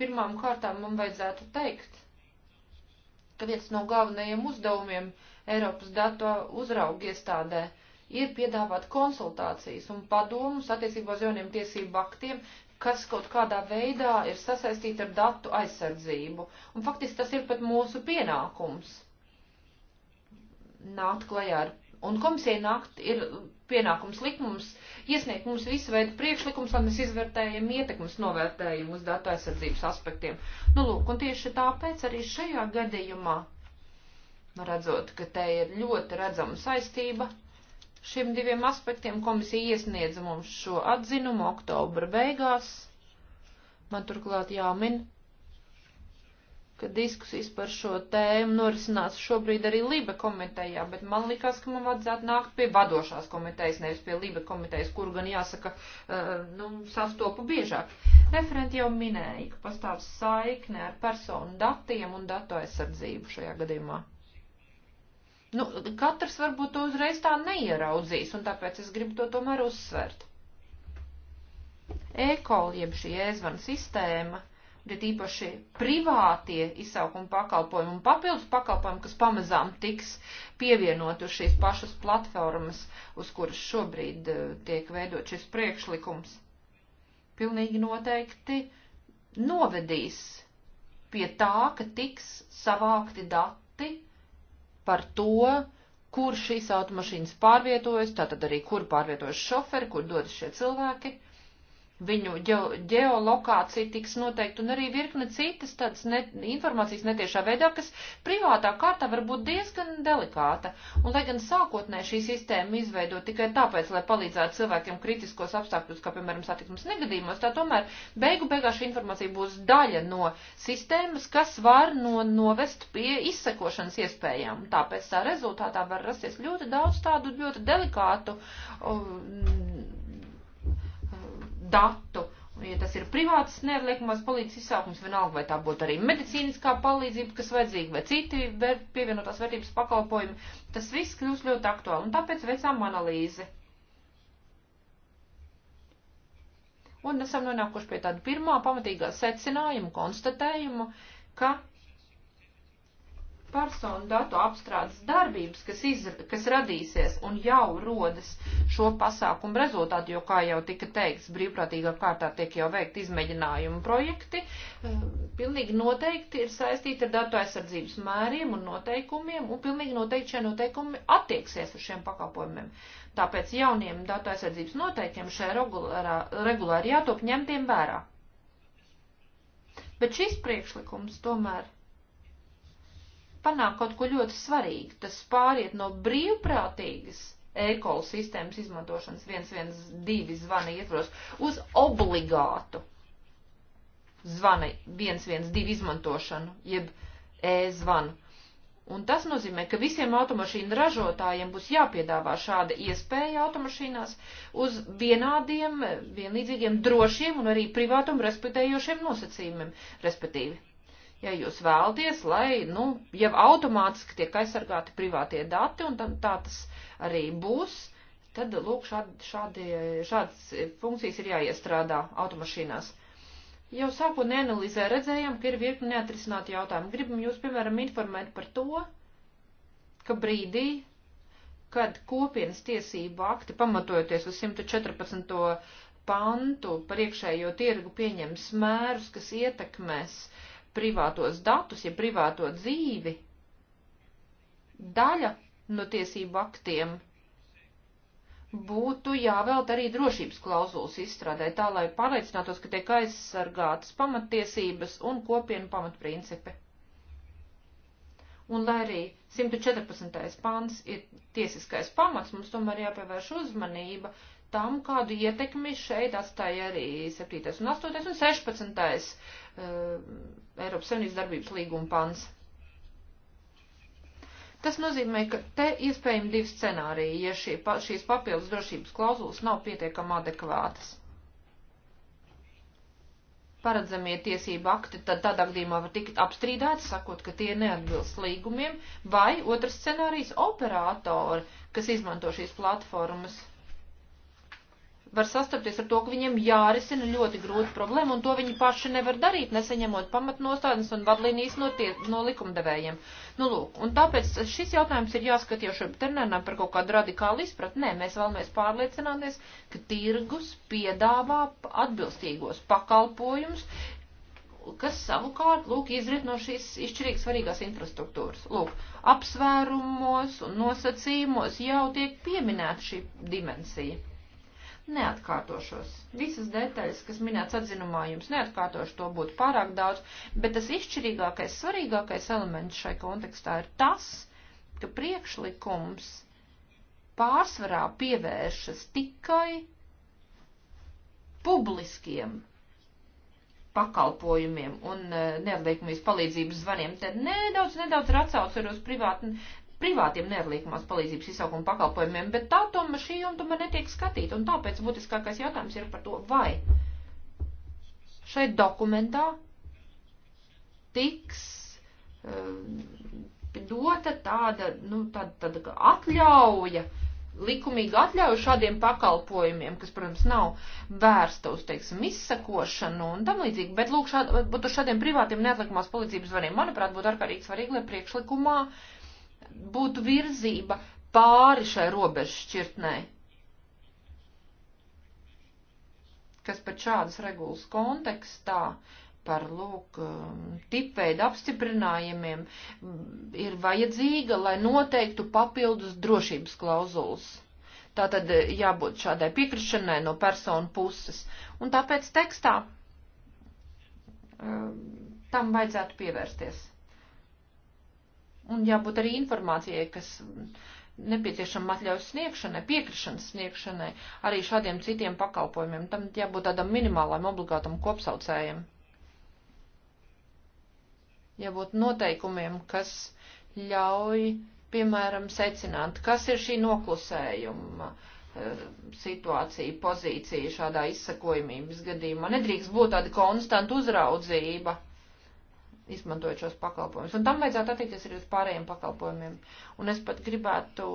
B: Pirmām kārtām man vajadzētu teikt, ka viens no galvenajiem uzdevumiem Eiropas datu uzraugu iestādē ir piedāvāt konsultācijas un padomus attiecībā uz jauniem tiesību aktiem, kas kaut kādā veidā ir sasaistīta ar datu aizsardzību. Un faktiski tas ir pat mūsu pienākums nākt klajā ar Un komisija nakt ir pienākums likums iesniegt mums visu veidu priekšlikums, lai mēs izvērtējam ietekmes novērtējumu uz datu aizsardzības aspektiem. Nu, lūk, un tieši tāpēc arī šajā gadījumā, nu, redzot, ka te ir ļoti redzama saistība šiem diviem aspektiem, komisija iesniedza mums šo atzinumu oktobra beigās. Man turklāt jāmin, ka diskusijas par šo tēmu norisinās šobrīd arī Libe komitejā, bet man likās, ka man vajadzētu nākt pie vadošās komitejas, nevis pie Libe komitejas, kur gan jāsaka, eh, nu, sastopu biežāk. Referenti jau minēja, ka pastāv saikne ar personu datiem un datu aizsardzību šajā gadījumā. Nu, katrs varbūt to uzreiz tā neieraudzīs, un tāpēc es gribu to tomēr uzsvērt. E-call, jeb šī e-zvana sistēma, bet īpaši privātie izsaukuma pakalpojumi un papildus pakalpojumi, kas pamazām tiks pievienot uz šīs pašas platformas, uz kuras šobrīd eh, tiek veidot šis priekšlikums, pilnīgi noteikti novedīs pie tā, ka tiks savākti dati par to, kur šīs automašīnas pārvietojas, tātad arī kur pārvietojas šoferi, kur dodas šie cilvēki viņu ge geolokācija tiks noteikta un arī virkne citas tādas ne, informācijas netiešā veidā, kas privātā kārtā var būt diezgan delikāta. Un lai gan sākotnē šī sistēma izveido tikai tāpēc, lai palīdzētu cilvēkiem kritiskos apstākļus, kā piemēram satiksmes negadījumos, tā tomēr beigu beigā šī informācija būs daļa no sistēmas, kas var no, novest pie izsekošanas iespējām. Tāpēc tā rezultātā var rasties ļoti daudz tādu ļoti delikātu. Um, datu. Ja tas ir privāts neatliekamās palīdzības izsākums, vienalga vai tā būtu arī medicīniskā palīdzība, kas vajadzīga, vai citi vēr, pievienotās vērtības pakalpojumi, tas viss kļūst ļoti aktuāli, un tāpēc veicām analīzi. Un esam nonākuši pie tāda pirmā pamatīgā secinājuma, konstatējuma, ka personu datu apstrādes darbības, kas, iz, kas radīsies un jau rodas šo pasākumu rezultātu, jo, kā jau tika teikts, brīvprātīgā kārtā tiek jau veikt izmēģinājumu projekti, ehm, pilnīgi noteikti ir saistīti ar datu aizsardzības mēriem un noteikumiem, un pilnīgi noteikti šie noteikumi attieksies uz šiem pakalpojumiem. Tāpēc jauniem datu aizsardzības noteikiem šai regulārā, regulāri jātop ņemtiem vērā. Bet šis priekšlikums tomēr panākt kaut ko ļoti svarīgu. Tas pāriet no brīvprātīgas e-kola sistēmas izmantošanas 112 zvana ietvaros uz obligātu zvana 112 izmantošanu, jeb e-zvanu. Un tas nozīmē, ka visiem automašīnu ražotājiem būs jāpiedāvā šāda iespēja automašīnās uz vienādiem, vienlīdzīgiem, drošiem un arī privātumu respektējošiem nosacījumiem, respektīvi ja jūs vēlties, lai, nu, jau automātiski tiek aizsargāti privātie dati, un tam tā tas arī būs, tad, lūk, šādi, šādi, šādas funkcijas ir jāiestrādā automašīnās. Jau sākotnē analizē redzējām, ka ir virkni neatrisināti jautājumi. Gribam jūs, piemēram, informēt par to, ka brīdī, kad kopienas tiesība akti, pamatojoties uz 114 pantu par iekšējo tirgu pieņems mērus, kas ietekmēs privātos datus, ja privāto dzīvi, daļa no tiesību aktiem būtu jāvēlt arī drošības klauzulas izstrādē, tā lai pārliecinātos, ka tiek aizsargātas pamatiesības un kopienu pamatprincipi. Un lai arī 114. pāns ir tiesiskais pamats, mums tomēr jāpievērš uzmanība tam, kādu ietekmi šeit atstāja arī 7. un 8. un 16. Uh, Eiropas Savienības darbības līguma pants. Tas nozīmē, ka te iespējami divi scenāriji, ja šie, šīs papildus drošības klauzulas nav pietiekami adekvātas. Paredzamie tiesību akti tad tādā gadījumā var tikt apstrīdēti, sakot, ka tie neatbilst līgumiem, vai otrs scenārijs operatori, kas izmanto šīs platformas var sastapties ar to, ka viņiem jārisina ļoti grūti problēma, un to viņi paši nevar darīt, nesaņemot pamatnostādnes un vadlīnijas no, tie, no likumdevējiem. Nu, lūk, un tāpēc šis jautājums ir jāskat jau šiem ternēnām par kaut kādu radikālu izpratni. Nē, mēs vēlamies pārliecināties, ka tirgus piedāvā atbilstīgos pakalpojumus, kas savukārt, lūk, izrit no šīs izšķirīgi svarīgās infrastruktūras. Lūk, apsvērumos un nosacījumos jau tiek pieminēta šī dimensija. Neatkārtošos. Visas detaļas, kas minēts atzinumā, jums neatkārtošu, to būtu pārāk daudz, bet tas izšķirīgākais, svarīgākais elements šai kontekstā ir tas, ka priekšlikums pārsvarā pievēršas tikai publiskiem pakalpojumiem un eh, neatliekamības palīdzības zvaniem. Tad nedaudz, nedaudz ir atsauce arī uz privātu privātiem neatliekamās palīdzības izsaukuma pakalpojumiem, bet tā tomēr šī joma tomēr netiek skatīta, un tāpēc būtiskākais jautājums ir par to, vai šeit dokumentā tiks uh, dota tāda, nu, tāda, tāda atļauja, likumīga atļauja šādiem pakalpojumiem, kas, protams, nav vērsta uz, teiksim, izsakošanu un tam līdzīgi, bet, lūk, šād, būtu šādiem privātiem neatlikumās palīdzības variem, manuprāt, būtu ārkārtīgi svarīgi, lai priekšlikumā uh, būtu virzība pāri šai robežu šķirtnei, kas pat šādas regulas kontekstā par, lūk, tipveidu apstiprinājumiem ir vajadzīga, lai noteiktu papildus drošības klauzulas. Tātad eh, jābūt šādai piekrišanai no personu puses. Un tāpēc tekstā um, tam vajadzētu pievērsties. Un jābūt arī informācijai, kas nepieciešama atļaujas sniegšanai, piekrišanas sniegšanai, arī šādiem citiem pakalpojumiem. Tam jābūt tādam minimālam obligātam kopsaucējiem. Jābūt noteikumiem, kas ļauj, piemēram, secināt, kas ir šī noklusējuma eh, situācija, pozīcija šādā izsakojumības gadījumā. Nedrīkst būt tāda konstanta uzraudzība izmantojot šos pakalpojumus. Un tam vajadzētu attiekties arī uz pārējiem pakalpojumiem. Un es pat gribētu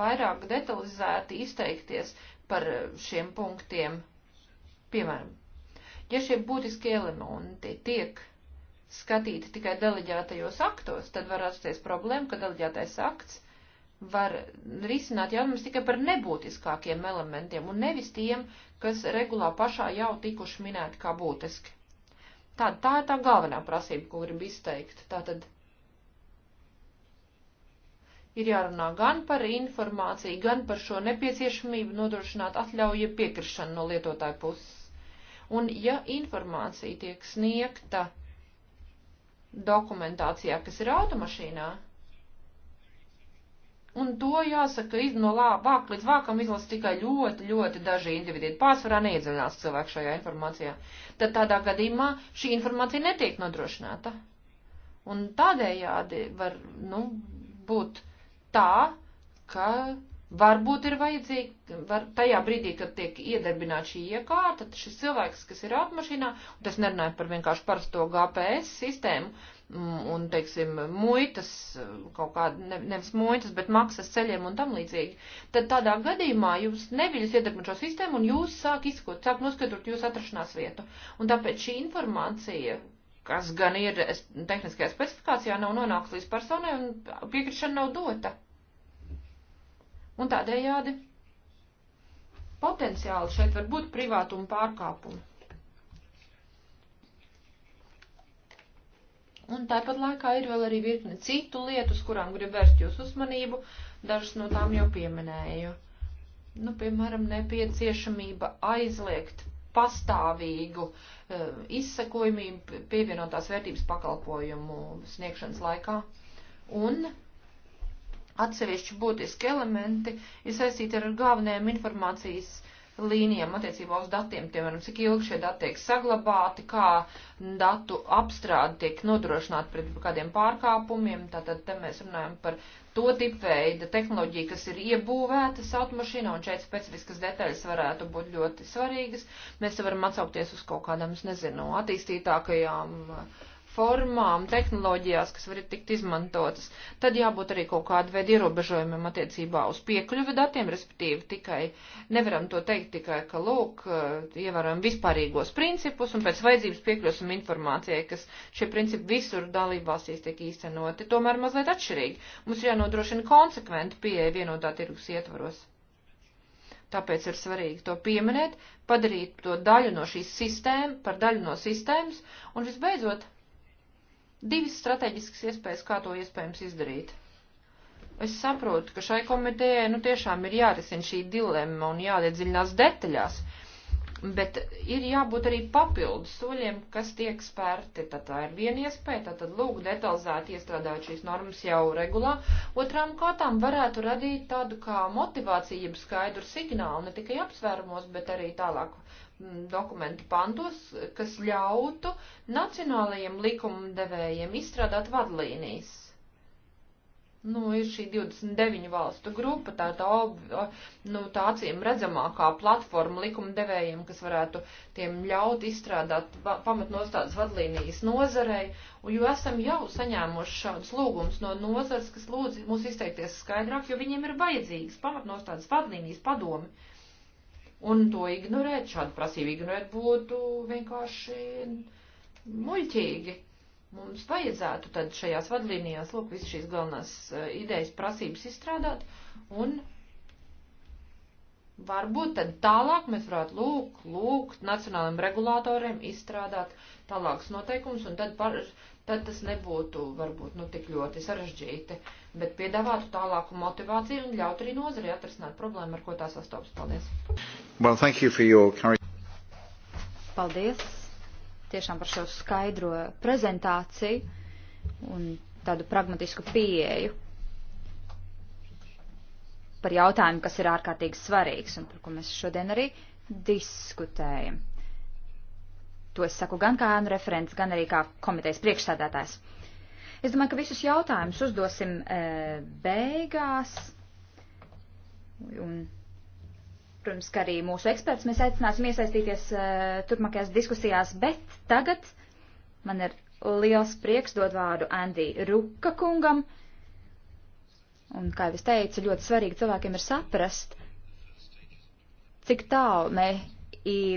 B: vairāk detalizēti izteikties par šiem punktiem. Piemēram, ja šie būtiski elementi tiek skatīti tikai deleģētajos aktos, tad var rasties problēma, ka deleģētais akts var risināt jautājumus tikai par nebūtiskākiem elementiem un nevis tiem, kas regulā pašā jau tikuši minēti kā būtiski. Tā, tā ir tā galvenā prasība, ko gribu izteikt. Tātad ir jārunā gan par informāciju, gan par šo nepieciešamību nodrošināt atļauju piekrišanu no lietotāja puses. Un ja informācija tiek sniegta dokumentācijā, kas ir automašīnā, Un to jāsaka, no vāka līdz vākam izlasa tikai ļoti, ļoti daži individi. Pārsvarā neiedziļinās cilvēku šajā informācijā. Tad tādā gadījumā šī informācija netiek nodrošināta. Un tādējādi var, nu, būt tā, ka Varbūt ir vajadzīgi, var, tajā brīdī, kad tiek iedarbināta šī iekārta, tad šis cilvēks, kas ir automašīnā, un tas nerunāja par vienkārši parasto GPS sistēmu, Mm, un, teiksim, muitas, kaut kāda, ne, nevis muitas, bet maksas ceļiem un tam līdzīgi, tad tādā gadījumā jūs neviļas ietekmi šo sistēmu un jūs sāk izskot, sāk noskatot jūsu atrašanās vietu. Un tāpēc šī informācija, kas gan ir tehniskajā specifikācijā, nav nonākusi līdz personai un piekrišana nav dota. Un tādējādi potenciāli šeit var būt privātuma pārkāpumi. Un tāpat laikā ir vēl arī virkne citu lietu, uz kurām grib vērst jūs uzmanību, dažas no tām jau pieminēju. Nu, piemēram, nepieciešamība aizliegt pastāvīgu uh, eh, izsekojumību pievienotās vērtības pakalpojumu sniegšanas laikā. Un atsevišķi būtiski elementi ir saistīti ar galvenajām informācijas līnijām attiecībā uz datiem, piemēram, cik ilgi šie dati tiek saglabāti, kā datu apstrāde tiek nodrošināta pret kādiem pārkāpumiem. Tātad te mēs runājam par to tipu veida tehnoloģiju, kas ir iebūvētas automašīnā, un šeit specifiskas detaļas varētu būt ļoti svarīgas. Mēs varam atsaukties uz kaut kādām, es nezinu, attīstītākajām uh, formām, tehnoloģijās, kas var tikt izmantotas, tad jābūt arī kaut kādu veidu ierobežojumiem attiecībā uz piekļuvi datiem, respektīvi tikai nevaram to teikt tikai, ka lūk, eh, ievērojam vispārīgos principus un pēc vajadzības piekļūsim informācijai, kas šie principi visur dalībvalstīs tiek īstenoti, tomēr mazliet atšķirīgi. Mums jānodrošina konsekventa pieeja vienotā tirgus ietvaros. Tāpēc ir svarīgi to pieminēt, padarīt to daļu no šīs sistēmas, par daļu no sistēmas, un visbeidzot, divas strateģiskas iespējas, kā to iespējams izdarīt. Es saprotu, ka šai komitejai nu tiešām ir jārisina šī dilemma un jāiedziļinās detaļās, bet ir jābūt arī papildu soļiem, kas tiek spērti. Tad tā ir viena iespēja, tad, tad lūk, detalizēti iestrādāt šīs normas jau regulā. Otrām kārtām varētu radīt tādu kā motivāciju, jeb skaidru signālu, ne tikai apsvērumos, bet arī tālāk Mm, dokumentu pantos, kas ļautu nacionālajiem likumdevējiem izstrādāt vadlīnijas. Nu, ir šī 29 valstu grupa, tā tā, nu, tā acīm redzamākā platforma likumdevējiem, kas varētu tiem ļaut izstrādāt pamatnostādes vadlīnijas nozarei, jo esam jau saņēmuši šādus lūgumus no nozars, kas lūdz mūs izteikties skaidrāk, jo viņiem ir vajadzīgas pamatnostādes vadlīnijas padomi Un to ignorēt, šādu prasību ignorēt būtu vienkārši muļķīgi. Mums vajadzētu tad šajās vadlīnijās, lūk, visas šīs galvenās eh, idejas prasības izstrādāt, un varbūt tad tālāk mēs varētu lūk, lūgt nacionālajiem regulātoriem izstrādāt tālākus noteikumus, un tad, par, tad tas nebūtu varbūt nu tik ļoti sarežģīti, bet piedāvātu tālāku motivāciju un ļaut arī nozarei atrasināt problēmu, ar ko tā sastopas. Paldies!
A: Well, thank you for your...
C: Paldies tiešām par šo skaidro prezentāciju un tādu pragmatisku pieeju par jautājumu, kas ir ārkārtīgi svarīgs un par ko mēs šodien arī diskutējam. To es saku gan kā ēnu referents, gan arī kā komitejas priekšsādātājs. Es domāju, ka visus jautājumus uzdosim e, beigās. Un Protams, ka arī mūsu eksperts mēs aicināsim iesaistīties eh, turpmākajās diskusijās, bet tagad man ir liels prieks dot vārdu Andy Ruka kungam. Un, kā jau es teicu, ļoti svarīgi cilvēkiem ir saprast, cik tālu mē,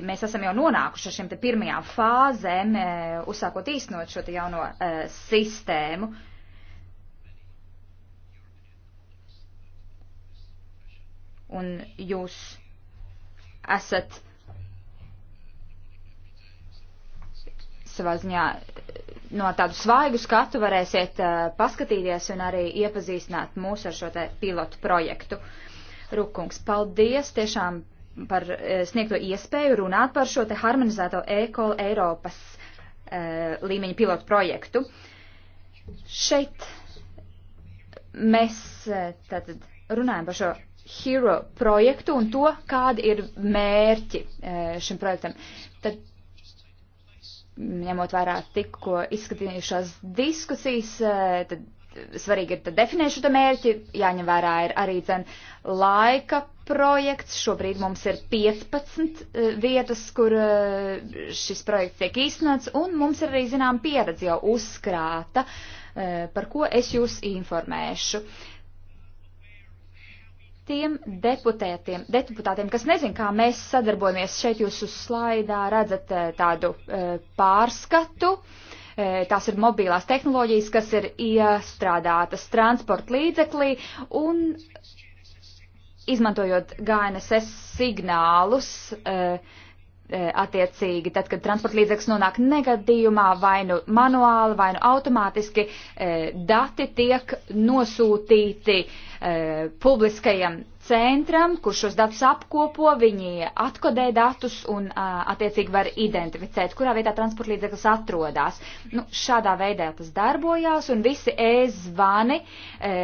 C: mēs esam jau nonākuši ar šiem te pirmajām fāzēm, uzsākot īstenot šo te jauno uh, sistēmu. Un jūs esat savā ziņā no tādu svaigu skatu varēsiet uh, paskatīties un arī iepazīstināt mūs ar šo te pilotu projektu. Rukungs, paldies tiešām par uh, sniegto iespēju runāt par šo te harmonizēto e-call Eiropas uh, līmeņa pilotu projektu. Šeit mēs uh, tātad runājam par šo Hero projektu un to, kādi ir mērķi e, šim projektam. Tad, ņemot vērā tikko izskatījušās diskusijas, e, tad svarīgi ir definēt šo mērķi, jāņem vērā ir arī dzen laika projekts. Šobrīd mums ir 15 e, vietas, kur šis projekts tiek īstenots, un mums ir arī zinām pieredze jau uzkrāta, par ko es jūs informēšu. Uh, tiem deputētiem, deputātiem, kas nezin, kā mēs sadarbojamies, šeit jūs uz slaidā redzat eh, tādu eh, pārskatu. Eh, tās ir mobilās tehnoloģijas, kas ir iestrādātas transporta līdzeklī un izmantojot GNSS signālus attiecīgi, tad, kad transporta līdzeklis nonāk negadījumā, vai nu manuāli, vai nu automātiski, dati tiek nosūtīti uh, E, publiskajam centram, kurš šos datus apkopo, viņi atkodē datus un attiecīgi var identificēt, kurā vietā transportlīdzeklis atrodas. Nu, šādā veidā tas darbojās un visi e-zvani e,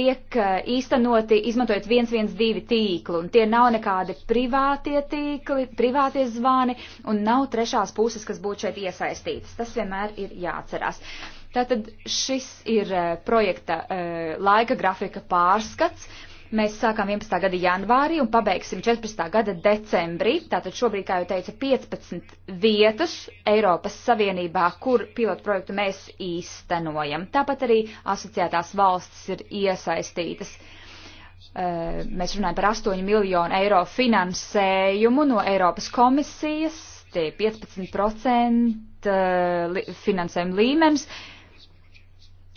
C: tiek īstenoti izmantojot 112 tīklu, un tie nav nekādi privātie tīkli, privātie zvani, un nav trešās puses, kas būtu šeit iesaistītas. Tas vienmēr ir jāatcerās. Uh, Tātad šis ir eh, projekta eh, laika grafika pārskats. Mēs sākām 11. gada janvārī un pabeigsim 14. gada decembrī. Tātad šobrīd, kā jau teicu, 15 vietas Eiropas Savienībā, kur pilotu projektu mēs īstenojam. Tāpat arī asociētās valstis ir iesaistītas. Eh, mēs runājam par 8 miljonu eiro finansējumu no Eiropas komisijas, tie 15% finansējuma līmenis.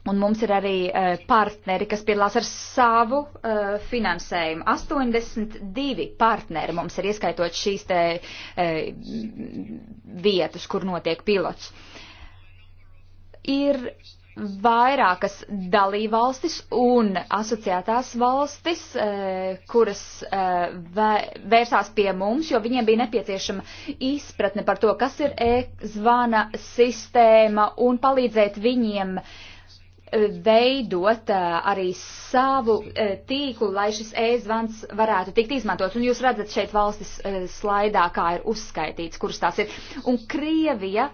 C: Un mums ir arī e, partneri, kas piedalās ar savu uh, finansējumu. 82 partneri mums ir ieskaitot šīs te uh, vietas, kur notiek pilots. Ir vairākas dalībvalstis un asociētās valstis, uh, kuras vērsās pie mums, jo viņiem bija nepieciešama izpratne par to, kas ir e-zvana sistēma un palīdzēt viņiem uh, veidot eh, arī savu eh, tīklu, lai šis e-zvans varētu tikt izmantots. Un jūs redzat šeit valstis eh, slaidā, kā ir uzskaitīts, kuras tās ir. Un Krievija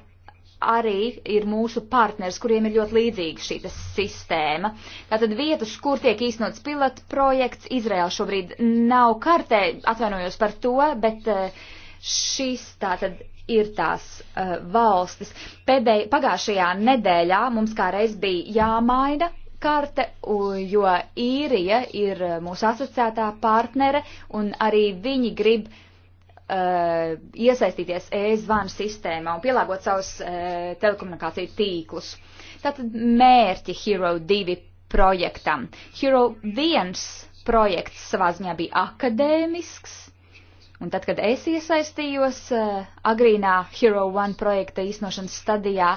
C: arī ir mūsu partners, kuriem ir ļoti līdzīga šī sistēma. Tātad vietas, kur tiek īstenots pilotu projekts, Izraēla šobrīd nav kartē, atvainojos par to, bet šis tātad ir tās uh, valstis. Pēdēj, pagājušajā nedēļā mums kādreiz bija jāmaina karte, jo īrija ir uh, mūsu asociētā partnere un arī viņi grib uh, iesaistīties e-zvanu sistēmā un pielāgot savus uh, telekomunikāciju tīklus. Tātad mērķi Hero 2 projektam. Hero 1 projekts savā ziņā bija akadēmisks, Un tad, kad es iesaistījos uh, agrīnā Hero One projekta īstenošanas stadijā,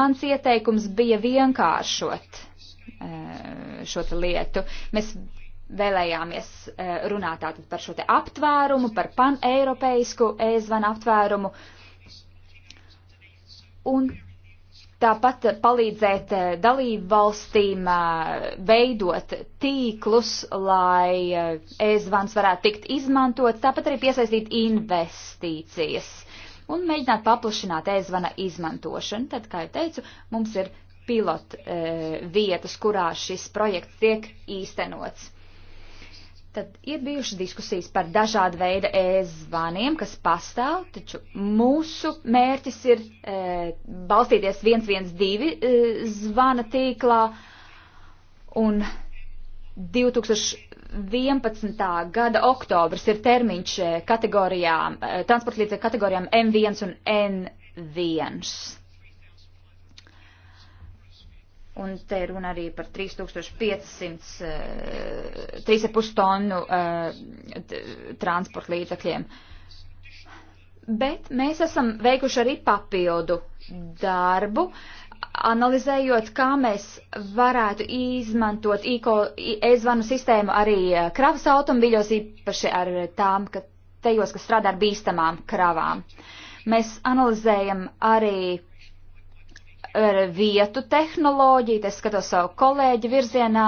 C: mans ieteikums bija vienkāršot uh, šo lietu. Mēs vēlējāmies uh, runāt tātad par šo te aptvērumu, par paneiropeisku e-zvanu aptvērumu. Un Tāpat palīdzēt eh, dalību valstīm eh, veidot tīklus, lai eh, e-zvans varētu tikt izmantots, tāpat arī piesaistīt investīcijas un mēģināt paplašināt e-zvana izmantošanu. Tad, kā jau teicu, mums ir pilot e, vietas, kurā šis projekts tiek īstenots. Tad ir bijušas diskusijas par dažādu veidu e-zvaniem, kas pastāv, taču mūsu mērķis ir e, balstīties 112 e, zvana tīklā un 2011. gada oktobris ir termiņš e, kategorijām, e, transportlīdzekļu kategorijām M1 un N1. Un te ir runa arī par 3500, 3,5 tonu transporta līdzakļiem. Bet mēs esam veikuši arī papildu darbu, analizējot, kā mēs varētu izmantot e-zvanu sistēmu arī eh, kravas automobiļos, īpaši ar tām, ka tajos, kas strādā ar bīstamām kravām. Mēs analizējam arī ar vietu tehnoloģiju, te skatos savu kolēģi virzienā,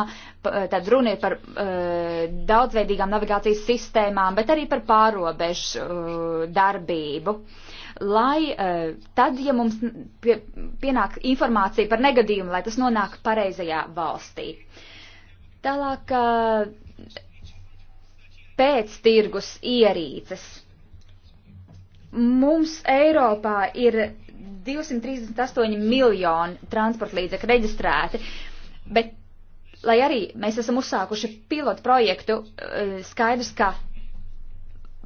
C: eh, tad runa ir par uh, daudzveidīgām navigācijas sistēmām, bet arī par pārobežu uh, darbību. Lai uh, tad, ja mums pie, pienāk informācija par negadījumu, lai tas nonāk pareizajā valstī. Tālāk pēc tirgus ierīces. Mums Eiropā ir 238 miljoni transporta līdzekļu reģistrēti, bet, lai arī mēs esam uzsākuši pilotu projektu, eh, skaidrs, ka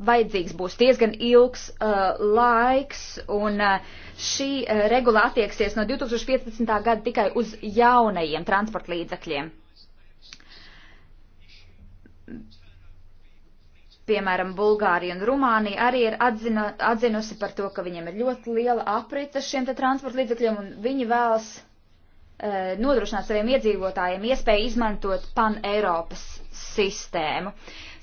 C: vajadzīgs būs diezgan ilgs uh, laiks, un uh, šī uh, regula attieksies no 2015. gada tikai uz jaunajiem transporta līdzakļiem piemēram, Bulgārija un Rumānija arī ir atzina, atzinusi par to, ka viņiem ir ļoti liela aprita šiem te transporta līdzekļiem, un viņi vēlas e, nodrošināt saviem iedzīvotājiem iespēju izmantot pan-Eiropas sistēmu.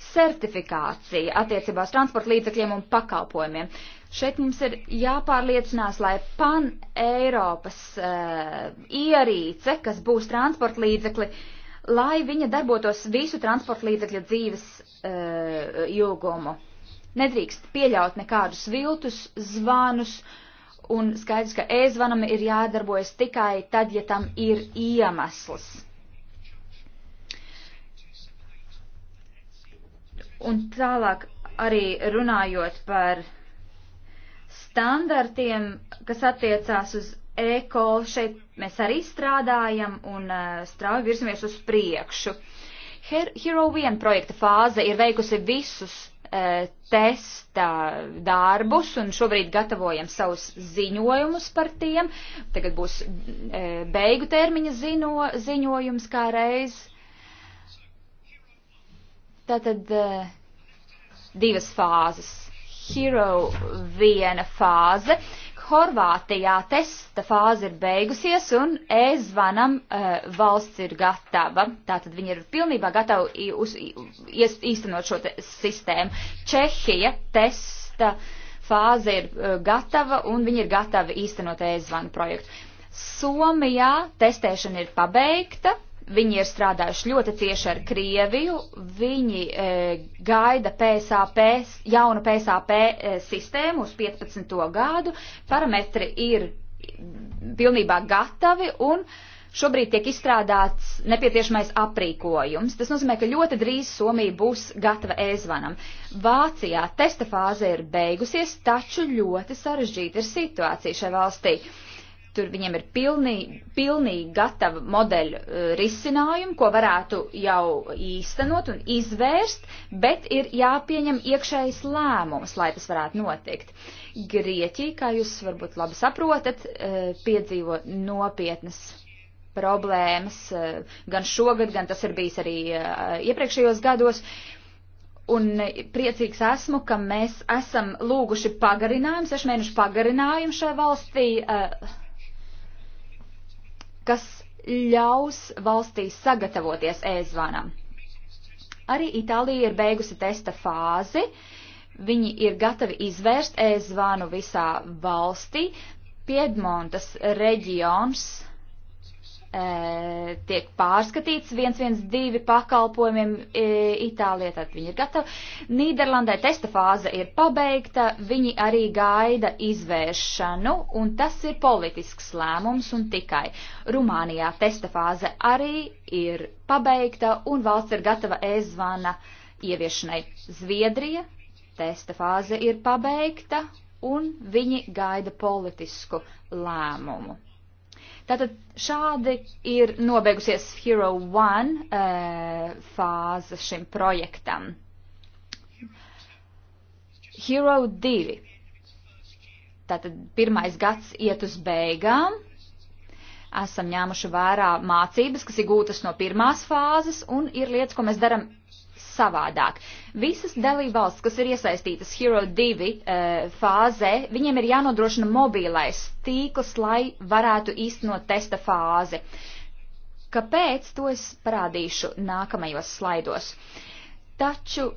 C: Certifikācija attiecībā uz transporta līdzekļiem un pakalpojumiem. Šeit mums ir jāpārliecinās, lai pan-Eiropas e, ierīce, kas būs transporta līdzekli, lai viņa darbotos visu transporta līdzekļu dzīves Eh, ilgumu. Nedrīkst pieļaut nekādus viltus zvanus, un skaidrs, ka e-zvanam ir jādarbojas tikai tad, ja tam ir iemesls. Un tālāk arī runājot par standartiem, kas attiecās uz e-call, šeit mēs arī strādājam un uh, strauji virzamies uz priekšu. Uh, Hero 1 projekta fāze ir veikusi visus e, testa darbus un šobrīd gatavojam savus ziņojumus par tiem. Tagad būs e, beigu termiņa zino, ziņojums kā reiz. Tātad e, divas fāzes. Hero 1 fāze. E, Horvātijā testa fāze ir beigusies un e-zvanam e, valsts ir gatava. Tātad viņi ir pilnībā gatavi uz, ies, īstenot šo te sistēmu. Čehija testa fāze ir e, gatava un viņi ir gatavi īstenot e-zvanu projektu. Somijā testēšana ir pabeigta Viņi ir strādājuši ļoti cieši ar Krieviju, viņi e, gaida PSAP, jaunu PSAP e, sistēmu uz 15. gadu, parametri ir pilnībā gatavi un šobrīd tiek izstrādāts nepieciešamais aprīkojums. Tas nozīmē, ka ļoti drīz Somija būs gatava ēzvanam. Vācijā testa fāze ir beigusies, taču ļoti sarežģīta ir situācija šajā valstī. E, tur viņiem ir pilnīgi pilnī gatava modeļu e, risinājumu, ko varētu jau īstenot un izvērst, bet ir jāpieņem iekšējs lēmums, lai tas varētu notikt. Grieķija, kā jūs varbūt labi saprotat, e, piedzīvo nopietnas problēmas e, gan šogad, gan tas ir bijis arī iepriekšējos gados un priecīgs esmu, ka mēs esam lūguši pagarinājumu, sešu mēnešu pagarinājumu šai valstī. Uh, kas ļaus valstī sagatavoties ēzvanam. Arī Itālija ir beigusi testa fāzi. Viņi ir gatavi izvērst ēzvanu visā valstī. Piedmontas reģions E, tiek pārskatīts 112 pakalpojumiem e, Itālijā, tad viņi ir gatavi. Nīderlandē testa fāze ir pabeigta, viņi arī gaida izvēršanu, un tas ir politisks lēmums un tikai. Rumānijā testa fāze arī ir pabeigta, un valsts ir gatava e-zvana ieviešanai. Zviedrija testa fāze ir pabeigta, un viņi gaida politisku lēmumu. Tātad šādi ir nobeigusies Hero One e, fāze šim projektam. Hero 2. Tātad pirmais gads iet uz beigām. Esam ņēmuši vērā mācības, kas ir gūtas no pirmās fāzes, un ir lietas, ko mēs daram savādāk. Visas dalībvalstis, kas ir iesaistītas Hero 2 uh, eh, fāzē, viņiem ir jānodrošina mobilais tīkls, lai varētu īstenot testa fāzi. Kāpēc, to es parādīšu nākamajos slaidos. Taču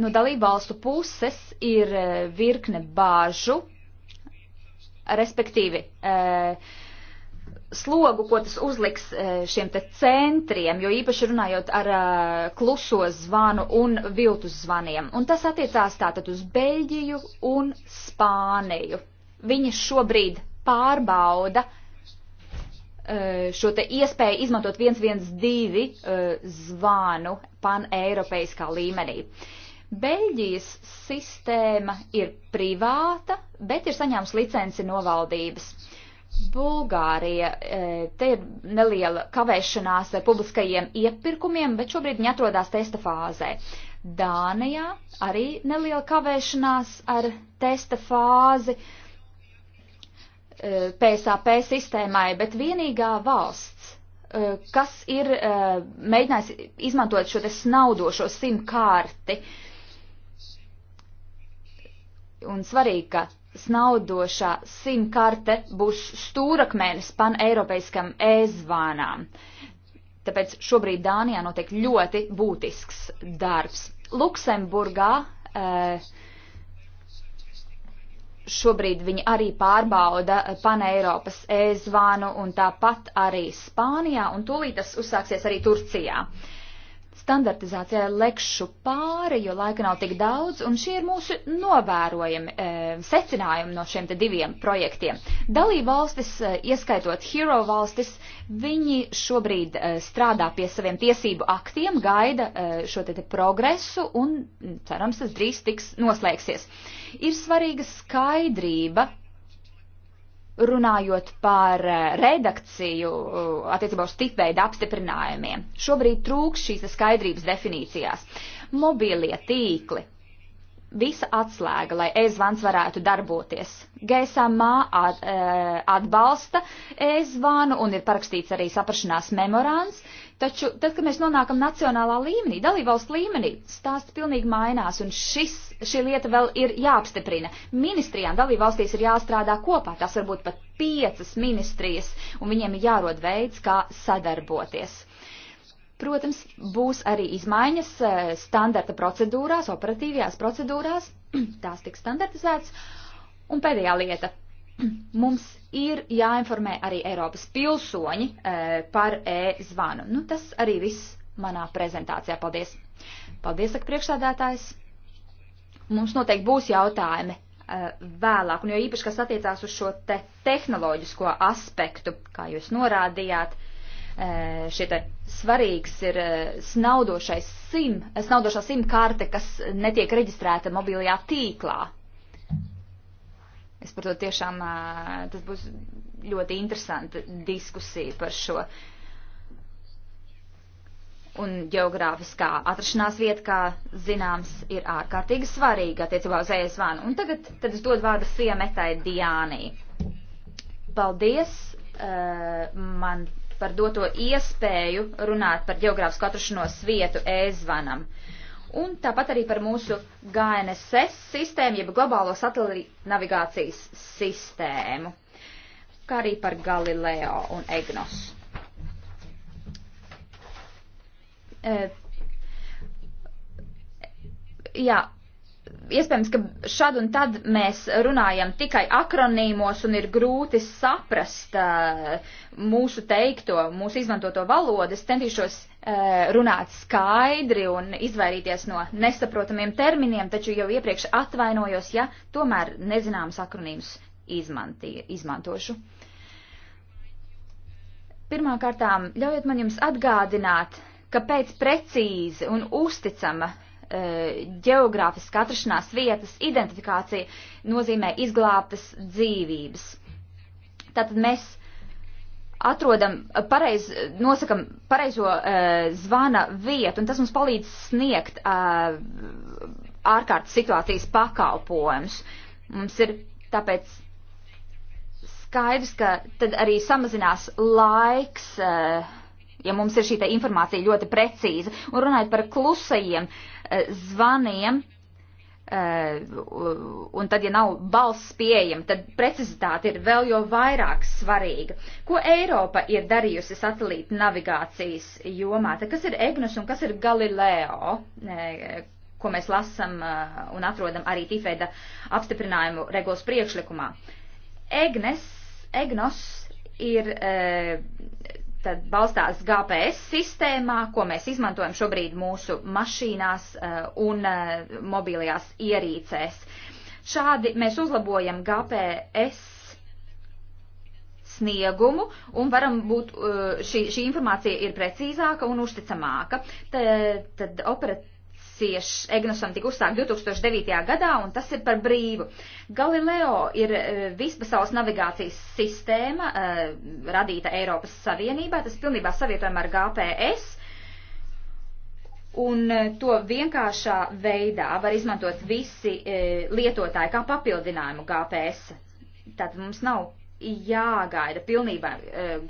C: no dalībvalstu puses ir eh, virkne bāžu, respektīvi. Uh, slogu, ko tas uzliks e, šiem te centriem, jo īpaši runājot ar e, kluso zvanu un viltus zvaniem. Un tas attiecās tātad uz Beļģiju un Spāniju. Viņi šobrīd pārbauda e, šo te iespēju izmantot 112 zvanu paneiropeiskā līmenī. Beļģijas sistēma ir privāta, bet ir saņēmusi licenci no valdības. Bulgārija, e, te ir neliela kavēšanās ar publiskajiem iepirkumiem, bet šobrīd viņi atrodas testa fāzē. Dānijā arī neliela kavēšanās ar testa fāzi PSAP e, sistēmai, bet vienīgā valsts, e, kas ir mēģinājusi izmantot šo te snaudošo sim karti, un svarīgi, ka snaudošā simkarte būs stūrakmēnis paneiropeiskam e-zvānām. Tāpēc šobrīd Dānijā notiek ļoti būtisks darbs. Luksemburgā eh, šobrīd viņi arī pārbauda paneiropas e-zvānu un tāpat arī Spānijā un tūlīt tas uzsāksies arī Turcijā. Uh, standartizācijai lekšu pāri, jo laika nav tik daudz, un šie ir mūsu novērojami e, secinājumi no šiem te diviem projektiem. Dalība valstis, e, ieskaitot Hero valstis, viņi šobrīd e, strādā pie saviem tiesību aktiem, gaida e, šo te, te progresu, un cerams, tas drīz tiks noslēgsies. Ir svarīga skaidrība runājot par eh, redakciju eh, attiecībā uz tipveida apstiprinājumiem. Šobrīd trūks šīs skaidrības definīcijās. Mobilie tīkli. Visa atslēga, lai e-zvans varētu darboties. GSMA at, eh, atbalsta e-zvanu un ir parakstīts arī saprašanās memorāns. Uh, Taču tad, kad mēs nonākam nacionālā līmenī, dalībvalsts līmenī, stāsts pilnīgi mainās, un šis, šī lieta vēl ir jāapstiprina. Ministrijām dalībvalstīs ir jāstrādā kopā, tas varbūt pat piecas ministrijas, un viņiem ir jārod veids, kā sadarboties. Protams, būs arī izmaiņas e, standarta procedūrās, operatīvajās procedūrās, [clears throat] tās tiks standartizētas. Un pēdējā lieta mums ir jāinformē arī Eiropas pilsoņi e, par e-zvanu. Nu, tas arī viss manā prezentācijā. Paldies! Paldies, saka priekšsādātājs! Mums noteikti būs jautājumi e, vēlāk, un jo īpaši, kas attiecās uz šo te tehnoloģisko aspektu, kā jūs norādījāt, e, šie te svarīgs ir e, snaudošais sim, snaudošā sim karte, kas netiek reģistrēta mobilajā tīklā. Es par to tiešām, tas būs ļoti interesanta diskusija par šo. Un geogrāfiskā atrašanās vieta, kā zināms, ir ārkārtīgi svarīga attiecībā uz ES vānu. Un tagad tad es dodu vārdu siemetai Diānī. Paldies uh, man par doto iespēju runāt par geogrāfisku atrašanos vietu ēzvanam. E un tāpat arī par mūsu GNSS sistēmu, jeb globālo satelītu navigācijas sistēmu, kā arī par Galileo un EGNOS. E, jā, iespējams, ka šad un tad mēs runājam tikai akronīmos un ir grūti saprast uh, mūsu teikto, mūsu izmantoto valodu. Es centīšos uh, runāt skaidri un izvairīties no nesaprotamiem terminiem, taču jau iepriekš atvainojos, ja tomēr nezināmas akronīmus izmantošu. Pirmkārtām, ļaujiet man jums atgādināt, kāpēc precīzi un uzticama ģeogrāfiska e, atrašanās vietas identifikācija nozīmē izglābtas dzīvības. Tātad mēs atrodam, pareiz, nosakam pareizo uh, zvana vietu, un tas mums palīdz sniegt uh, ārkārtas situācijas pakalpojumus. Mums ir tāpēc skaidrs, ka tad arī samazinās laiks. Uh, ja mums ir šī informācija ļoti precīza. Un runājot par klusajiem eh, zvaniem, eh, un tad, ja nav balss pieejama, tad precizitāte ir vēl jo vairāk svarīga. Ko Eiropa ir darījusi satelīta navigācijas jomā? Tad kas ir Egnus un kas ir Galileo? Eh, ko mēs lasam un atrodam arī Tifēda apstiprinājumu regulas priekšlikumā. Egnes, Egnos ir e, tad balstās GPS sistēmā, ko mēs izmantojam šobrīd mūsu mašīnās eh, un eh, mobilajās ierīcēs. Šādi mēs uzlabojam GPS sniegumu un varam būt, eh, šī, šī informācija ir precīzāka un uzticamāka. Tad, tad operat, Egnosiešu, Egnosam tika uzsākt 2009. gadā, un tas ir par brīvu. Galileo ir e, vispasaules navigācijas sistēma, e, radīta Eiropas Savienībā, tas pilnībā savietojama ar GPS, un e, to vienkāršā veidā var izmantot visi lietotāji kā papildinājumu GPS. Tātad mums nav jāgaida pilnībā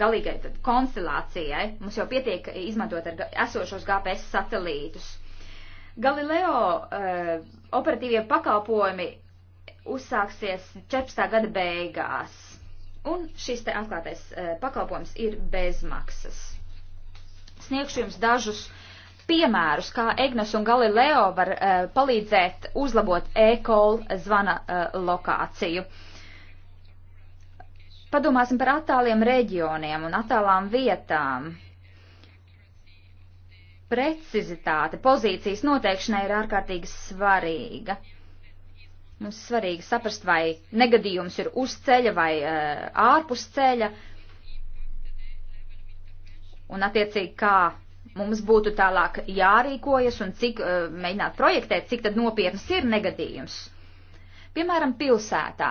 C: galīgai konstelācijai. Mums jau pietiek izmantot ar esošos GPS satelītus. Galileo uh, operatīvie pakalpojumi uzsāksies 14. gada beigās. Un šis te atklātais uh, pakalpojums ir bezmaksas. Sniegšu jums dažus piemērus, kā Egnos un Galileo var uh, palīdzēt uzlabot e-call zvana uh, lokāciju. Padomāsim par attāliem reģioniem un attālām vietām. Uh, precizitāte pozīcijas noteikšanai ir ārkārtīgi svarīga. Mums ir svarīgi saprast, vai negadījums ir uz ceļa vai uh, eh, ārpus ceļa, un attiecīgi kā mums būtu tālāk jārīkojas un cik uh, mēģināt projektēt, cik tad nopietnas ir negadījums. Piemēram, pilsētā.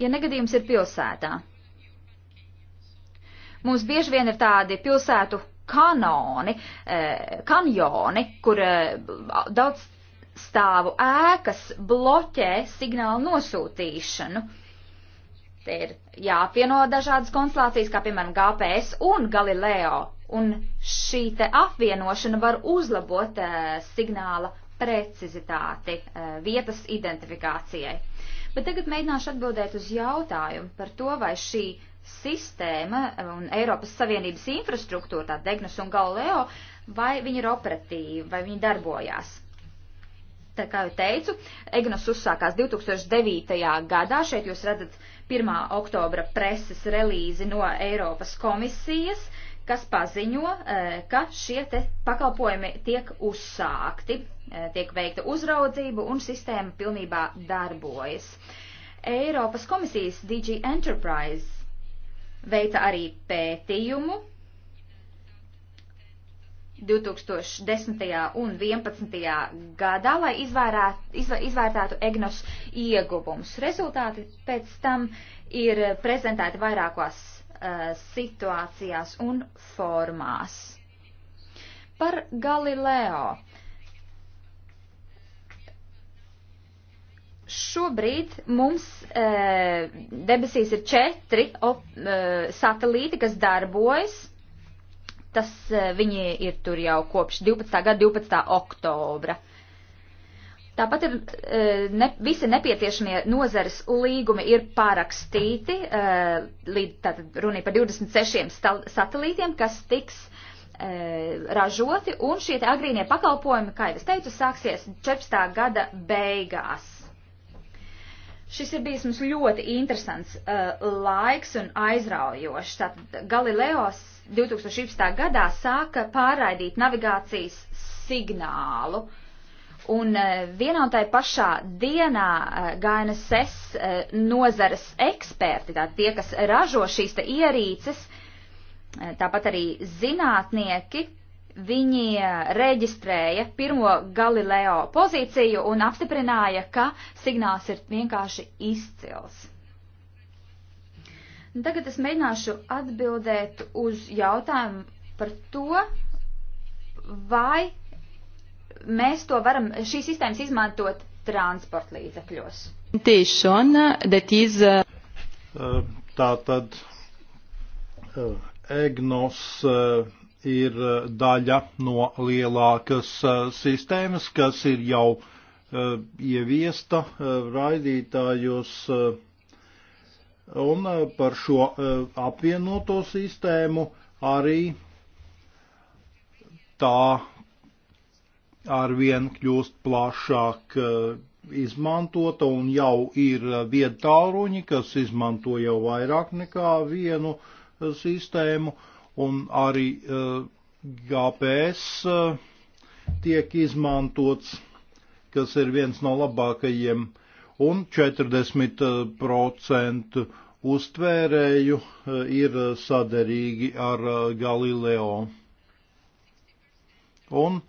C: Ja negadījums ir pilsētā, mums bieži vien ir tādi pilsētu kanoni, eh, kanjoni, kur eh, daudz stāvu ēkas bloķē signālu nosūtīšanu. Te ir jāapvieno dažādas konstelācijas, kā piemēram GPS un Galileo, un šī te apvienošana var uzlabot uh, signāla precizitāti uh, vietas identifikācijai. Bet tagad mēģināšu atbildēt uz jautājumu par to, vai šī uh, sistēma un Eiropas Savienības infrastruktūra, tā Degnas un Galileo, vai viņi ir operatīvi, vai viņi darbojās. Tā kā jau teicu, Egnos uzsākās 2009. gadā. Šeit jūs redzat 1. oktobra preses relīzi no Eiropas komisijas, kas paziņo, eh, ka šie te pakalpojumi tiek uzsākti, eh, tiek veikta uzraudzība un sistēma pilnībā darbojas. Eiropas komisijas DG Enterprise veica arī pētījumu 2010. un 2011. gadā, lai izvērtētu EGNOS ieguvumus. Rezultāti pēc tam ir prezentēti vairākās uh, eh, situācijās un formās. Par Galileo. Šobrīd mums e, debesīs ir četri op, e, satelīti, kas darbojas. Tas e, viņi ir tur jau kopš 12. gada 12. oktobra. Tāpat ir e, ne, visi nepieciešamie nozares līgumi ir pārakstīti, e, līdz tātad runī par 26 stal, satelītiem, kas tiks e, ražoti, un šie agrīnie pakalpojumi, kā jau es teicu, sāksies 14. gada beigās. Šis ir bijis mums ļoti interesants uh, laiks un aizraujošs. Tātad Galileos 2011. gadā sāka pārraidīt navigācijas signālu. Un uh, vienā un tai pašā dienā uh, GNSS uh, nozares eksperti, tātad tie, kas ražo šīs te ierīces, uh, tāpat arī zinātnieki, viņi eh, reģistrēja pirmo Galileo pozīciju un apstiprināja, ka signāls ir vienkārši izcils. Tagad es mēģināšu atbildēt uz jautājumu par to, vai mēs to varam, šīs sistēmas izmantot transporta līdzekļos. Uh, eh,
D: tā tad eh, EGNOS uh, ir eh, daļa no lielākas eh, sistēmas, kas ir jau eh, ieviesta raidītājos un par šo apvienoto sistēmu arī tā arvien kļūst plašāk izmantota un jau ir viedtāluņi, kas izmanto jau vairāk nekā vienu sistēmu, un arī eh, GPS eh, tiek izmantots, kas ir viens no labākajiem, un 40% eh, uztvērēju ir saderīgi ar Galileo. Un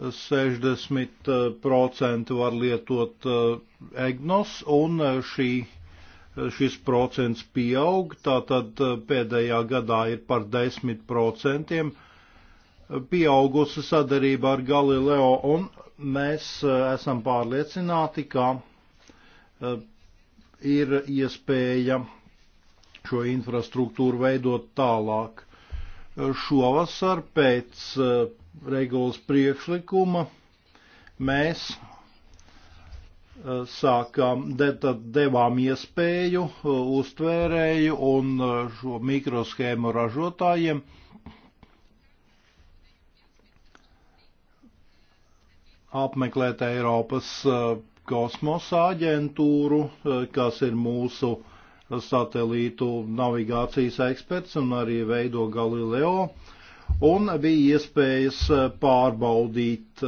D: 60% var lietot EGNOS, un šī šis procents pieaug, tātad eh, pēdējā gadā ir par 10% eh, pieaugusi sadarība ar Galileo, un mēs eh, esam pārliecināti, ka ir iespēja šo infrastruktūru veidot tālāk. Šovasar pēc regulas priekšlikuma mēs sākām, de, tad devām iespēju uh, uztvērēju un uh, šo mikroshēmu ražotājiem. apmeklēt Eiropas uh, kosmosa aģentūru, kas ir mūsu satelītu navigācijas eksperts un arī veido Galileo, un bija iespējas pārbaudīt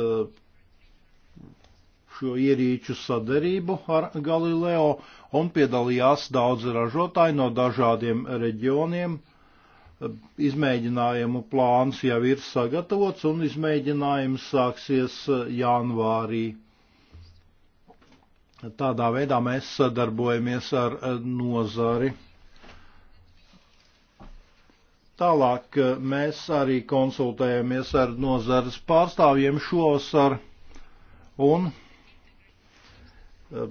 D: šo ierīču sadarību ar Galileo un piedalījās daudzi ražotāji no dažādiem reģioniem. Izmēģinājumu plāns jau ir sagatavots un izmēģinājums sāksies janvārī. Tādā veidā mēs sadarbojamies ar nozari. Tālāk eh, mēs arī konsultējamies ar nozares pārstāvjiem šovasar un Eh,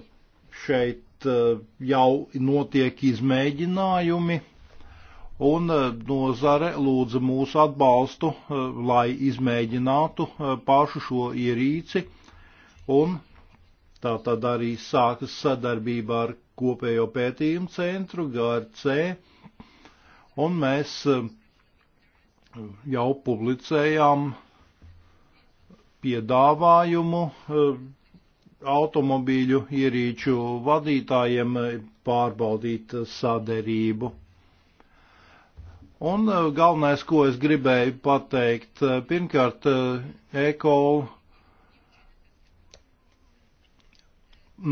D: šeit eh, jau notiek izmēģinājumi, un eh, nozare lūdza mūsu atbalstu, lai izmēģinātu pašu šo ierīci, un tā tad arī sākas sadarbība ar kopējo pētījumu centru GRC, un mēs jau publicējām piedāvājumu automobīļu ierīču vadītājiem pārbaudīt saderību. Un eh, galvenais, ko es gribēju pateikt, eh, pirmkārt, eh, ECOL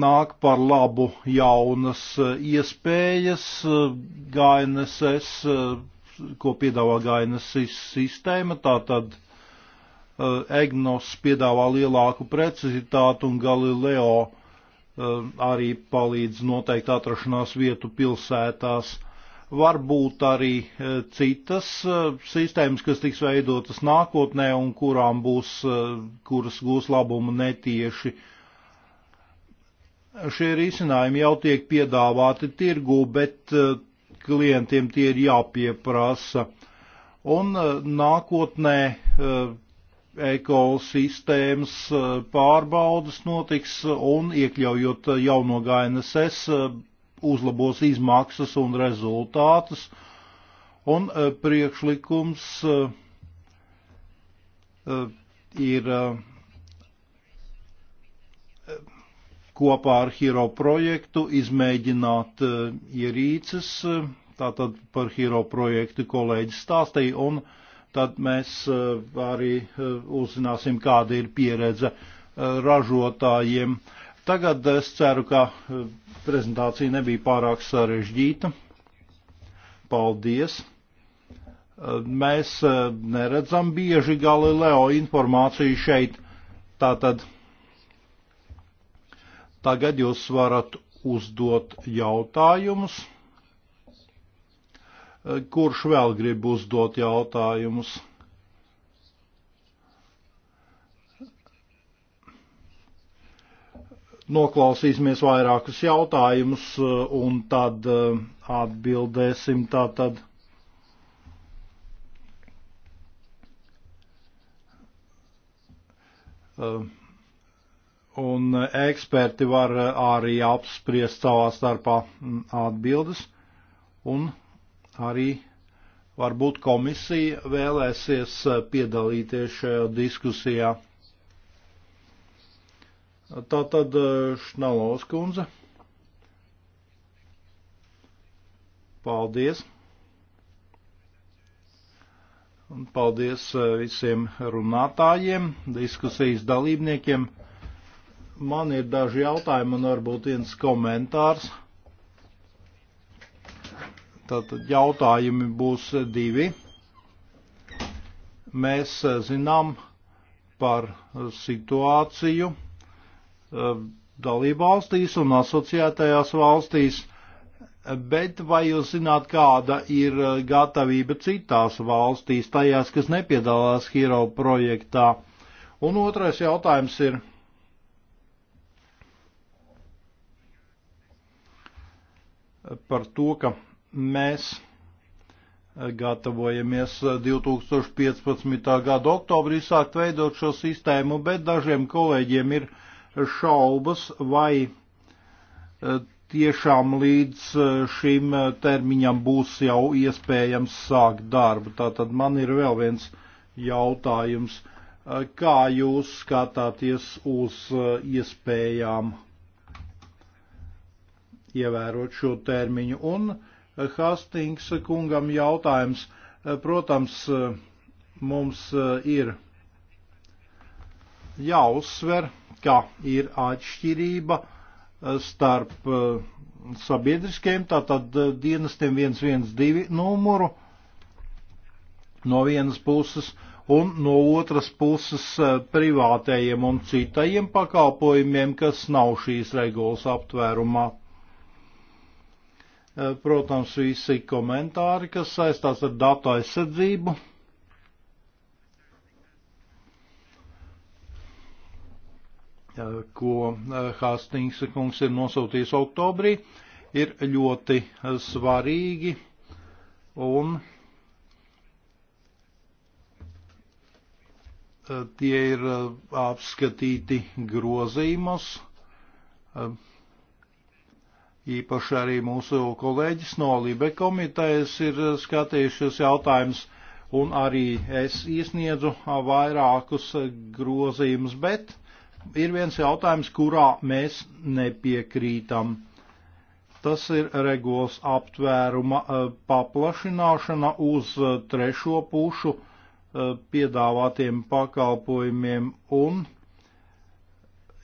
D: nāk par labu jaunas iespējas GNSS, ko piedāvā GNSS sistēma, tātad Eh, EGNOS piedāvā lielāku precizitātu un Galileo eh, arī palīdz noteikt atrašanās vietu pilsētās. Varbūt arī eh, citas sistēmas, kas tiks veidotas nākotnē un kurām būs, kuras gūs labumu netieši. Šie risinājumi jau tiek piedāvāti tirgū, bet klientiem tie ir jāpieprasa. Un nākotnē ekosistēmas eh, pārbaudas notiks un iekļaujot jauno GNSS eh, uzlabos izmaksas un rezultātus. Un eh, priekšlikums ir kopā ar Hiro projektu izmēģināt ierīces. Tātad par Hiro projektu kolēģis stāstīja un uh, tad mēs e, arī e, uzzināsim, kāda ir pieredze e, ražotājiem. Tagad es ceru, ka prezentācija nebija pārāk sarežģīta. Paldies! Mēs neredzam bieži Galileo informāciju šeit, tātad tagad jūs varat uzdot jautājumus. Eh, kurš vēl grib uzdot jautājumus? Noklausīsimies vairākus jautājumus eh, un tad eh, atbildēsim tātad. Un eksperti var arī apspriest savā starpā mm, atbildes un arī varbūt komisija vēlēsies eh, piedalīties šajā diskusijā. Tātad eh, Šnalovs kundze. Paldies. Un paldies eh, visiem runātājiem, diskusijas dalībniekiem. Man ir daži jautājumi un varbūt viens komentārs. Tātad jautājumi būs divi. Mēs eh, zinām par situāciju eh, dalībvalstīs un asociētajās valstīs, bet vai jūs zināt, kāda ir eh, gatavība citās valstīs, tajās, kas nepiedalās Hero projektā? Un otrais jautājums ir. par to, ka Mēs eh, gatavojamies 2015. Eh, gada oktobrī sākt veidot šo sistēmu, bet dažiem kolēģiem ir šaubas, vai eh, tiešām līdz šim termiņam būs jau iespējams sākt darbu. Tātad man ir vēl viens jautājums. Kā jūs skatāties uz iespējām ievērot šo termiņu? Un uh, Hastings kungam jautājums. Eh, protams, eh, mums eh, ir jāuzsver, ka ir atšķirība starp sabiedriskiem, tātad dienestiem 112 numuru no vienas puses un no otras puses privātējiem un citajiem pakalpojumiem, kas nav šīs regulas aptvērumā. Eh, protams, visi komentāri, kas saistās ar datu aizsardzību. Eh, ko eh, Hastings kungs ir nosūtījis oktobrī, ir ļoti svarīgi un tie ir apskatīti grozījumus. Īpaši arī mūsu kolēģis no Libe komitejas ir skatījušies jautājums, un arī es iesniedzu vairākus grozījumus, bet ir viens jautājums, kurā mēs nepiekrītam. Tas ir regulas aptvēruma e, paplašināšana uz e, trešo pušu e, piedāvātiem pakalpojumiem un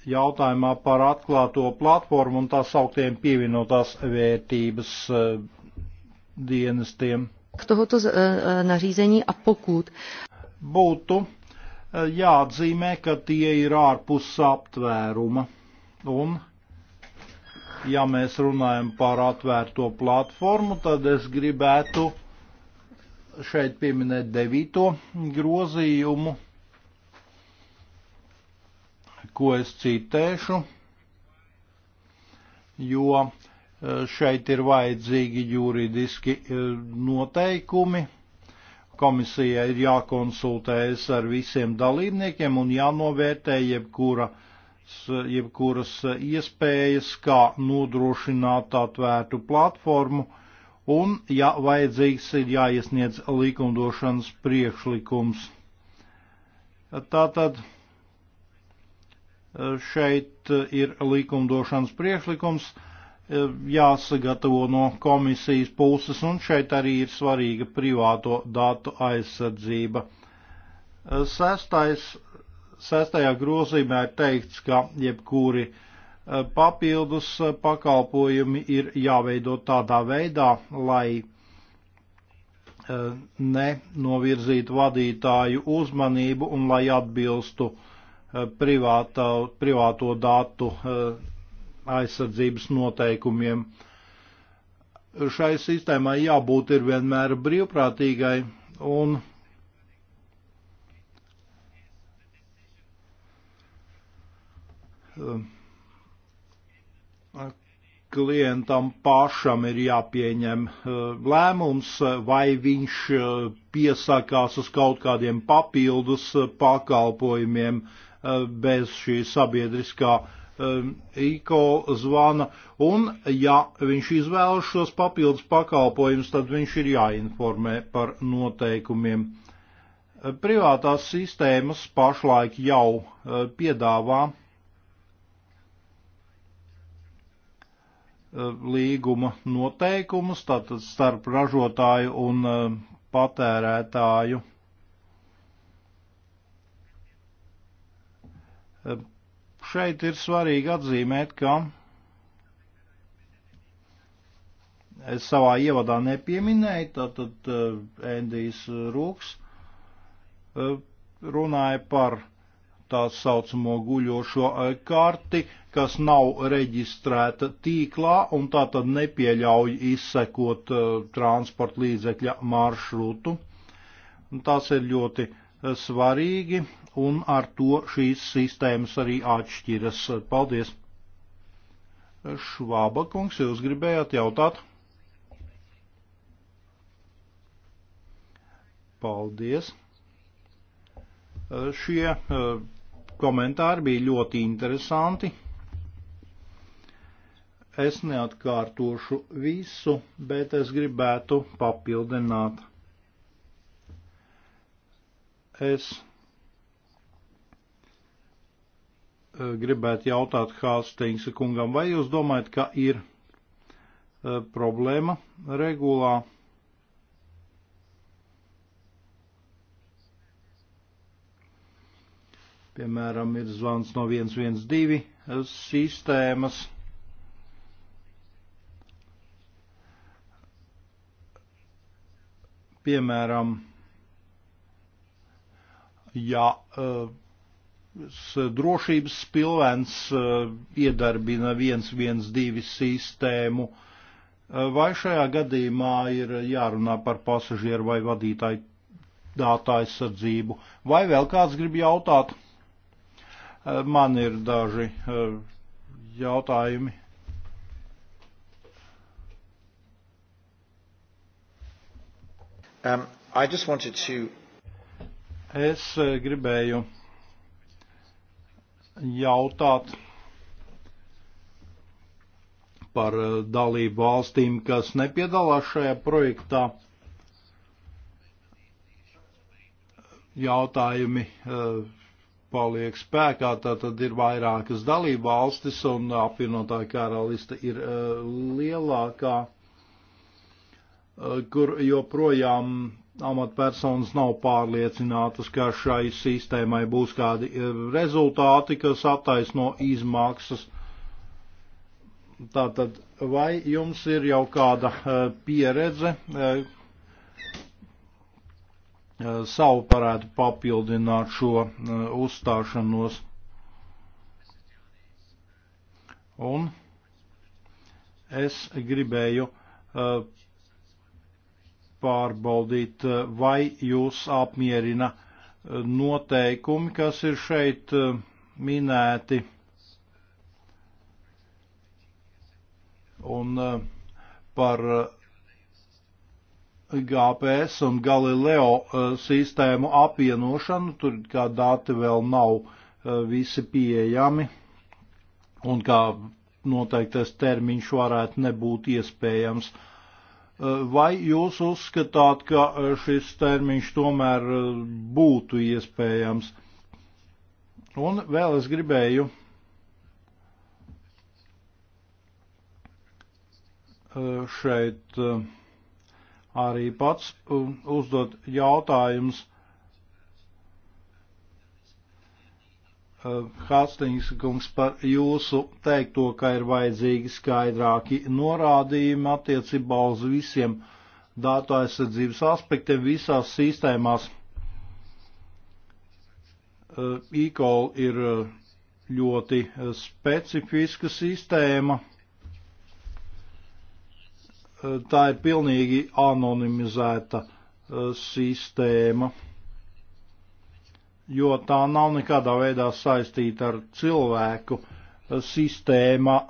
D: jautājumā par atklāto platformu un tās augtiem pievienotās vērtības eh, dienestiem. Tohoto eh, eh, narīzeņi a pokūt. Būtu jāatzīmē, ka tie ir ārpus aptvēruma. Un, ja mēs runājam par atvērto platformu, tad es gribētu šeit pieminēt devīto grozījumu ko es citēšu, jo e, šeit ir vajadzīgi juridiski e, noteikumi. Komisijai ir jākonsultējas ar visiem dalībniekiem un jānovērtē jebkura, jebkuras iespējas, kā nodrošināt atvērtu platformu, un, ja vajadzīgs, ir jāiesniedz likumdošanas priekšlikums. Tātad Šeit eh, ir likumdošanas priekšlikums eh, jāsagatavo no komisijas puses, un šeit arī ir svarīga privāto datu aizsardzība. Eh, sestais, sestajā grozījumā ir teikts, ka jebkuri papildus pakalpojumi ir jāveido tādā veidā, lai ne novirzītu vadītāju uzmanību un lai atbilstu uh, Eh, privāta, privāto datu eh, aizsardzības noteikumiem. Šai sistēmai jābūt ir vienmēr brīvprātīgai un eh, klientam pašam ir jāpieņem lēmums, vai viņš piesakās uz kaut kādiem papildus pakalpojumiem, Eh, bez šī sabiedriskā eh, IKO zvana, un ja viņš izvēlas šos papildus pakalpojumus, tad viņš ir jāinformē par noteikumiem. Eh, privātās sistēmas pašlaik jau piedāvā līguma noteikumus, tātad starp ražotāju un patērētāju Šeit ir svarīgi atzīmēt, ka es savā ievadā nepieminēju, tātad Endijs Rūks runāja par tā saucamo guļošo karti, kas nav reģistrēta tīklā un tā tad nepieļauj izsekot transporta līdzekļa maršrutu. Un tas ir ļoti svarīgi, un ar to šīs sistēmas arī atšķiras. Paldies! Švāba kungs, jūs gribējāt jautāt? Paldies! Šie eh, komentāri bija ļoti interesanti. Es neatkārtošu visu, bet es gribētu papildināt Es eh, gribētu jautāt Hāstings kungam, vai jūs domājat, ka ir eh, problēma regulā? Piemēram, ir zvans no 112 eh, sistēmas. Piemēram, ja eh, drošības pilvens eh, iedarbina 112 sistēmu, eh, vai šajā gadījumā ir jārunā par pasažieru vai vadītāju dāta aizsardzību, vai vēl kāds grib jautāt? Man ir daži jautājumi. Um, I just wanted to Es eh, gribēju jautāt par eh, dalību valstīm, kas nepiedalās šajā projektā. Jautājumi eh, paliek spēkā, tātad ir vairākas dalību valstis un apvienotā karalista ir lielākā, kur joprojām amatpersonas nav pārliecinātas, ka šai sistēmai būs kādi e, rezultāti, kas attaisno izmaksas. Tātad, vai jums ir jau kāda e, pieredze, e, savu varētu papildināt šo uzstāšanos? Un es gribēju pārbaudīt, eh, vai jūs apmierina eh, noteikumi, kas ir šeit eh, minēti. Un par GPS un Galileo sistēmu apvienošanu, tur kā dati vēl nav visi pieejami un kā noteiktais termiņš varētu nebūt iespējams. Uh, Eh, vai jūs uzskatāt, ka eh, šis termiņš tomēr eh, būtu iespējams? Un vēl es gribēju šeit arī pats uzdot jautājums. Hāstings eh, kungs par jūsu teikto, ka ir vajadzīgi skaidrāki norādījumi attiecībā uz visiem datu aizsardzības aspektiem visās sistēmās. Eh, e-call ir eh, ļoti specifiska sistēma. Tā ir pilnīgi anonimizēta sistēma jo tā nav nekādā veidā saistīta ar cilvēku sistēma, eh,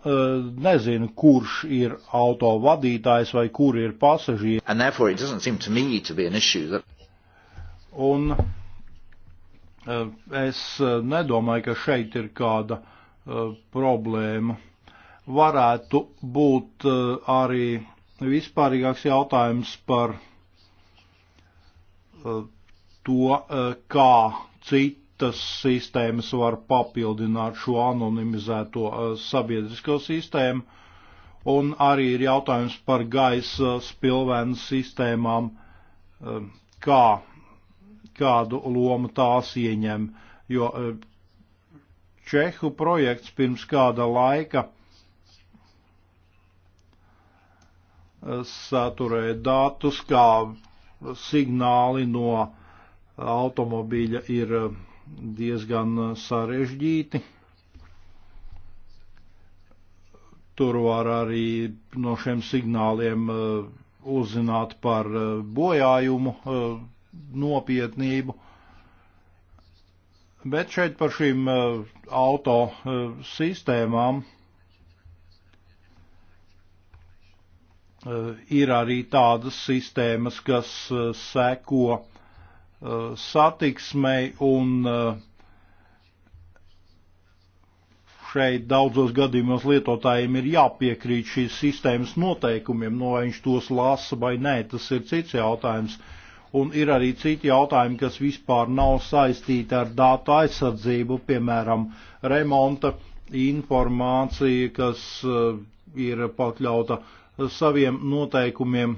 D: nezinu, kurš ir auto vadītājs vai kur ir pasažieri. That... Un eh, es eh, nedomāju, ka šeit ir kāda problēma. Varētu būt arī vispārīgāks jautājums par to, kā citas sistēmas var papildināt šo anonimizēto uh, sabiedrisko sistēmu. Un arī ir jautājums par gaisa spilvenu sistēmām, um, kā, kādu lomu tās ieņem, jo uh, Čehu projekts pirms kāda laika uh, saturēja datus kā signāli no automobīļa ir eh, diezgan sarežģīti. Tur var arī no šiem signāliem eh, uzzināt par eh, bojājumu nopietnību. Bet šeit par šīm auto sistēmām ir arī tādas sistēmas, kas seko Uh, satiksmei un uh, šeit daudzos gadījumos lietotājiem ir jāpiekrīt šīs sistēmas noteikumiem, no vai viņš tos lasa vai nē, tas ir cits jautājums. Un ir arī citi jautājumi, kas vispār nav saistīti ar datu aizsardzību, piemēram, remonta informācija, kas uh, ir pakļauta saviem noteikumiem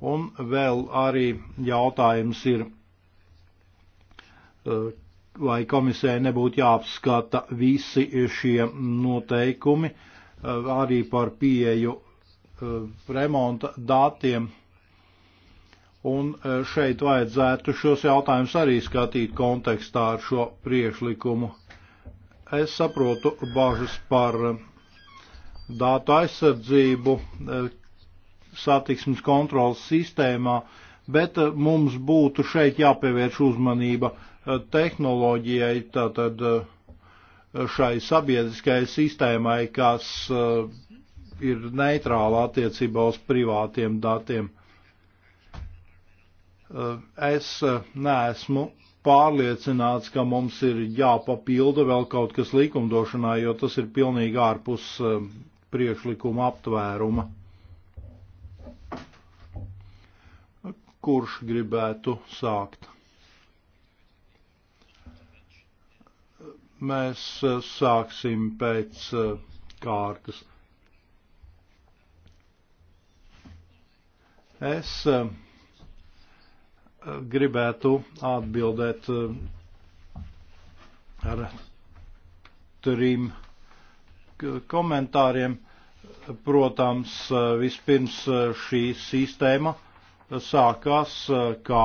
D: Un vēl arī jautājums ir, eh, vai komisē nebūtu jāapskata visi šie noteikumi eh, arī par pieeju eh, remonta datiem. Un šeit vajadzētu šos jautājumus arī skatīt kontekstā ar šo priekšlikumu. Es saprotu bažas par datu aizsardzību, satiksmes kontrolas sistēmā, bet eh, mums būtu šeit jāpievērš uzmanība eh, tehnoloģijai, tātad eh, šai sabiedriskajai sistēmai, kas ir neitrāla attiecībā uz privātiem datiem. Es neesmu pārliecināts, ka mums ir jāpapilda vēl kaut kas likumdošanā, jo tas ir pilnīgi ārpus priekšlikuma aptvēruma. Kurš gribētu sākt? Mēs eh, sāksim pēc eh, kārtas. Es eh, gribētu atbildēt ar trim komentāriem. Protams, vispirms šī sistēma sākās eh, kā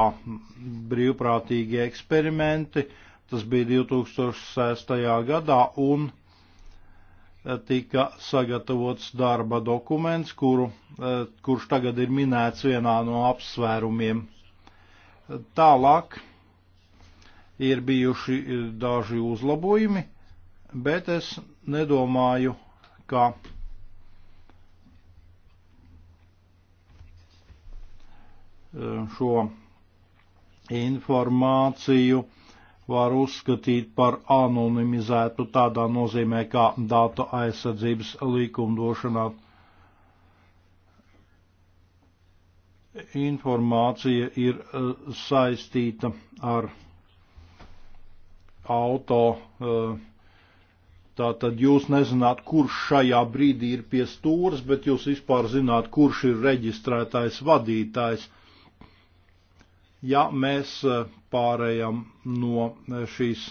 D: brīvprātīgi eksperimenti. Tas bija 2006. gadā un eh, tika sagatavots darba dokuments, kuru, eh, kurš tagad ir minēts vienā no apsvērumiem. Tālāk ir bijuši daži uzlabojumi, bet es nedomāju, ka šo informāciju var uzskatīt par anonimizētu tādā nozīmē, kā data aizsardzības likumdošanā. Informācija ir eh, saistīta ar auto. Eh, tātad jūs nezināt, kurš šajā brīdī ir pie stūras, bet jūs vispār zināt, kurš ir reģistrētais vadītājs. Uh, ja mēs eh, pārējām no eh, šīs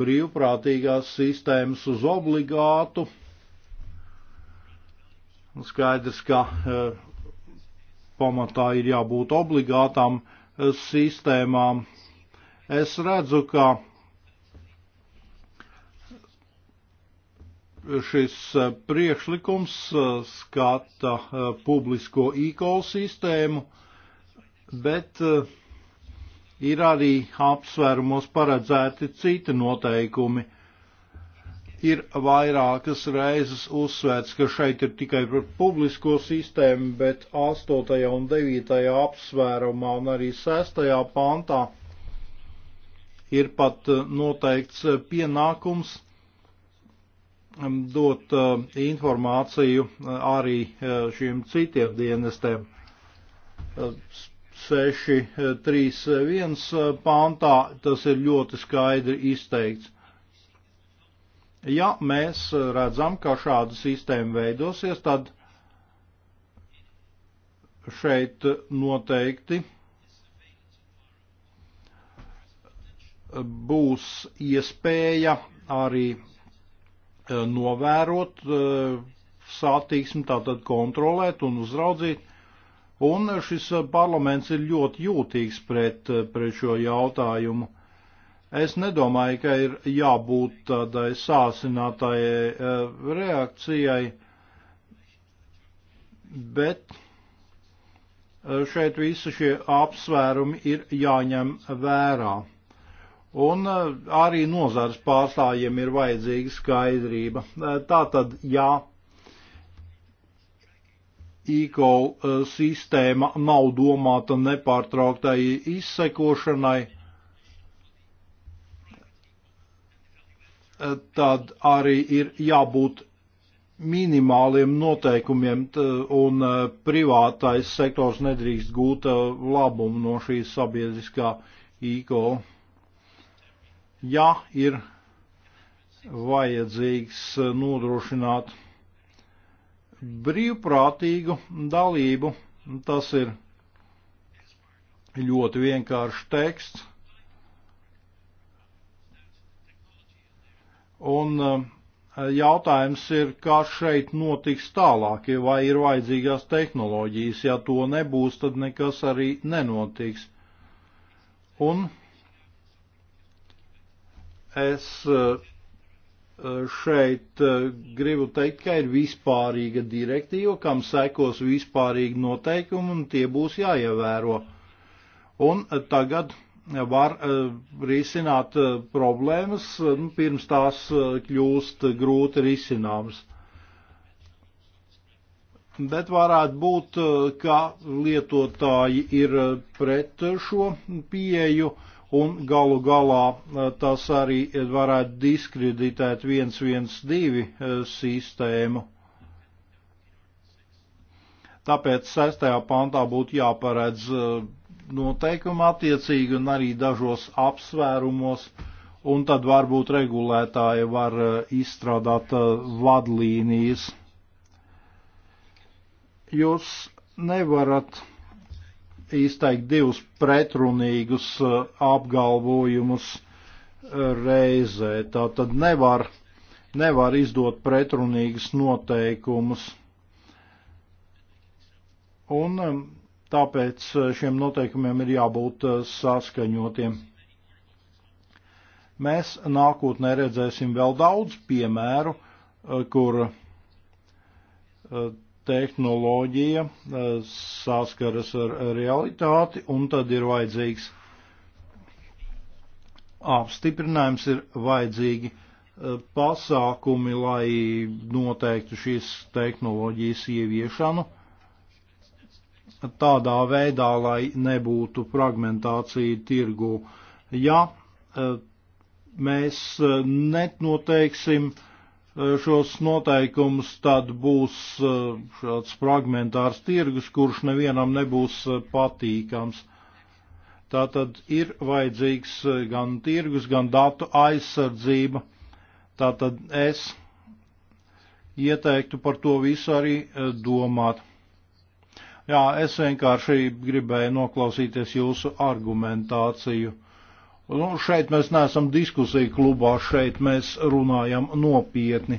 D: brīvprātīgās sistēmas uz obligātu. Skaidrs, ka eh, pamatā ir jābūt obligātām sistēmām. Es redzu, ka šis priekšlikums skata publisko e-call sistēmu, bet uh, ir arī apsvērumos paredzēti citi noteikumi. Ir vairākas reizes uzsvērts, ka šeit ir tikai par publisko sistēmu, bet 8. un 9. apsvērumā un arī 6. pantā ir pat eh, noteikts eh, pienākums mm, dot eh, informāciju arī šiem citiem dienestiem 6.3.1 eh, pāntā tas ir ļoti skaidri izteikts. Ja mēs eh, redzam, ka šāda sistēma veidosies, tad šeit noteikti būs iespēja arī eh, novērot satiksmi, tātad kontrolēt un uzraudzīt Un šis eh, parlaments ir ļoti jūtīgs pret, eh, pret šo jautājumu. Es nedomāju, ka ir jābūt tādai sāsinātājai eh, reakcijai, bet šeit visi šie apsvērumi ir jāņem vērā. Un arī nozars pārstājiem ir vajadzīga skaidrība. Tātad, jā, e-call sistēma nav domāta nepārtrauktai izsekošanai, tad arī ir jābūt minimāliem noteikumiem, un e, privātais sektors nedrīkst gūt e, labumu no šīs sabiedriskā e-call. Ja ir vajadzīgs e, nodrošināt brīvprātīgu dalību. Tas ir ļoti vienkāršs teksts. Un eh, jautājums ir, kā šeit notiks tālāk, vai ir vajadzīgās tehnoloģijas. Ja to nebūs, tad nekas arī nenotiks. Un es uh, Eh, šeit eh, gribu teikt, ka ir vispārīga direktīva, kam sekos vispārīgi noteikumi, un tie būs jāievēro. Un eh, tagad var risināt problēmas, nu, pirms tās kļūst grūti risināmas. Bet varētu būt, ka lietotāji ir pret šo pieeju un galu galā eh, tas arī varētu diskreditēt 112 eh, sistēmu. Tāpēc 6. pantā būtu jāparedz eh, noteikumi attiecīgi un arī dažos apsvērumos, un tad varbūt regulētāji var izstrādāt vadlīnijas. Jūs nevarat izteikt divus pretrunīgus uh, apgalvojumus uh, reizē. Tā tad nevar, nevar izdot pretrunīgus noteikumus. Un um, tāpēc uh, šiem noteikumiem ir jābūt saskaņotiem. Mēs nākotnē redzēsim vēl daudz piemēru, kur tehnoloģija eh, saskaras ar realitāti, un tad ir vajadzīgs apstiprinājums, ir vajadzīgi eh, pasākumi, lai noteiktu šīs tehnoloģijas ieviešanu tādā veidā, lai nebūtu fragmentācija tirgu. Ja eh, mēs nenoteiksim uh, Eh, šos noteikumus, tad būs eh, šāds fragmentārs tirgus, kurš nevienam nebūs eh, patīkams. Tātad ir vajadzīgs gan tirgus, gan datu aizsardzība. Tātad es ieteiktu par to visu arī domāt. Jā, es vienkārši gribēju noklausīties jūsu argumentāciju. Nu, šeit mēs neesam diskusiju klubā, šeit mēs runājam nopietni.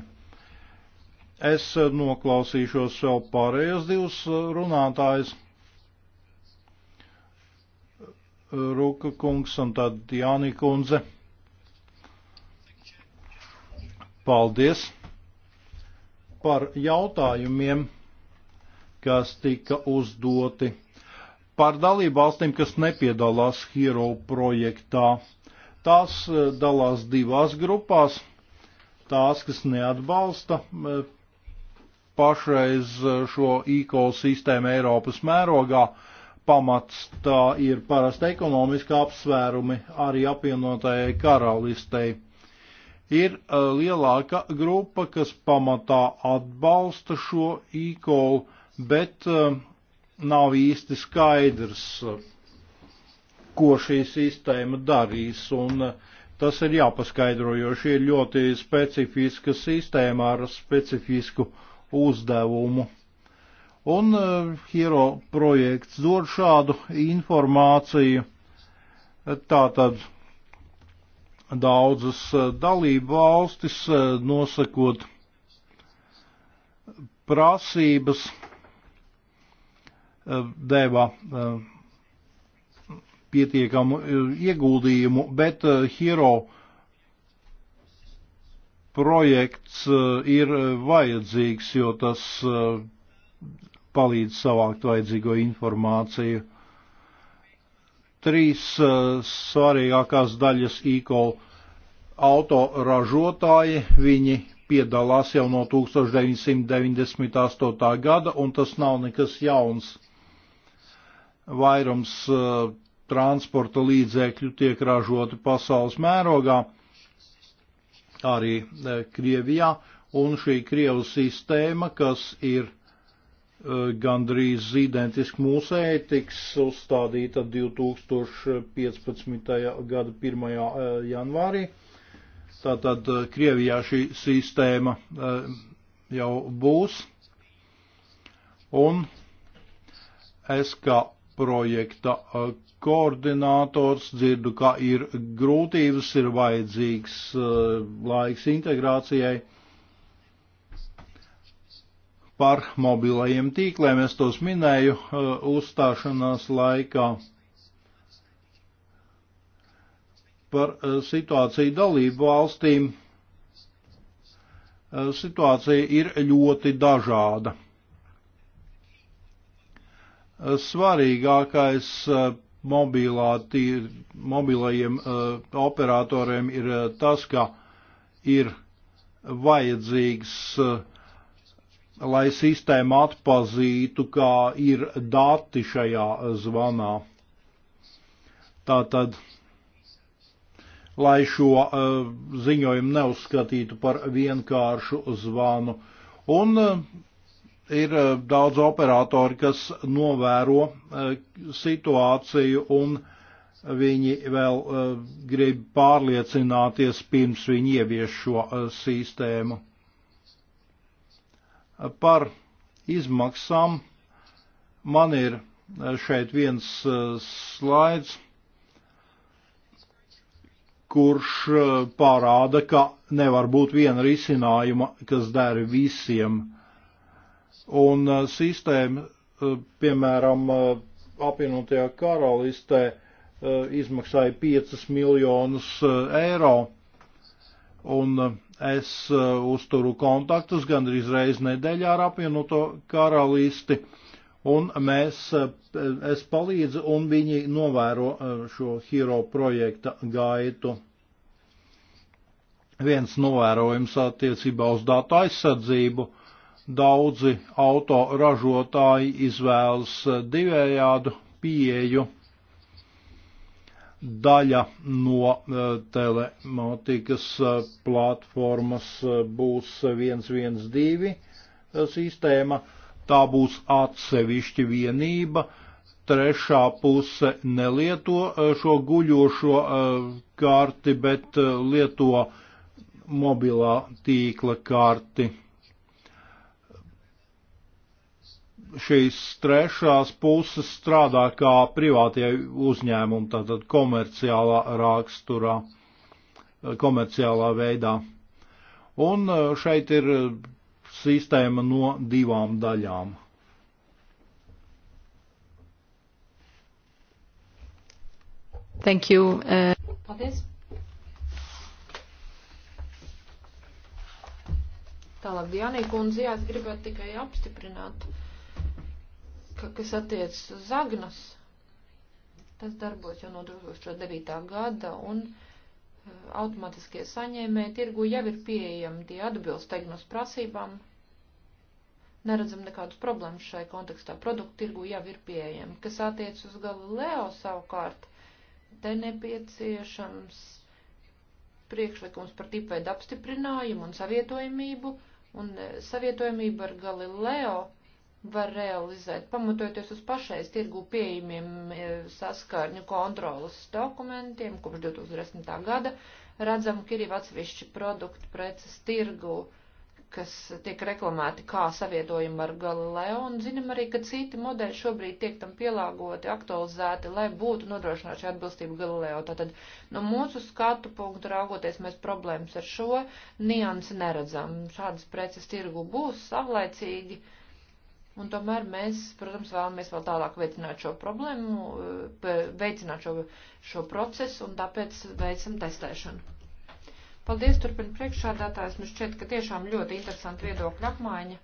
D: Es noklausīšos vēl pārējos divus runātājus. Ruka kungs un tad Jāni kundze. Paldies par jautājumiem, kas tika uzdoti par dalību valstīm, kas nepiedalās Hero projektā. Tās eh, dalās divās grupās. Tās, kas neatbalsta eh, pašreiz eh, šo ekosistēmu Eiropas mērogā, pamats tā ir parasti ekonomiski apsvērumi arī apvienotajai karalistei. Ir lielāka grupa, kas pamatā atbalsta šo ekolu, bet uh, nav īsti skaidrs, ko šī sistēma darīs, un tas ir jāpaskaidro, jo šī ir ļoti specifiska sistēma ar specifisku uzdevumu. Un e, Hero projekts dod šādu informāciju. E, tātad daudzas e, dalību valstis nosakot prasības deva eh, pietiekamu eh, ieguldījumu, bet eh, Hero projekts ir vajadzīgs, jo tas palīdz savākt vajadzīgo informāciju. Trīs svarīgākās daļas e-call autoražotāji, viņi piedalās jau no 1998. gada, un tas nav nekas jauns vairums e, transporta līdzekļu tiek ražoti pasaules mērogā, arī e, Krievijā, un šī Krievu sistēma, kas ir e, gandrīz identiski mūsēji, tiks uzstādīta 2015. gada 1. janvārī. Tātad Krievijā šī sistēma jau būs. Un es kā projekta koordinators, dzirdu, ka ir grūtības, ir vajadzīgs laiks integrācijai. Par mobilajiem tīkliem es tos minēju uzstāšanās laikā. Par situāciju dalību valstīm situācija ir ļoti dažāda svarīgākais uh, mobilā tīr, mobilajiem uh, operatoriem ir uh, tas, ka ir vajadzīgs, lai sistēma atpazītu, kā ir dati šajā zvanā. Tātad, lai šo ziņojumu neuzskatītu par vienkāršu zvanu. Un ir eh, daudz operatori, kas novēro eh, situāciju un viņi vēl eh, grib pārliecināties pirms viņi ievieš šo sistēmu. Par izmaksām man ir šeit viens slaids, kurš parāda, ka nevar būt viena risinājuma, kas der visiem uh, Un uh, sistēma, uh, piemēram, uh, apvienotajā karalistē izmaksāja 5 miljonus eiro. Un es uzturu kontaktus gandrīz reizi nedēļā ar apvienoto karalisti. Un mēs, es palīdzu, un viņi novēro šo hero projekta gaitu viens novērojums attiecībā uz datu aizsardzību daudzi autoražotāji izvēlas divējādu pieju. Daļa no eh, telemātikas eh, platformas eh, būs 112 sistēma, tā būs atsevišķa vienība, trešā puse nelieto šo guļošo karti, bet lieto mobilā tīkla karti. šīs trešās puses strādā kā privātie uzņēmumi, tātad komerciālā raksturā, komerciālā veidā. Un eh, šeit ir eh, sistēma no divām daļām. Thank you. Uh...
B: Paldies. Tālāk, Dianī kundze, jā, es gribētu tikai apstiprināt. Uh, kas attiecas uz Agnas, tas darbos jau no 2009. gada, un eh, automātiskie saņēmēji tirgu jau ir pieejami, tie atbilst Agnas prasībām. Neredzam nekādus problēmas šai kontekstā. Produktu tirgu jau ir pieejami. Kas attiec uz Galileo savukārt, te nepieciešams priekšlikums par tipveidu apstiprinājumu un savietojamību, un eh, savietojamība ar Galileo uh, var realizēt, pamatojoties uz pašais tirgu pieejamiem e, saskārņu kontrolas dokumentiem, kopš 2010. gada redzam, ka ir jau atsevišķi produktu preces tirgu, kas tiek reklamēti kā savietojumi ar Galileo, un zinam arī, ka citi modeļi šobrīd tiek tam pielāgoti, aktualizēti, lai būtu nodrošināti šī atbilstība Galileo. Tātad no mūsu skatu punktu raugoties, mēs problēmas ar šo niansi neredzam. Šādas preces tirgu būs savlaicīgi Un tomēr mēs, protams, vēlamies vēl tālāk veicināt šo problēmu, eh, veicināt šo, šo procesu un tāpēc veicam testēšanu. Paldies, turpin priekšādātājs. Man nu, šķiet, ka tiešām ļoti interesanti viedokļa apmaiņa.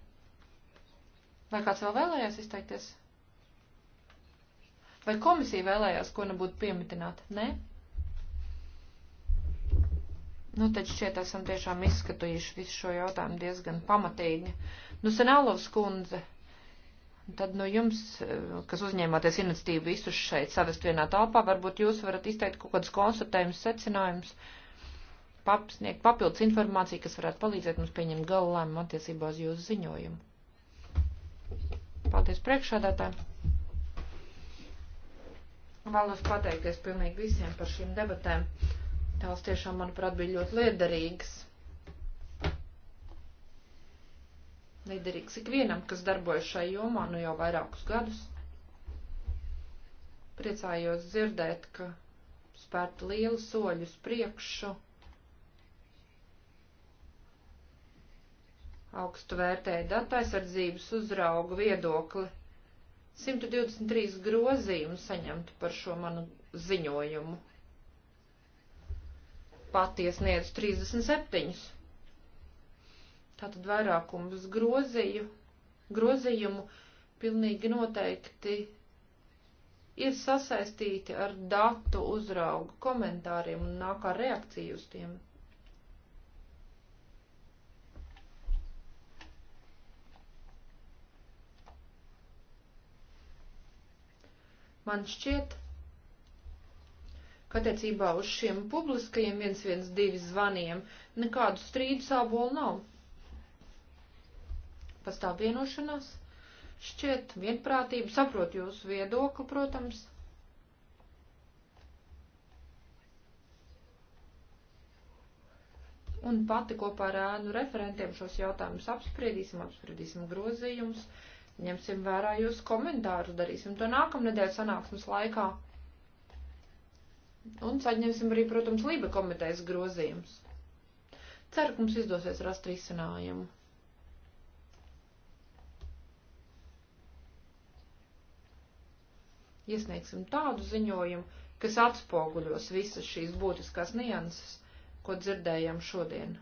B: Vai kāds vēl vēlējās izteikties? Vai komisija vēlējās ko nebūtu piemitināt? Nē? Nu, tad šķiet, esam tiešām izskatījuši visu šo jautājumu diezgan pamatīgi. Nu, Senālovs kundze. Tad no nu, jums, eh, kas uzņēmāties iniciatīvu visus šeit savest vienā telpā, varbūt jūs varat izteikt kaut kādus konstatējumus, secinājumus, pap, sniegt papildus informāciju, kas varētu palīdzēt mums pieņemt galu lēmumu attiecībā uz jūsu ziņojumu. Paldies priekšādātājiem! Vēlos pateikties pilnīgi visiem par šīm debatēm. Tās tiešām, manuprāt, bija ļoti liederīgas. Liederīgs ikvienam, kas darbojas šai jomā nu jau vairākus gadus. Priecājos dzirdēt, ka spērt lielu soļu uz priekšu. Augstu vērtēja datu aizsardzības uzraugu viedokli. 123 grozījumu saņemtu par šo manu ziņojumu. Patiesniedz 37 tātad vairākums grozīju, grozījumu pilnīgi noteikti ir sasaistīti ar datu uzraugu komentāriem un nāk ar reakciju uz tiem. Man šķiet, ka attiecībā uz šiem publiskajiem 112 zvaniem nekādu strīdu sābolu nav pastāv vienošanās, šķiet vienprātība, saprot jūsu viedokli, protams. Un pati kopā ar ēnu referentiem šos jautājumus apspriedīsim, apspriedīsim grozījumus, ņemsim vērā jūsu komentārus, darīsim to nākamnedēļ sanāksmes laikā. Un saņemsim arī, protams, Lība komitejas grozījumus. Ceru, ka mums izdosies rast risinājumu. iesniegsim tādu ziņojumu, kas atspoguļos visas šīs būtiskās nianses, ko dzirdējam šodien.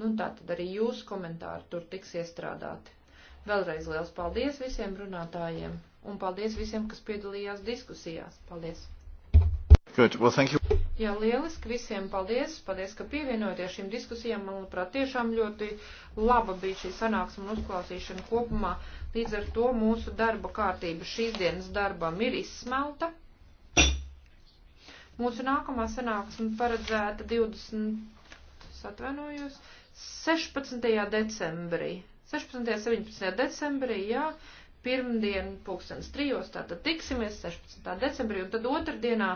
B: Nu, tā tad arī jūsu komentāri tur tiks iestrādāti. Vēlreiz liels paldies visiem runātājiem un paldies visiem, kas piedalījās diskusijās. Paldies!
A: Good. Well, thank you.
B: Jā, lieliski visiem paldies. Paldies, ka pievienojaties šīm diskusijām. Manuprāt, tiešām ļoti laba bija šī sanāksme un uzklausīšana kopumā. Līdz ar to mūsu darba kārtība šīs dienas darbam ir izsmelta. Mūsu nākamā sanāksme paredzēta 20. atvainojos 16. decembrī. 16. 17. decembrī, jā, pirmdien pulkstens trijos, tātad tiksimies 16. decembrī, un tad otrdienā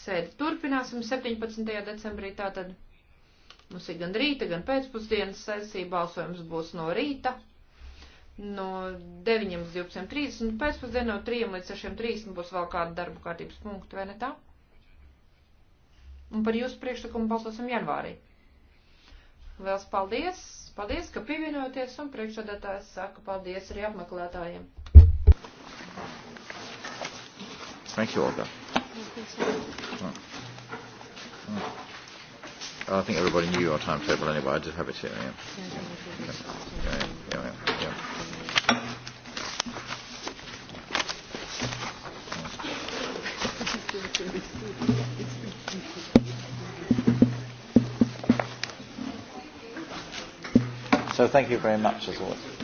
B: sēdi turpināsim 17. decembrī, tātad mums ir gan rīta, gan pēcpusdienas sesija, balsojums būs no rīta no 9 līdz 12.30, pēcpusdienā no 3 līdz 6.30 būs vēl kāda darba kārtības punkta, vai ne tā? Un par jūsu priekšlikumu balsosim janvārī. Liels paldies! Paldies, ka pievienojaties, un priekšsādātājs saka paldies arī apmeklētājiem.
A: Thank you, Olga.
E: Thank you, sir. Mm. Mm.
A: I think everybody knew your timetable anyway. I did have it here. Yeah.
E: Yeah, yeah, yeah, yeah, yeah.
A: So thank you very much as always.